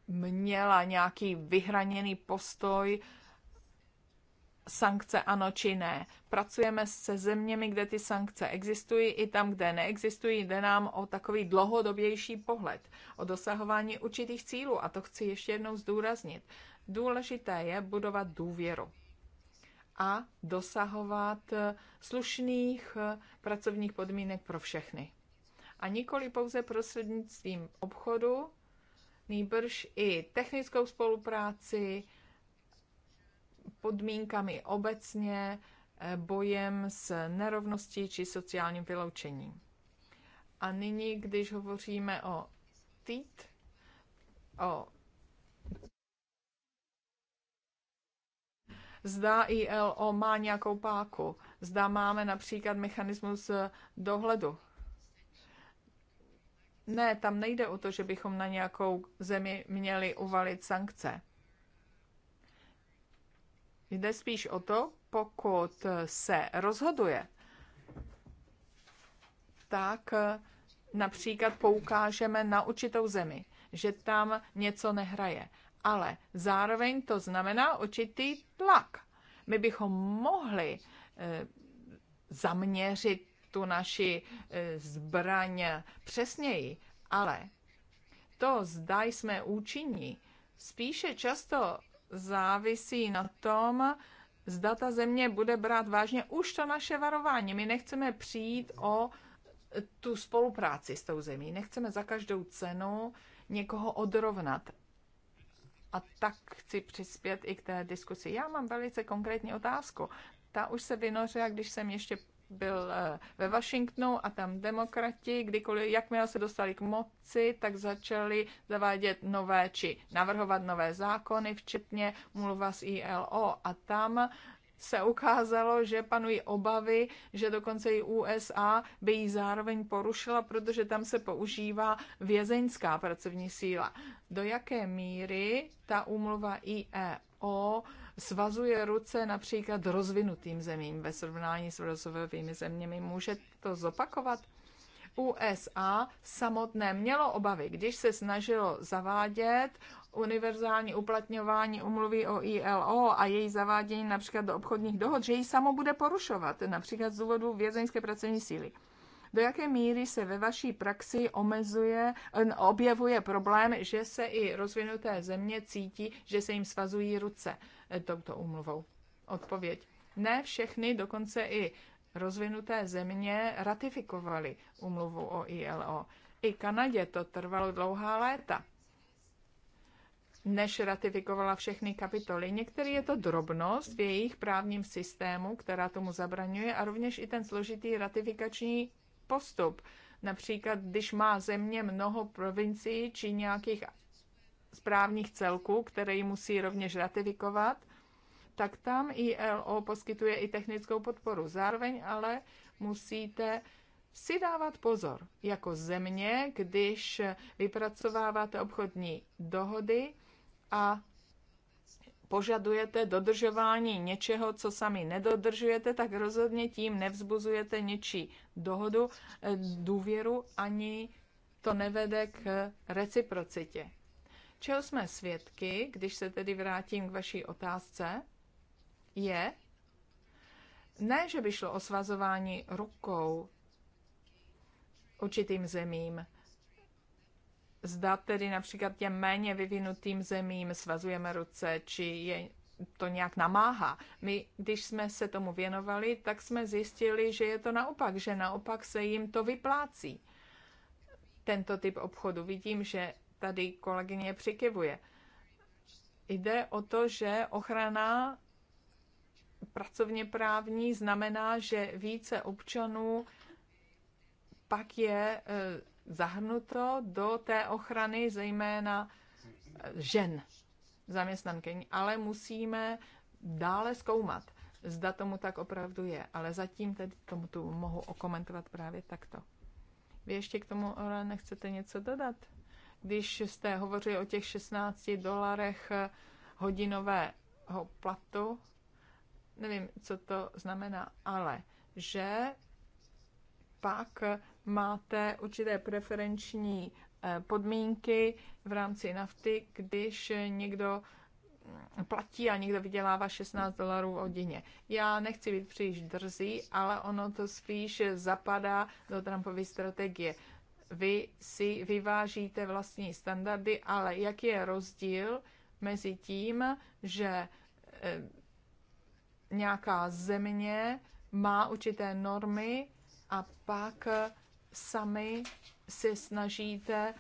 měla nějaký vyhraněný postoj, sankce ano či ne. Pracujeme se zeměmi, kde ty sankce existují, i tam, kde neexistují. Jde nám o takový dlouhodobější pohled, o dosahování určitých cílů. A to chci ještě jednou zdůraznit. Důležité je budovat důvěru a dosahovat eh, slušných eh, pracovních podmínek pro všechny. A nikoli pouze prostřednictvím obchodu, nýbrž i technickou spolupráci, podmínkami obecně, eh, bojem s nerovností či sociálním vyloučením. A nyní, když hovoříme o TEET, o zda ILO má nějakou páku, zda máme například mechanismus dohledu ne, tam nejde o to, že bychom na nějakou zemi měli uvalit sankce. Jde spíš o to, pokud se rozhoduje, tak eh, například poukážeme na určitou zemi, že tam něco nehraje. Ale zároveň to znamená určitý tlak. My bychom mohli eh, zaměřit tu naši e, zbraň přesněji, ale to, zda jsme účinní, spíše často závisí na tom, zda ta země bude brát vážně už to naše varování. My nechceme přijít o tu spolupráci s tou zemí. Nechceme za každou cenu někoho odrovnat. A tak chci přispět i k té diskusi. Já mám velice konkrétní otázku. Ta už se vynořila, když jsem ještě byl eh, ve Washingtonu a tam demokrati, kdykoliv, jakmile se dostali k moci, tak začali zavádět nové či navrhovat nové zákony, včetně mluva s ILO. A tam se ukázalo, že panují obavy, že dokonce i USA by ji zároveň porušila, protože tam se používá vězeňská pracovní síla. Do jaké míry ta úmluva IEO WHO svazuje ruce například rozvinutým zemím ve srovnání s rozvojovými zeměmi. Může to zopakovat? USA samotné mělo obavy, když se snažilo zavádět univerzální uplatňování umluvy o ILO a její zavádění například do obchodních dohod, že ji samo bude porušovat, například z důvodu vězeňské pracovní síly. Do jaké míry se ve vaší praxi omezuje, objevuje problém, že se i rozvinuté země cítí, že se jim svazují ruce e, touto úmluvou? Odpověď. Ne všechny, dokonce i rozvinuté země ratifikovaly umluvu o ILO. I Kanadě to trvalo dlouhá léta, než ratifikovala všechny kapitoly. Některý je to drobnost v jejich právním systému, která tomu zabraňuje, a rovněž i ten složitý ratifikační postup. Například, když má země mnoho provincií či nějakých správních celků, které ji musí rovněž ratifikovat, tak tam ILO poskytuje i technickou podporu. Zároveň ale musíte si dávat pozor jako země, když vypracováváte obchodní dohody a požadujete dodržování něčeho, co sami nedodržujete, tak rozhodně tím nevzbuzujete něčí dohodu, eh, důvěru, ani to nevede k reciprocitě. Čeho jsme svědky, když se tedy vrátím k vaší otázce, je, ne, že by šlo o svazování rukou určitým zemím, Zda tedy například těm méně vyvinutým zemím svazujeme ruce, či je to nějak namáhá. My, když jsme se tomu věnovali, tak jsme zjistili, že je to naopak, že naopak se jim to vyplácí. Tento typ obchodu. Vidím, že tady kolegyně přikivuje. Jde o to, že ochrana pracovně právní znamená, že více občanů pak je eh, zahrnuto do té ochrany zejména žen zaměstnankyň, ale musíme dále zkoumat, zda tomu tak opravdu je. Ale zatím tedy tomu tu mohu okomentovat právě takto. Vy ještě k tomu, ale nechcete něco dodat? Když jste hovořili o těch 16 dolarech hodinového platu, nevím, co to znamená, ale že pak máte určité preferenční eh, podmínky v rámci nafty, když někdo mm, platí a někdo vydělává 16 dolarů hodině. Já nechci být příliš drzý, ale ono to spíš zapadá do Trumpovy strategie. Vy si vyvážíte vlastní standardy, ale jaký je rozdíl mezi tím, že eh, nějaká země má určité normy a pak sami si snažíte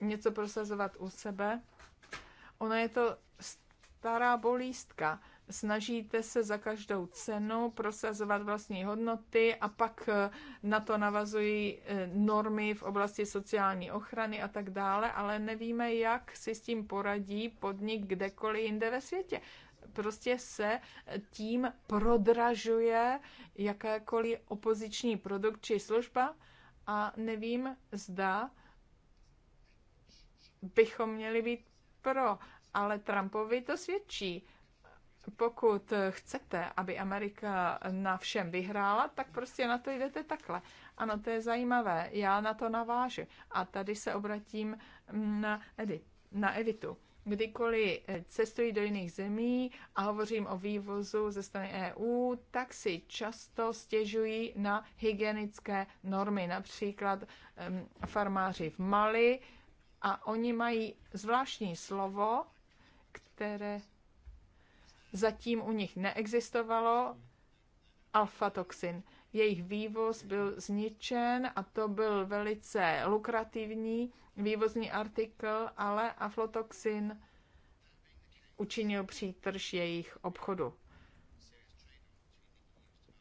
něco prosazovat u sebe. Ona je to stará bolístka. Snažíte se za každou cenu prosazovat vlastní hodnoty a pak eh, na to navazují eh, normy v oblasti sociální ochrany a tak dále, ale nevíme, jak si s tím poradí podnik kdekoliv jinde ve světě. Prostě se eh, tím prodražuje jakékoliv opoziční produkt či služba a nevím, zda bychom měli být pro, ale Trumpovi to svědčí. Pokud chcete, aby Amerika na všem vyhrála, tak prostě na to jdete takhle. Ano, to je zajímavé, já na to navážu. A tady se obratím na, Edith, na Evitu kdykoliv eh, cestuji do jiných zemí a hovořím o vývozu ze strany EU, tak si často stěžují na hygienické normy, například um, farmáři v Mali a oni mají zvláštní slovo, které zatím u nich neexistovalo, alfatoxin. toxin jejich vývoz byl zničen a to byl velice lukrativní vývozní artikl, ale aflotoxin učinil přítrž jejich obchodu.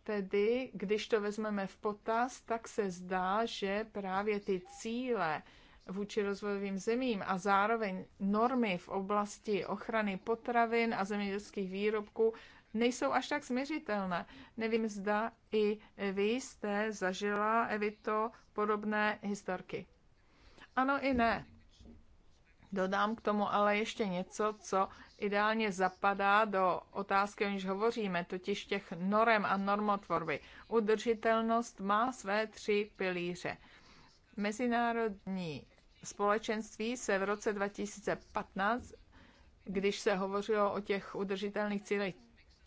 Tedy, když to vezmeme v potaz, tak se zdá, že právě ty cíle vůči rozvojovým zemím a zároveň normy v oblasti ochrany potravin a zemědělských výrobků nejsou až tak směřitelné. Nevím, zda i vy jste zažila, Evito, podobné historky. Ano i ne. Dodám k tomu ale ještě něco, co ideálně zapadá do otázky, o níž hovoříme, totiž těch norem a normotvorby. Udržitelnost má své tři pilíře. Mezinárodní společenství se v roce 2015, když se hovořilo o těch udržitelných cílech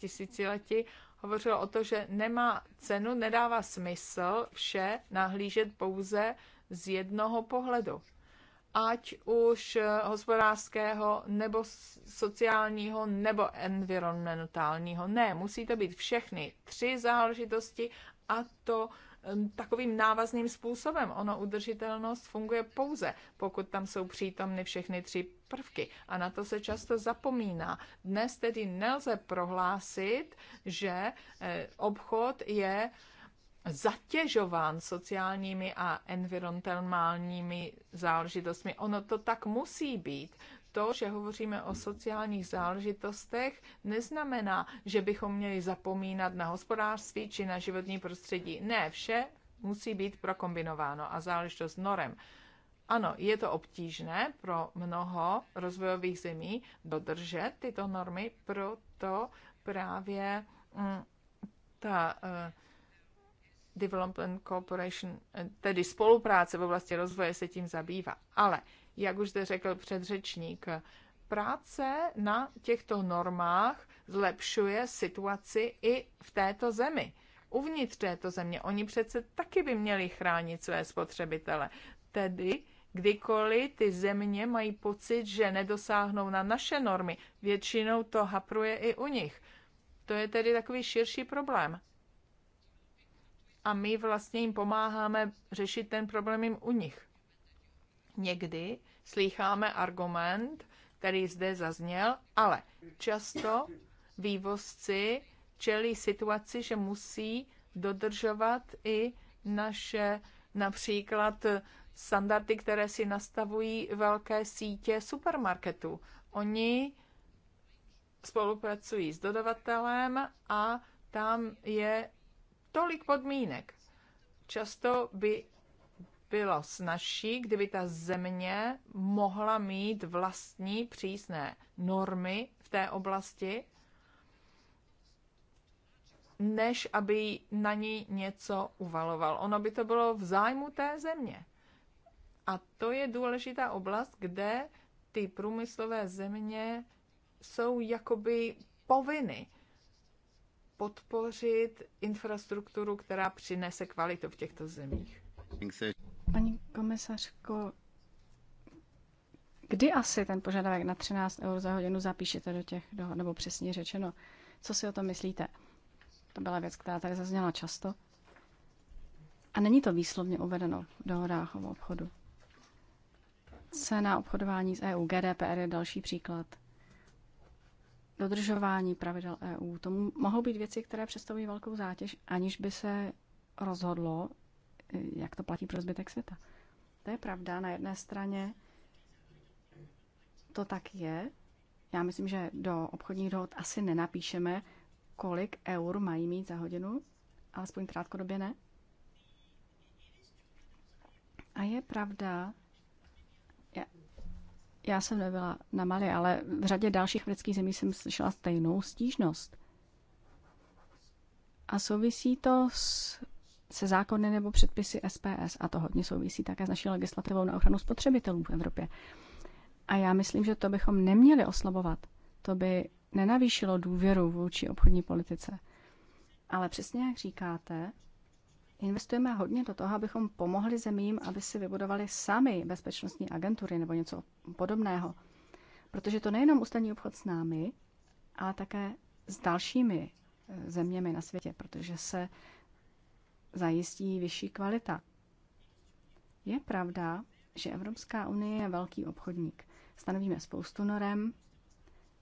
tisíciletí hovořilo o to, že nemá cenu, nedává smysl vše nahlížet pouze z jednoho pohledu. Ať už hospodářského, nebo sociálního, nebo environmentálního. Ne, musí to být všechny tři záležitosti a to takovým návazným způsobem. Ono udržitelnost funguje pouze, pokud tam jsou přítomny všechny tři prvky. A na to se často zapomíná. Dnes tedy nelze prohlásit, že e, obchod je zatěžován sociálními a environmentálními záležitostmi. Ono to tak musí být to, že hovoříme o sociálních záležitostech, neznamená, že bychom měli zapomínat na hospodářství či na životní prostředí. Ne, vše musí být prokombinováno a záležitost norem. Ano, je to obtížné pro mnoho rozvojových zemí dodržet tyto normy, proto právě mm, ta eh, Development Corporation, eh, tedy spolupráce v oblasti rozvoje se tím zabývá. Ale jak už zde řekl předřečník, práce na těchto normách zlepšuje situaci i v této zemi. Uvnitř této země. Oni přece taky by měli chránit své spotřebitele. Tedy kdykoliv ty země mají pocit, že nedosáhnou na naše normy, většinou to hapruje i u nich. To je tedy takový širší problém. A my vlastně jim pomáháme řešit ten problém jim u nich. Někdy slýcháme argument, který zde zazněl, ale často vývozci čelí situaci, že musí dodržovat i naše například standardy, které si nastavují velké sítě supermarketů. Oni spolupracují s dodavatelem a tam je tolik podmínek. Často by bylo snažší, kdyby ta země mohla mít vlastní přísné normy v té oblasti, než aby na ní něco uvaloval. Ono by to bylo v zájmu té země. A to je důležitá oblast, kde ty průmyslové země jsou jakoby povinny podpořit infrastrukturu, která přinese kvalitu v těchto zemích. Paní komisařko, kdy asi ten požadavek na 13 eur za hodinu zapíšete do těch dohod, nebo přesně řečeno, co si o tom myslíte? To byla věc, která tady zazněla často. A není to výslovně uvedeno v dohodách o obchodu. Cena obchodování z EU, GDPR je další příklad. Dodržování pravidel EU, to mohou být věci, které představují velkou zátěž, aniž by se rozhodlo, jak to platí pro zbytek světa. To je pravda. Na jedné straně to tak je. Já myslím, že do obchodních dohod asi nenapíšeme, kolik eur mají mít za hodinu, alespoň krátkodobě ne. A je pravda, já, já jsem nebyla na Mali, ale v řadě dalších afrických zemí jsem slyšela stejnou stížnost. A souvisí to s se zákony nebo předpisy SPS a to hodně souvisí také s naší legislativou na ochranu spotřebitelů v Evropě. A já myslím, že to bychom neměli oslabovat. To by nenavýšilo důvěru vůči obchodní politice. Ale přesně jak říkáte, investujeme hodně do toho, abychom pomohli zemím, aby si vybudovali sami bezpečnostní agentury nebo něco podobného. Protože to nejenom ústavní obchod s námi, ale také s dalšími eh, zeměmi na světě, protože se zajistí vyšší kvalita. Je pravda, že Evropská unie je velký obchodník. Stanovíme spoustu norem,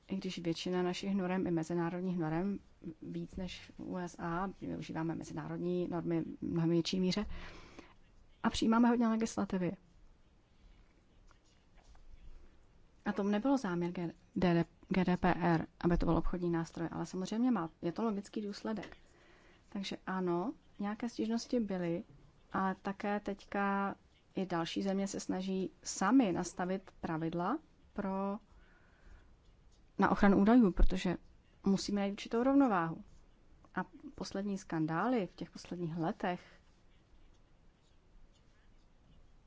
i když většina našich norem i mezinárodních norem víc než v USA, využíváme mezinárodní normy v mnohem větší míře a přijímáme hodně legislativy. A tom nebylo záměr GDPR, aby to byl obchodní nástroj, ale samozřejmě má, je to logický důsledek. Takže ano, Nějaké stížnosti byly, a také teďka i další země se snaží sami nastavit pravidla pro na ochranu údajů, protože musíme najít určitou rovnováhu. A poslední skandály v těch posledních letech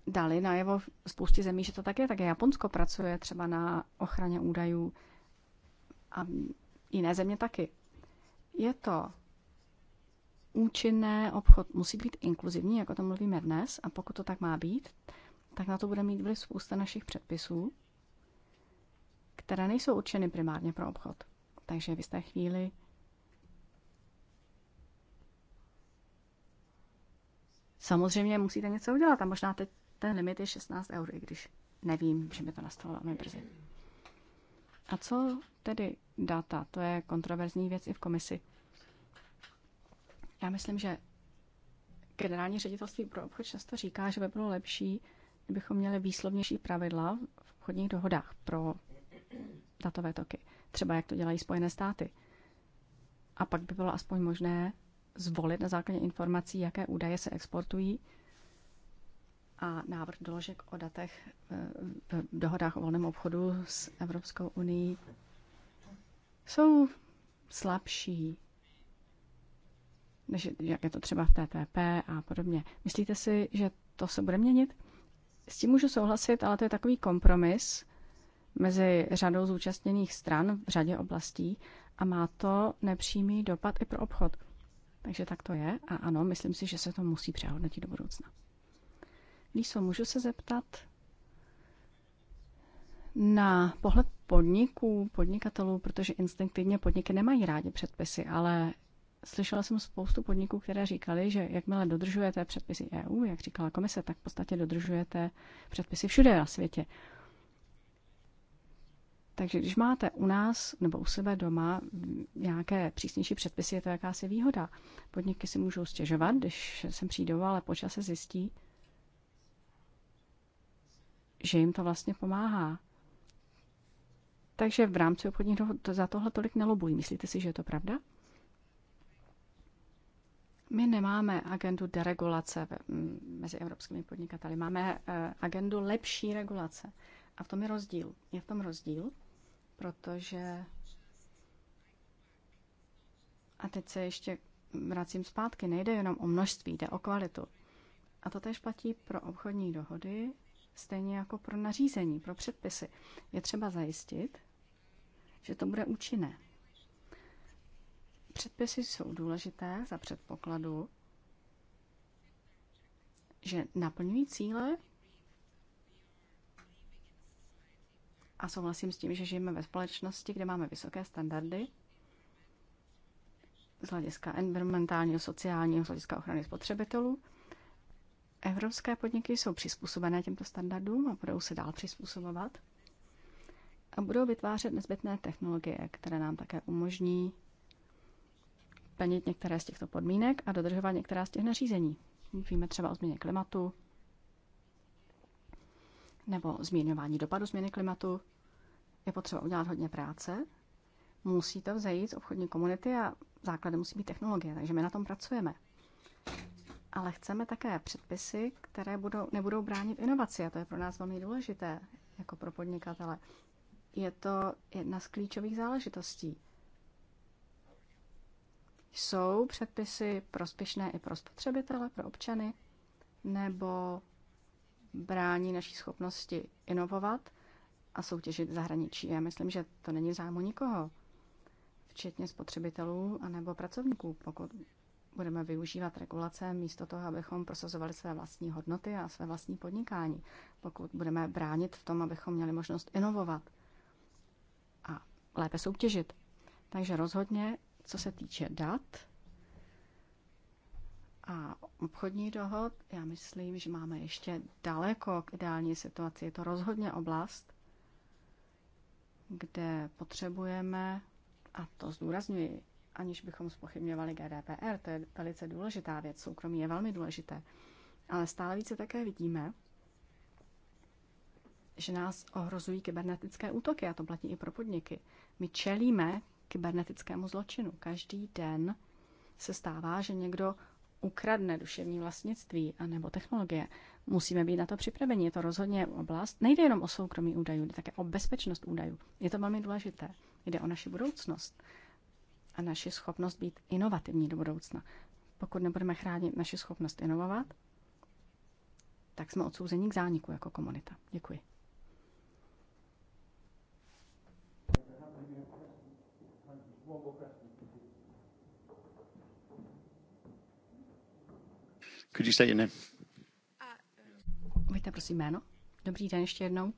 dali najevo v spoustě zemí, že to tak je. Také Japonsko pracuje třeba na ochraně údajů a jiné země taky. Je to účinné, obchod musí být inkluzivní, jako to mluvíme dnes, a pokud to tak má být, tak na to bude mít vliv spousta našich předpisů, které nejsou určeny primárně pro obchod. Takže v jisté chvíli samozřejmě musíte něco udělat a možná teď ten limit je 16 eur, i když nevím, že by to nastalo velmi brzy. A co tedy data? To je kontroverzní věc i v komisi. Já myslím, že generální ředitelství pro obchod často říká, že by bylo lepší, kdybychom měli výslovnější pravidla v obchodních dohodách pro datové toky. Třeba jak to dělají Spojené státy. A pak by bylo aspoň možné zvolit na základě informací, jaké údaje se exportují a návrh doložek o datech eh, v dohodách o volném obchodu s Evropskou unii jsou slabší než jak je to třeba v TTP a podobně. Myslíte si, že to se bude měnit? S tím můžu souhlasit, ale to je takový kompromis mezi řadou zúčastněných stran v řadě oblastí a má to nepřímý dopad i pro obchod. Takže tak to je a ano, myslím si, že se to musí přehodnotit do budoucna. Líso, můžu se zeptat na pohled podniků, podnikatelů, protože instinktivně podniky nemají rádi předpisy, ale Slyšela jsem spoustu podniků, které říkali, že jakmile dodržujete předpisy EU, jak říkala komise, tak v podstatě dodržujete předpisy všude na světě. Takže když máte u nás nebo u sebe doma nějaké přísnější předpisy, je to jakási výhoda. Podniky si můžou stěžovat, když sem přijdou, ale počas se zjistí, že jim to vlastně pomáhá. Takže v rámci obchodních dohod za tohle tolik nelobují. Myslíte si, že je to pravda? My nemáme agendu deregulace mezi evropskými podnikateli, máme eh, agendu lepší regulace. A v tom je rozdíl. Je v tom rozdíl, protože. A teď se ještě vracím zpátky. Nejde jenom o množství, jde o kvalitu. A to tež platí pro obchodní dohody, stejně jako pro nařízení, pro předpisy. Je třeba zajistit, že to bude účinné. Předpisy jsou důležité za předpokladu, že naplňují cíle a souhlasím s tím, že žijeme ve společnosti, kde máme vysoké standardy z hlediska environmentálního, sociálního, z hlediska ochrany spotřebitelů. Evropské podniky jsou přizpůsobené těmto standardům a budou se dál přizpůsobovat a budou vytvářet nezbytné technologie, které nám také umožní plnit některé z těchto podmínek a dodržovat některá z těch nařízení. Víme třeba o změně klimatu nebo zmírňování dopadu změny klimatu. Je potřeba udělat hodně práce. Musí to vzejít z obchodní komunity a základem musí být technologie, takže my na tom pracujeme. Ale chceme také předpisy, které budou, nebudou bránit inovaci a to je pro nás velmi důležité jako pro podnikatele. Je to jedna z klíčových záležitostí jsou předpisy prospěšné i pro spotřebitele, pro občany, nebo brání naší schopnosti inovovat a soutěžit v zahraničí? Já myslím, že to není v zájmu nikoho, včetně spotřebitelů a nebo pracovníků, pokud budeme využívat regulace místo toho, abychom prosazovali své vlastní hodnoty a své vlastní podnikání, pokud budeme bránit v tom, abychom měli možnost inovovat a lépe soutěžit. Takže rozhodně co se týče dat a obchodní dohod, já myslím, že máme ještě daleko k ideální situaci. Je to rozhodně oblast, kde potřebujeme, a to zdůrazňuji, aniž bychom spochybňovali GDPR, to je velice důležitá věc, soukromí je velmi důležité, ale stále více také vidíme, že nás ohrozují kybernetické útoky a to platí i pro podniky. My čelíme kybernetickému zločinu. Každý den se stává, že někdo ukradne duševní vlastnictví a nebo technologie. Musíme být na to připraveni. Je to rozhodně oblast. Nejde jenom o soukromí údajů, jde také o bezpečnost údajů. Je to velmi důležité. Jde o naši budoucnost a naši schopnost být inovativní do budoucna. Pokud nebudeme chránit naši schopnost inovovat, tak jsme odsouzeni k zániku jako komunita. Děkuji. Could you say your name? Uveďte prosím jméno. Dobrý den ještě jednou.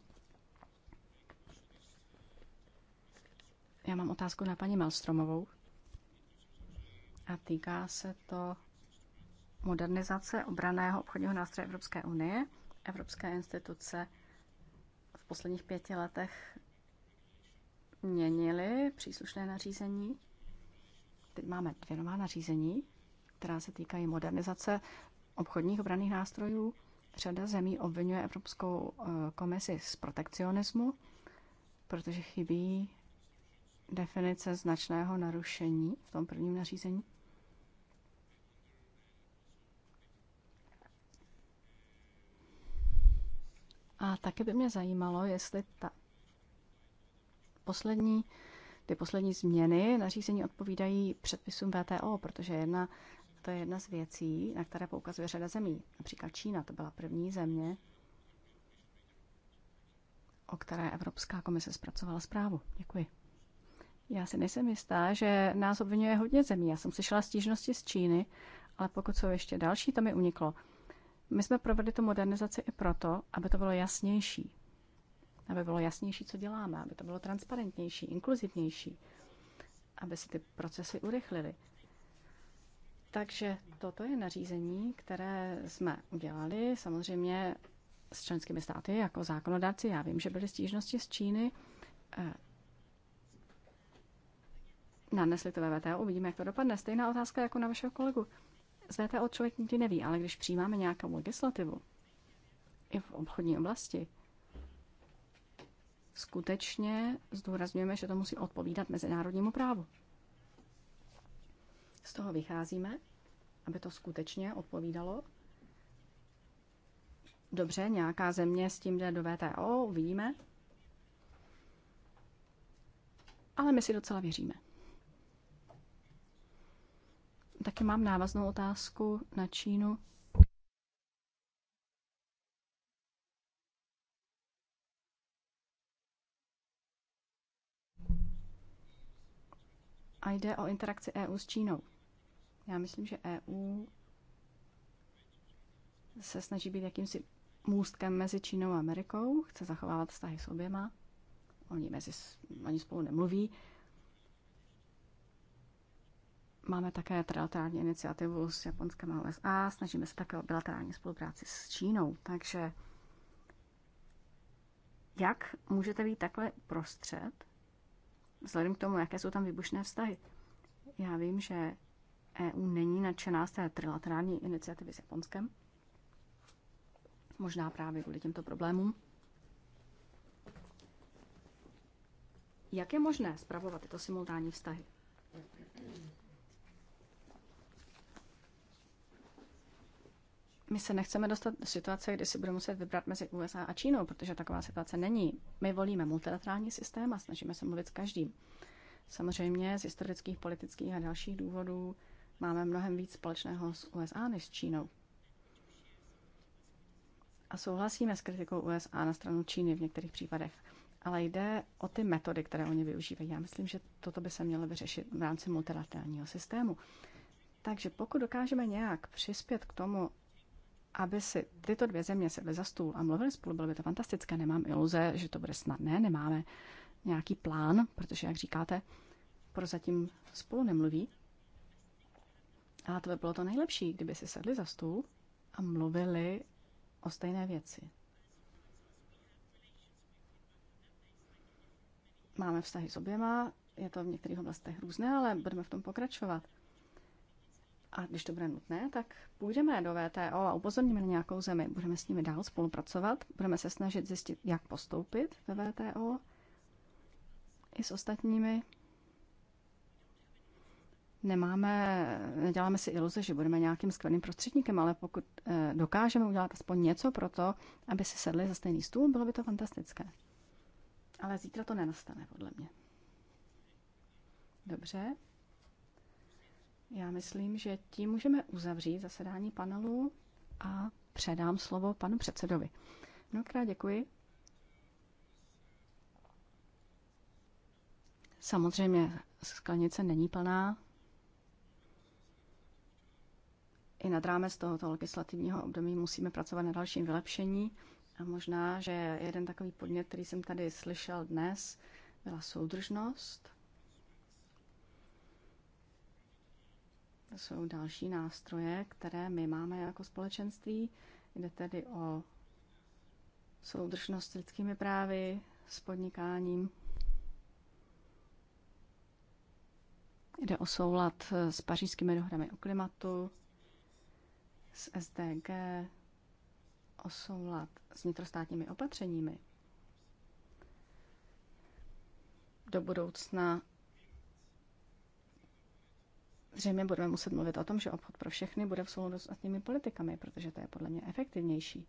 Já mám otázku na paní Malstromovou. A týká se to modernizace obraného obchodního nástroje Evropské unie. Evropské instituce v posledních pěti letech změnili příslušné nařízení. Teď máme dvě nová nařízení, která se týkají modernizace obchodních obraných nástrojů. Řada zemí obvinuje Evropskou eh, komisi z protekcionismu, protože chybí definice značného narušení v tom prvním nařízení. A taky by mě zajímalo, jestli ta poslední, ty poslední změny nařízení odpovídají předpisům VTO, protože jedna, to je jedna z věcí, na které poukazuje řada zemí. Například Čína, to byla první země, o které Evropská komise zpracovala zprávu. Děkuji. Já si nejsem jistá, že nás obvinuje hodně zemí. Já jsem slyšela stížnosti z Číny, ale pokud jsou ještě další, to mi uniklo. My jsme provedli tu modernizaci i proto, aby to bylo jasnější, aby bylo jasnější, co děláme, aby to bylo transparentnější, inkluzivnější, aby se ty procesy urychlily. Takže toto je nařízení, které jsme udělali samozřejmě s členskými státy jako zákonodáci. Já vím, že byly stížnosti z Číny. Eh, nanesli to ve VTO, uvidíme, jak to dopadne. Stejná otázka jako na vašeho kolegu. Z VTO člověk nikdy neví, ale když přijímáme nějakou legislativu i v obchodní oblasti, skutečně zdůrazňujeme, že to musí odpovídat mezinárodnímu právu. Z toho vycházíme, aby to skutečně odpovídalo. Dobře, nějaká země s tím jde do VTO, uvidíme. Ale my si docela věříme. Taky mám návaznou otázku na Čínu. A jde o interakci EU s Čínou. Já myslím, že EU se snaží být jakýmsi můstkem mezi Čínou a Amerikou, chce zachovávat vztahy s oběma. Oni, mezi, oni spolu nemluví. Máme také trilaterální iniciativu s Japonskem a USA, snažíme se také o bilaterální spolupráci s Čínou. Takže jak můžete být takhle prostřed vzhledem k tomu, jaké jsou tam vybušné vztahy. Já vím, že EU není nadšená z té trilaterální iniciativy s Japonskem. Možná právě kvůli těmto problémům. Jak je možné spravovat tyto simultánní vztahy? my se nechceme dostat do situace, kdy si budeme muset vybrat mezi USA a Čínou, protože taková situace není. My volíme multilaterální systém a snažíme se mluvit s každým. Samozřejmě z historických, politických a dalších důvodů máme mnohem víc společného s USA než s Čínou. A souhlasíme s kritikou USA na stranu Číny v některých případech. Ale jde o ty metody, které oni využívají. Já myslím, že toto by se mělo vyřešit v rámci multilaterálního systému. Takže pokud dokážeme nějak přispět k tomu, aby si tyto dvě země sedly za stůl a mluvili spolu, bylo by to fantastické. Nemám iluze, že to bude snadné, nemáme nějaký plán, protože, jak říkáte, prozatím spolu nemluví. Ale to by bylo to nejlepší, kdyby si sedli za stůl a mluvili o stejné věci. Máme vztahy s oběma, je to v některých oblastech různé, ale budeme v tom pokračovat a když to bude nutné, tak půjdeme do VTO a upozorníme na nějakou zemi. Budeme s nimi dál spolupracovat, budeme se snažit zjistit, jak postoupit ve VTO i s ostatními. Nemáme, neděláme si iluze, že budeme nějakým skvělým prostředníkem, ale pokud eh, dokážeme udělat aspoň něco pro to, aby si sedli za stejný stůl, bylo by to fantastické. Ale zítra to nenastane, podle mě. Dobře, já myslím, že tím můžeme uzavřít zasedání panelu a předám slovo panu předsedovi. Mnohokrát děkuji. Samozřejmě sklenice není plná. I nad rámec tohoto legislativního období musíme pracovat na dalším vylepšení. A možná, že jeden takový podnět, který jsem tady slyšel dnes, byla soudržnost – jsou další nástroje, které my máme jako společenství. Jde tedy o soudržnost s lidskými právy, s podnikáním. Jde o soulad eh, s pařížskými dohodami o klimatu, s SDG, o soulad s vnitrostátními opatřeními. Do budoucna Zřejmě budeme muset mluvit o tom, že obchod pro všechny bude v souladu s ostatními politikami, protože to je podle mě efektivnější.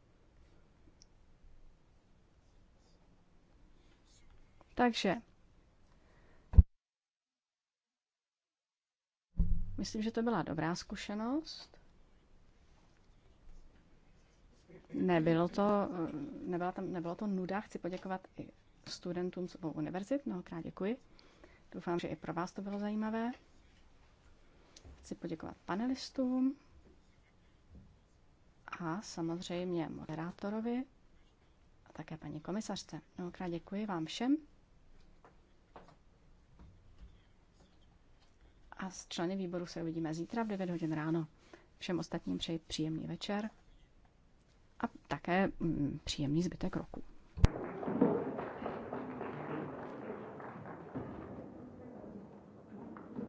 Takže myslím, že to byla dobrá zkušenost. Nebylo to, nebyla tam, nebylo to nuda. Chci poděkovat i studentům z obou univerzit. Mnohokrát děkuji. Doufám, že i pro vás to bylo zajímavé. Chci poděkovat panelistům a samozřejmě moderátorovi a také paní komisařce. Mnohokrát děkuji vám všem. A s členy výboru se uvidíme zítra v 9 hodin ráno. Všem ostatním přeji příjemný večer a také mm, příjemný zbytek roku.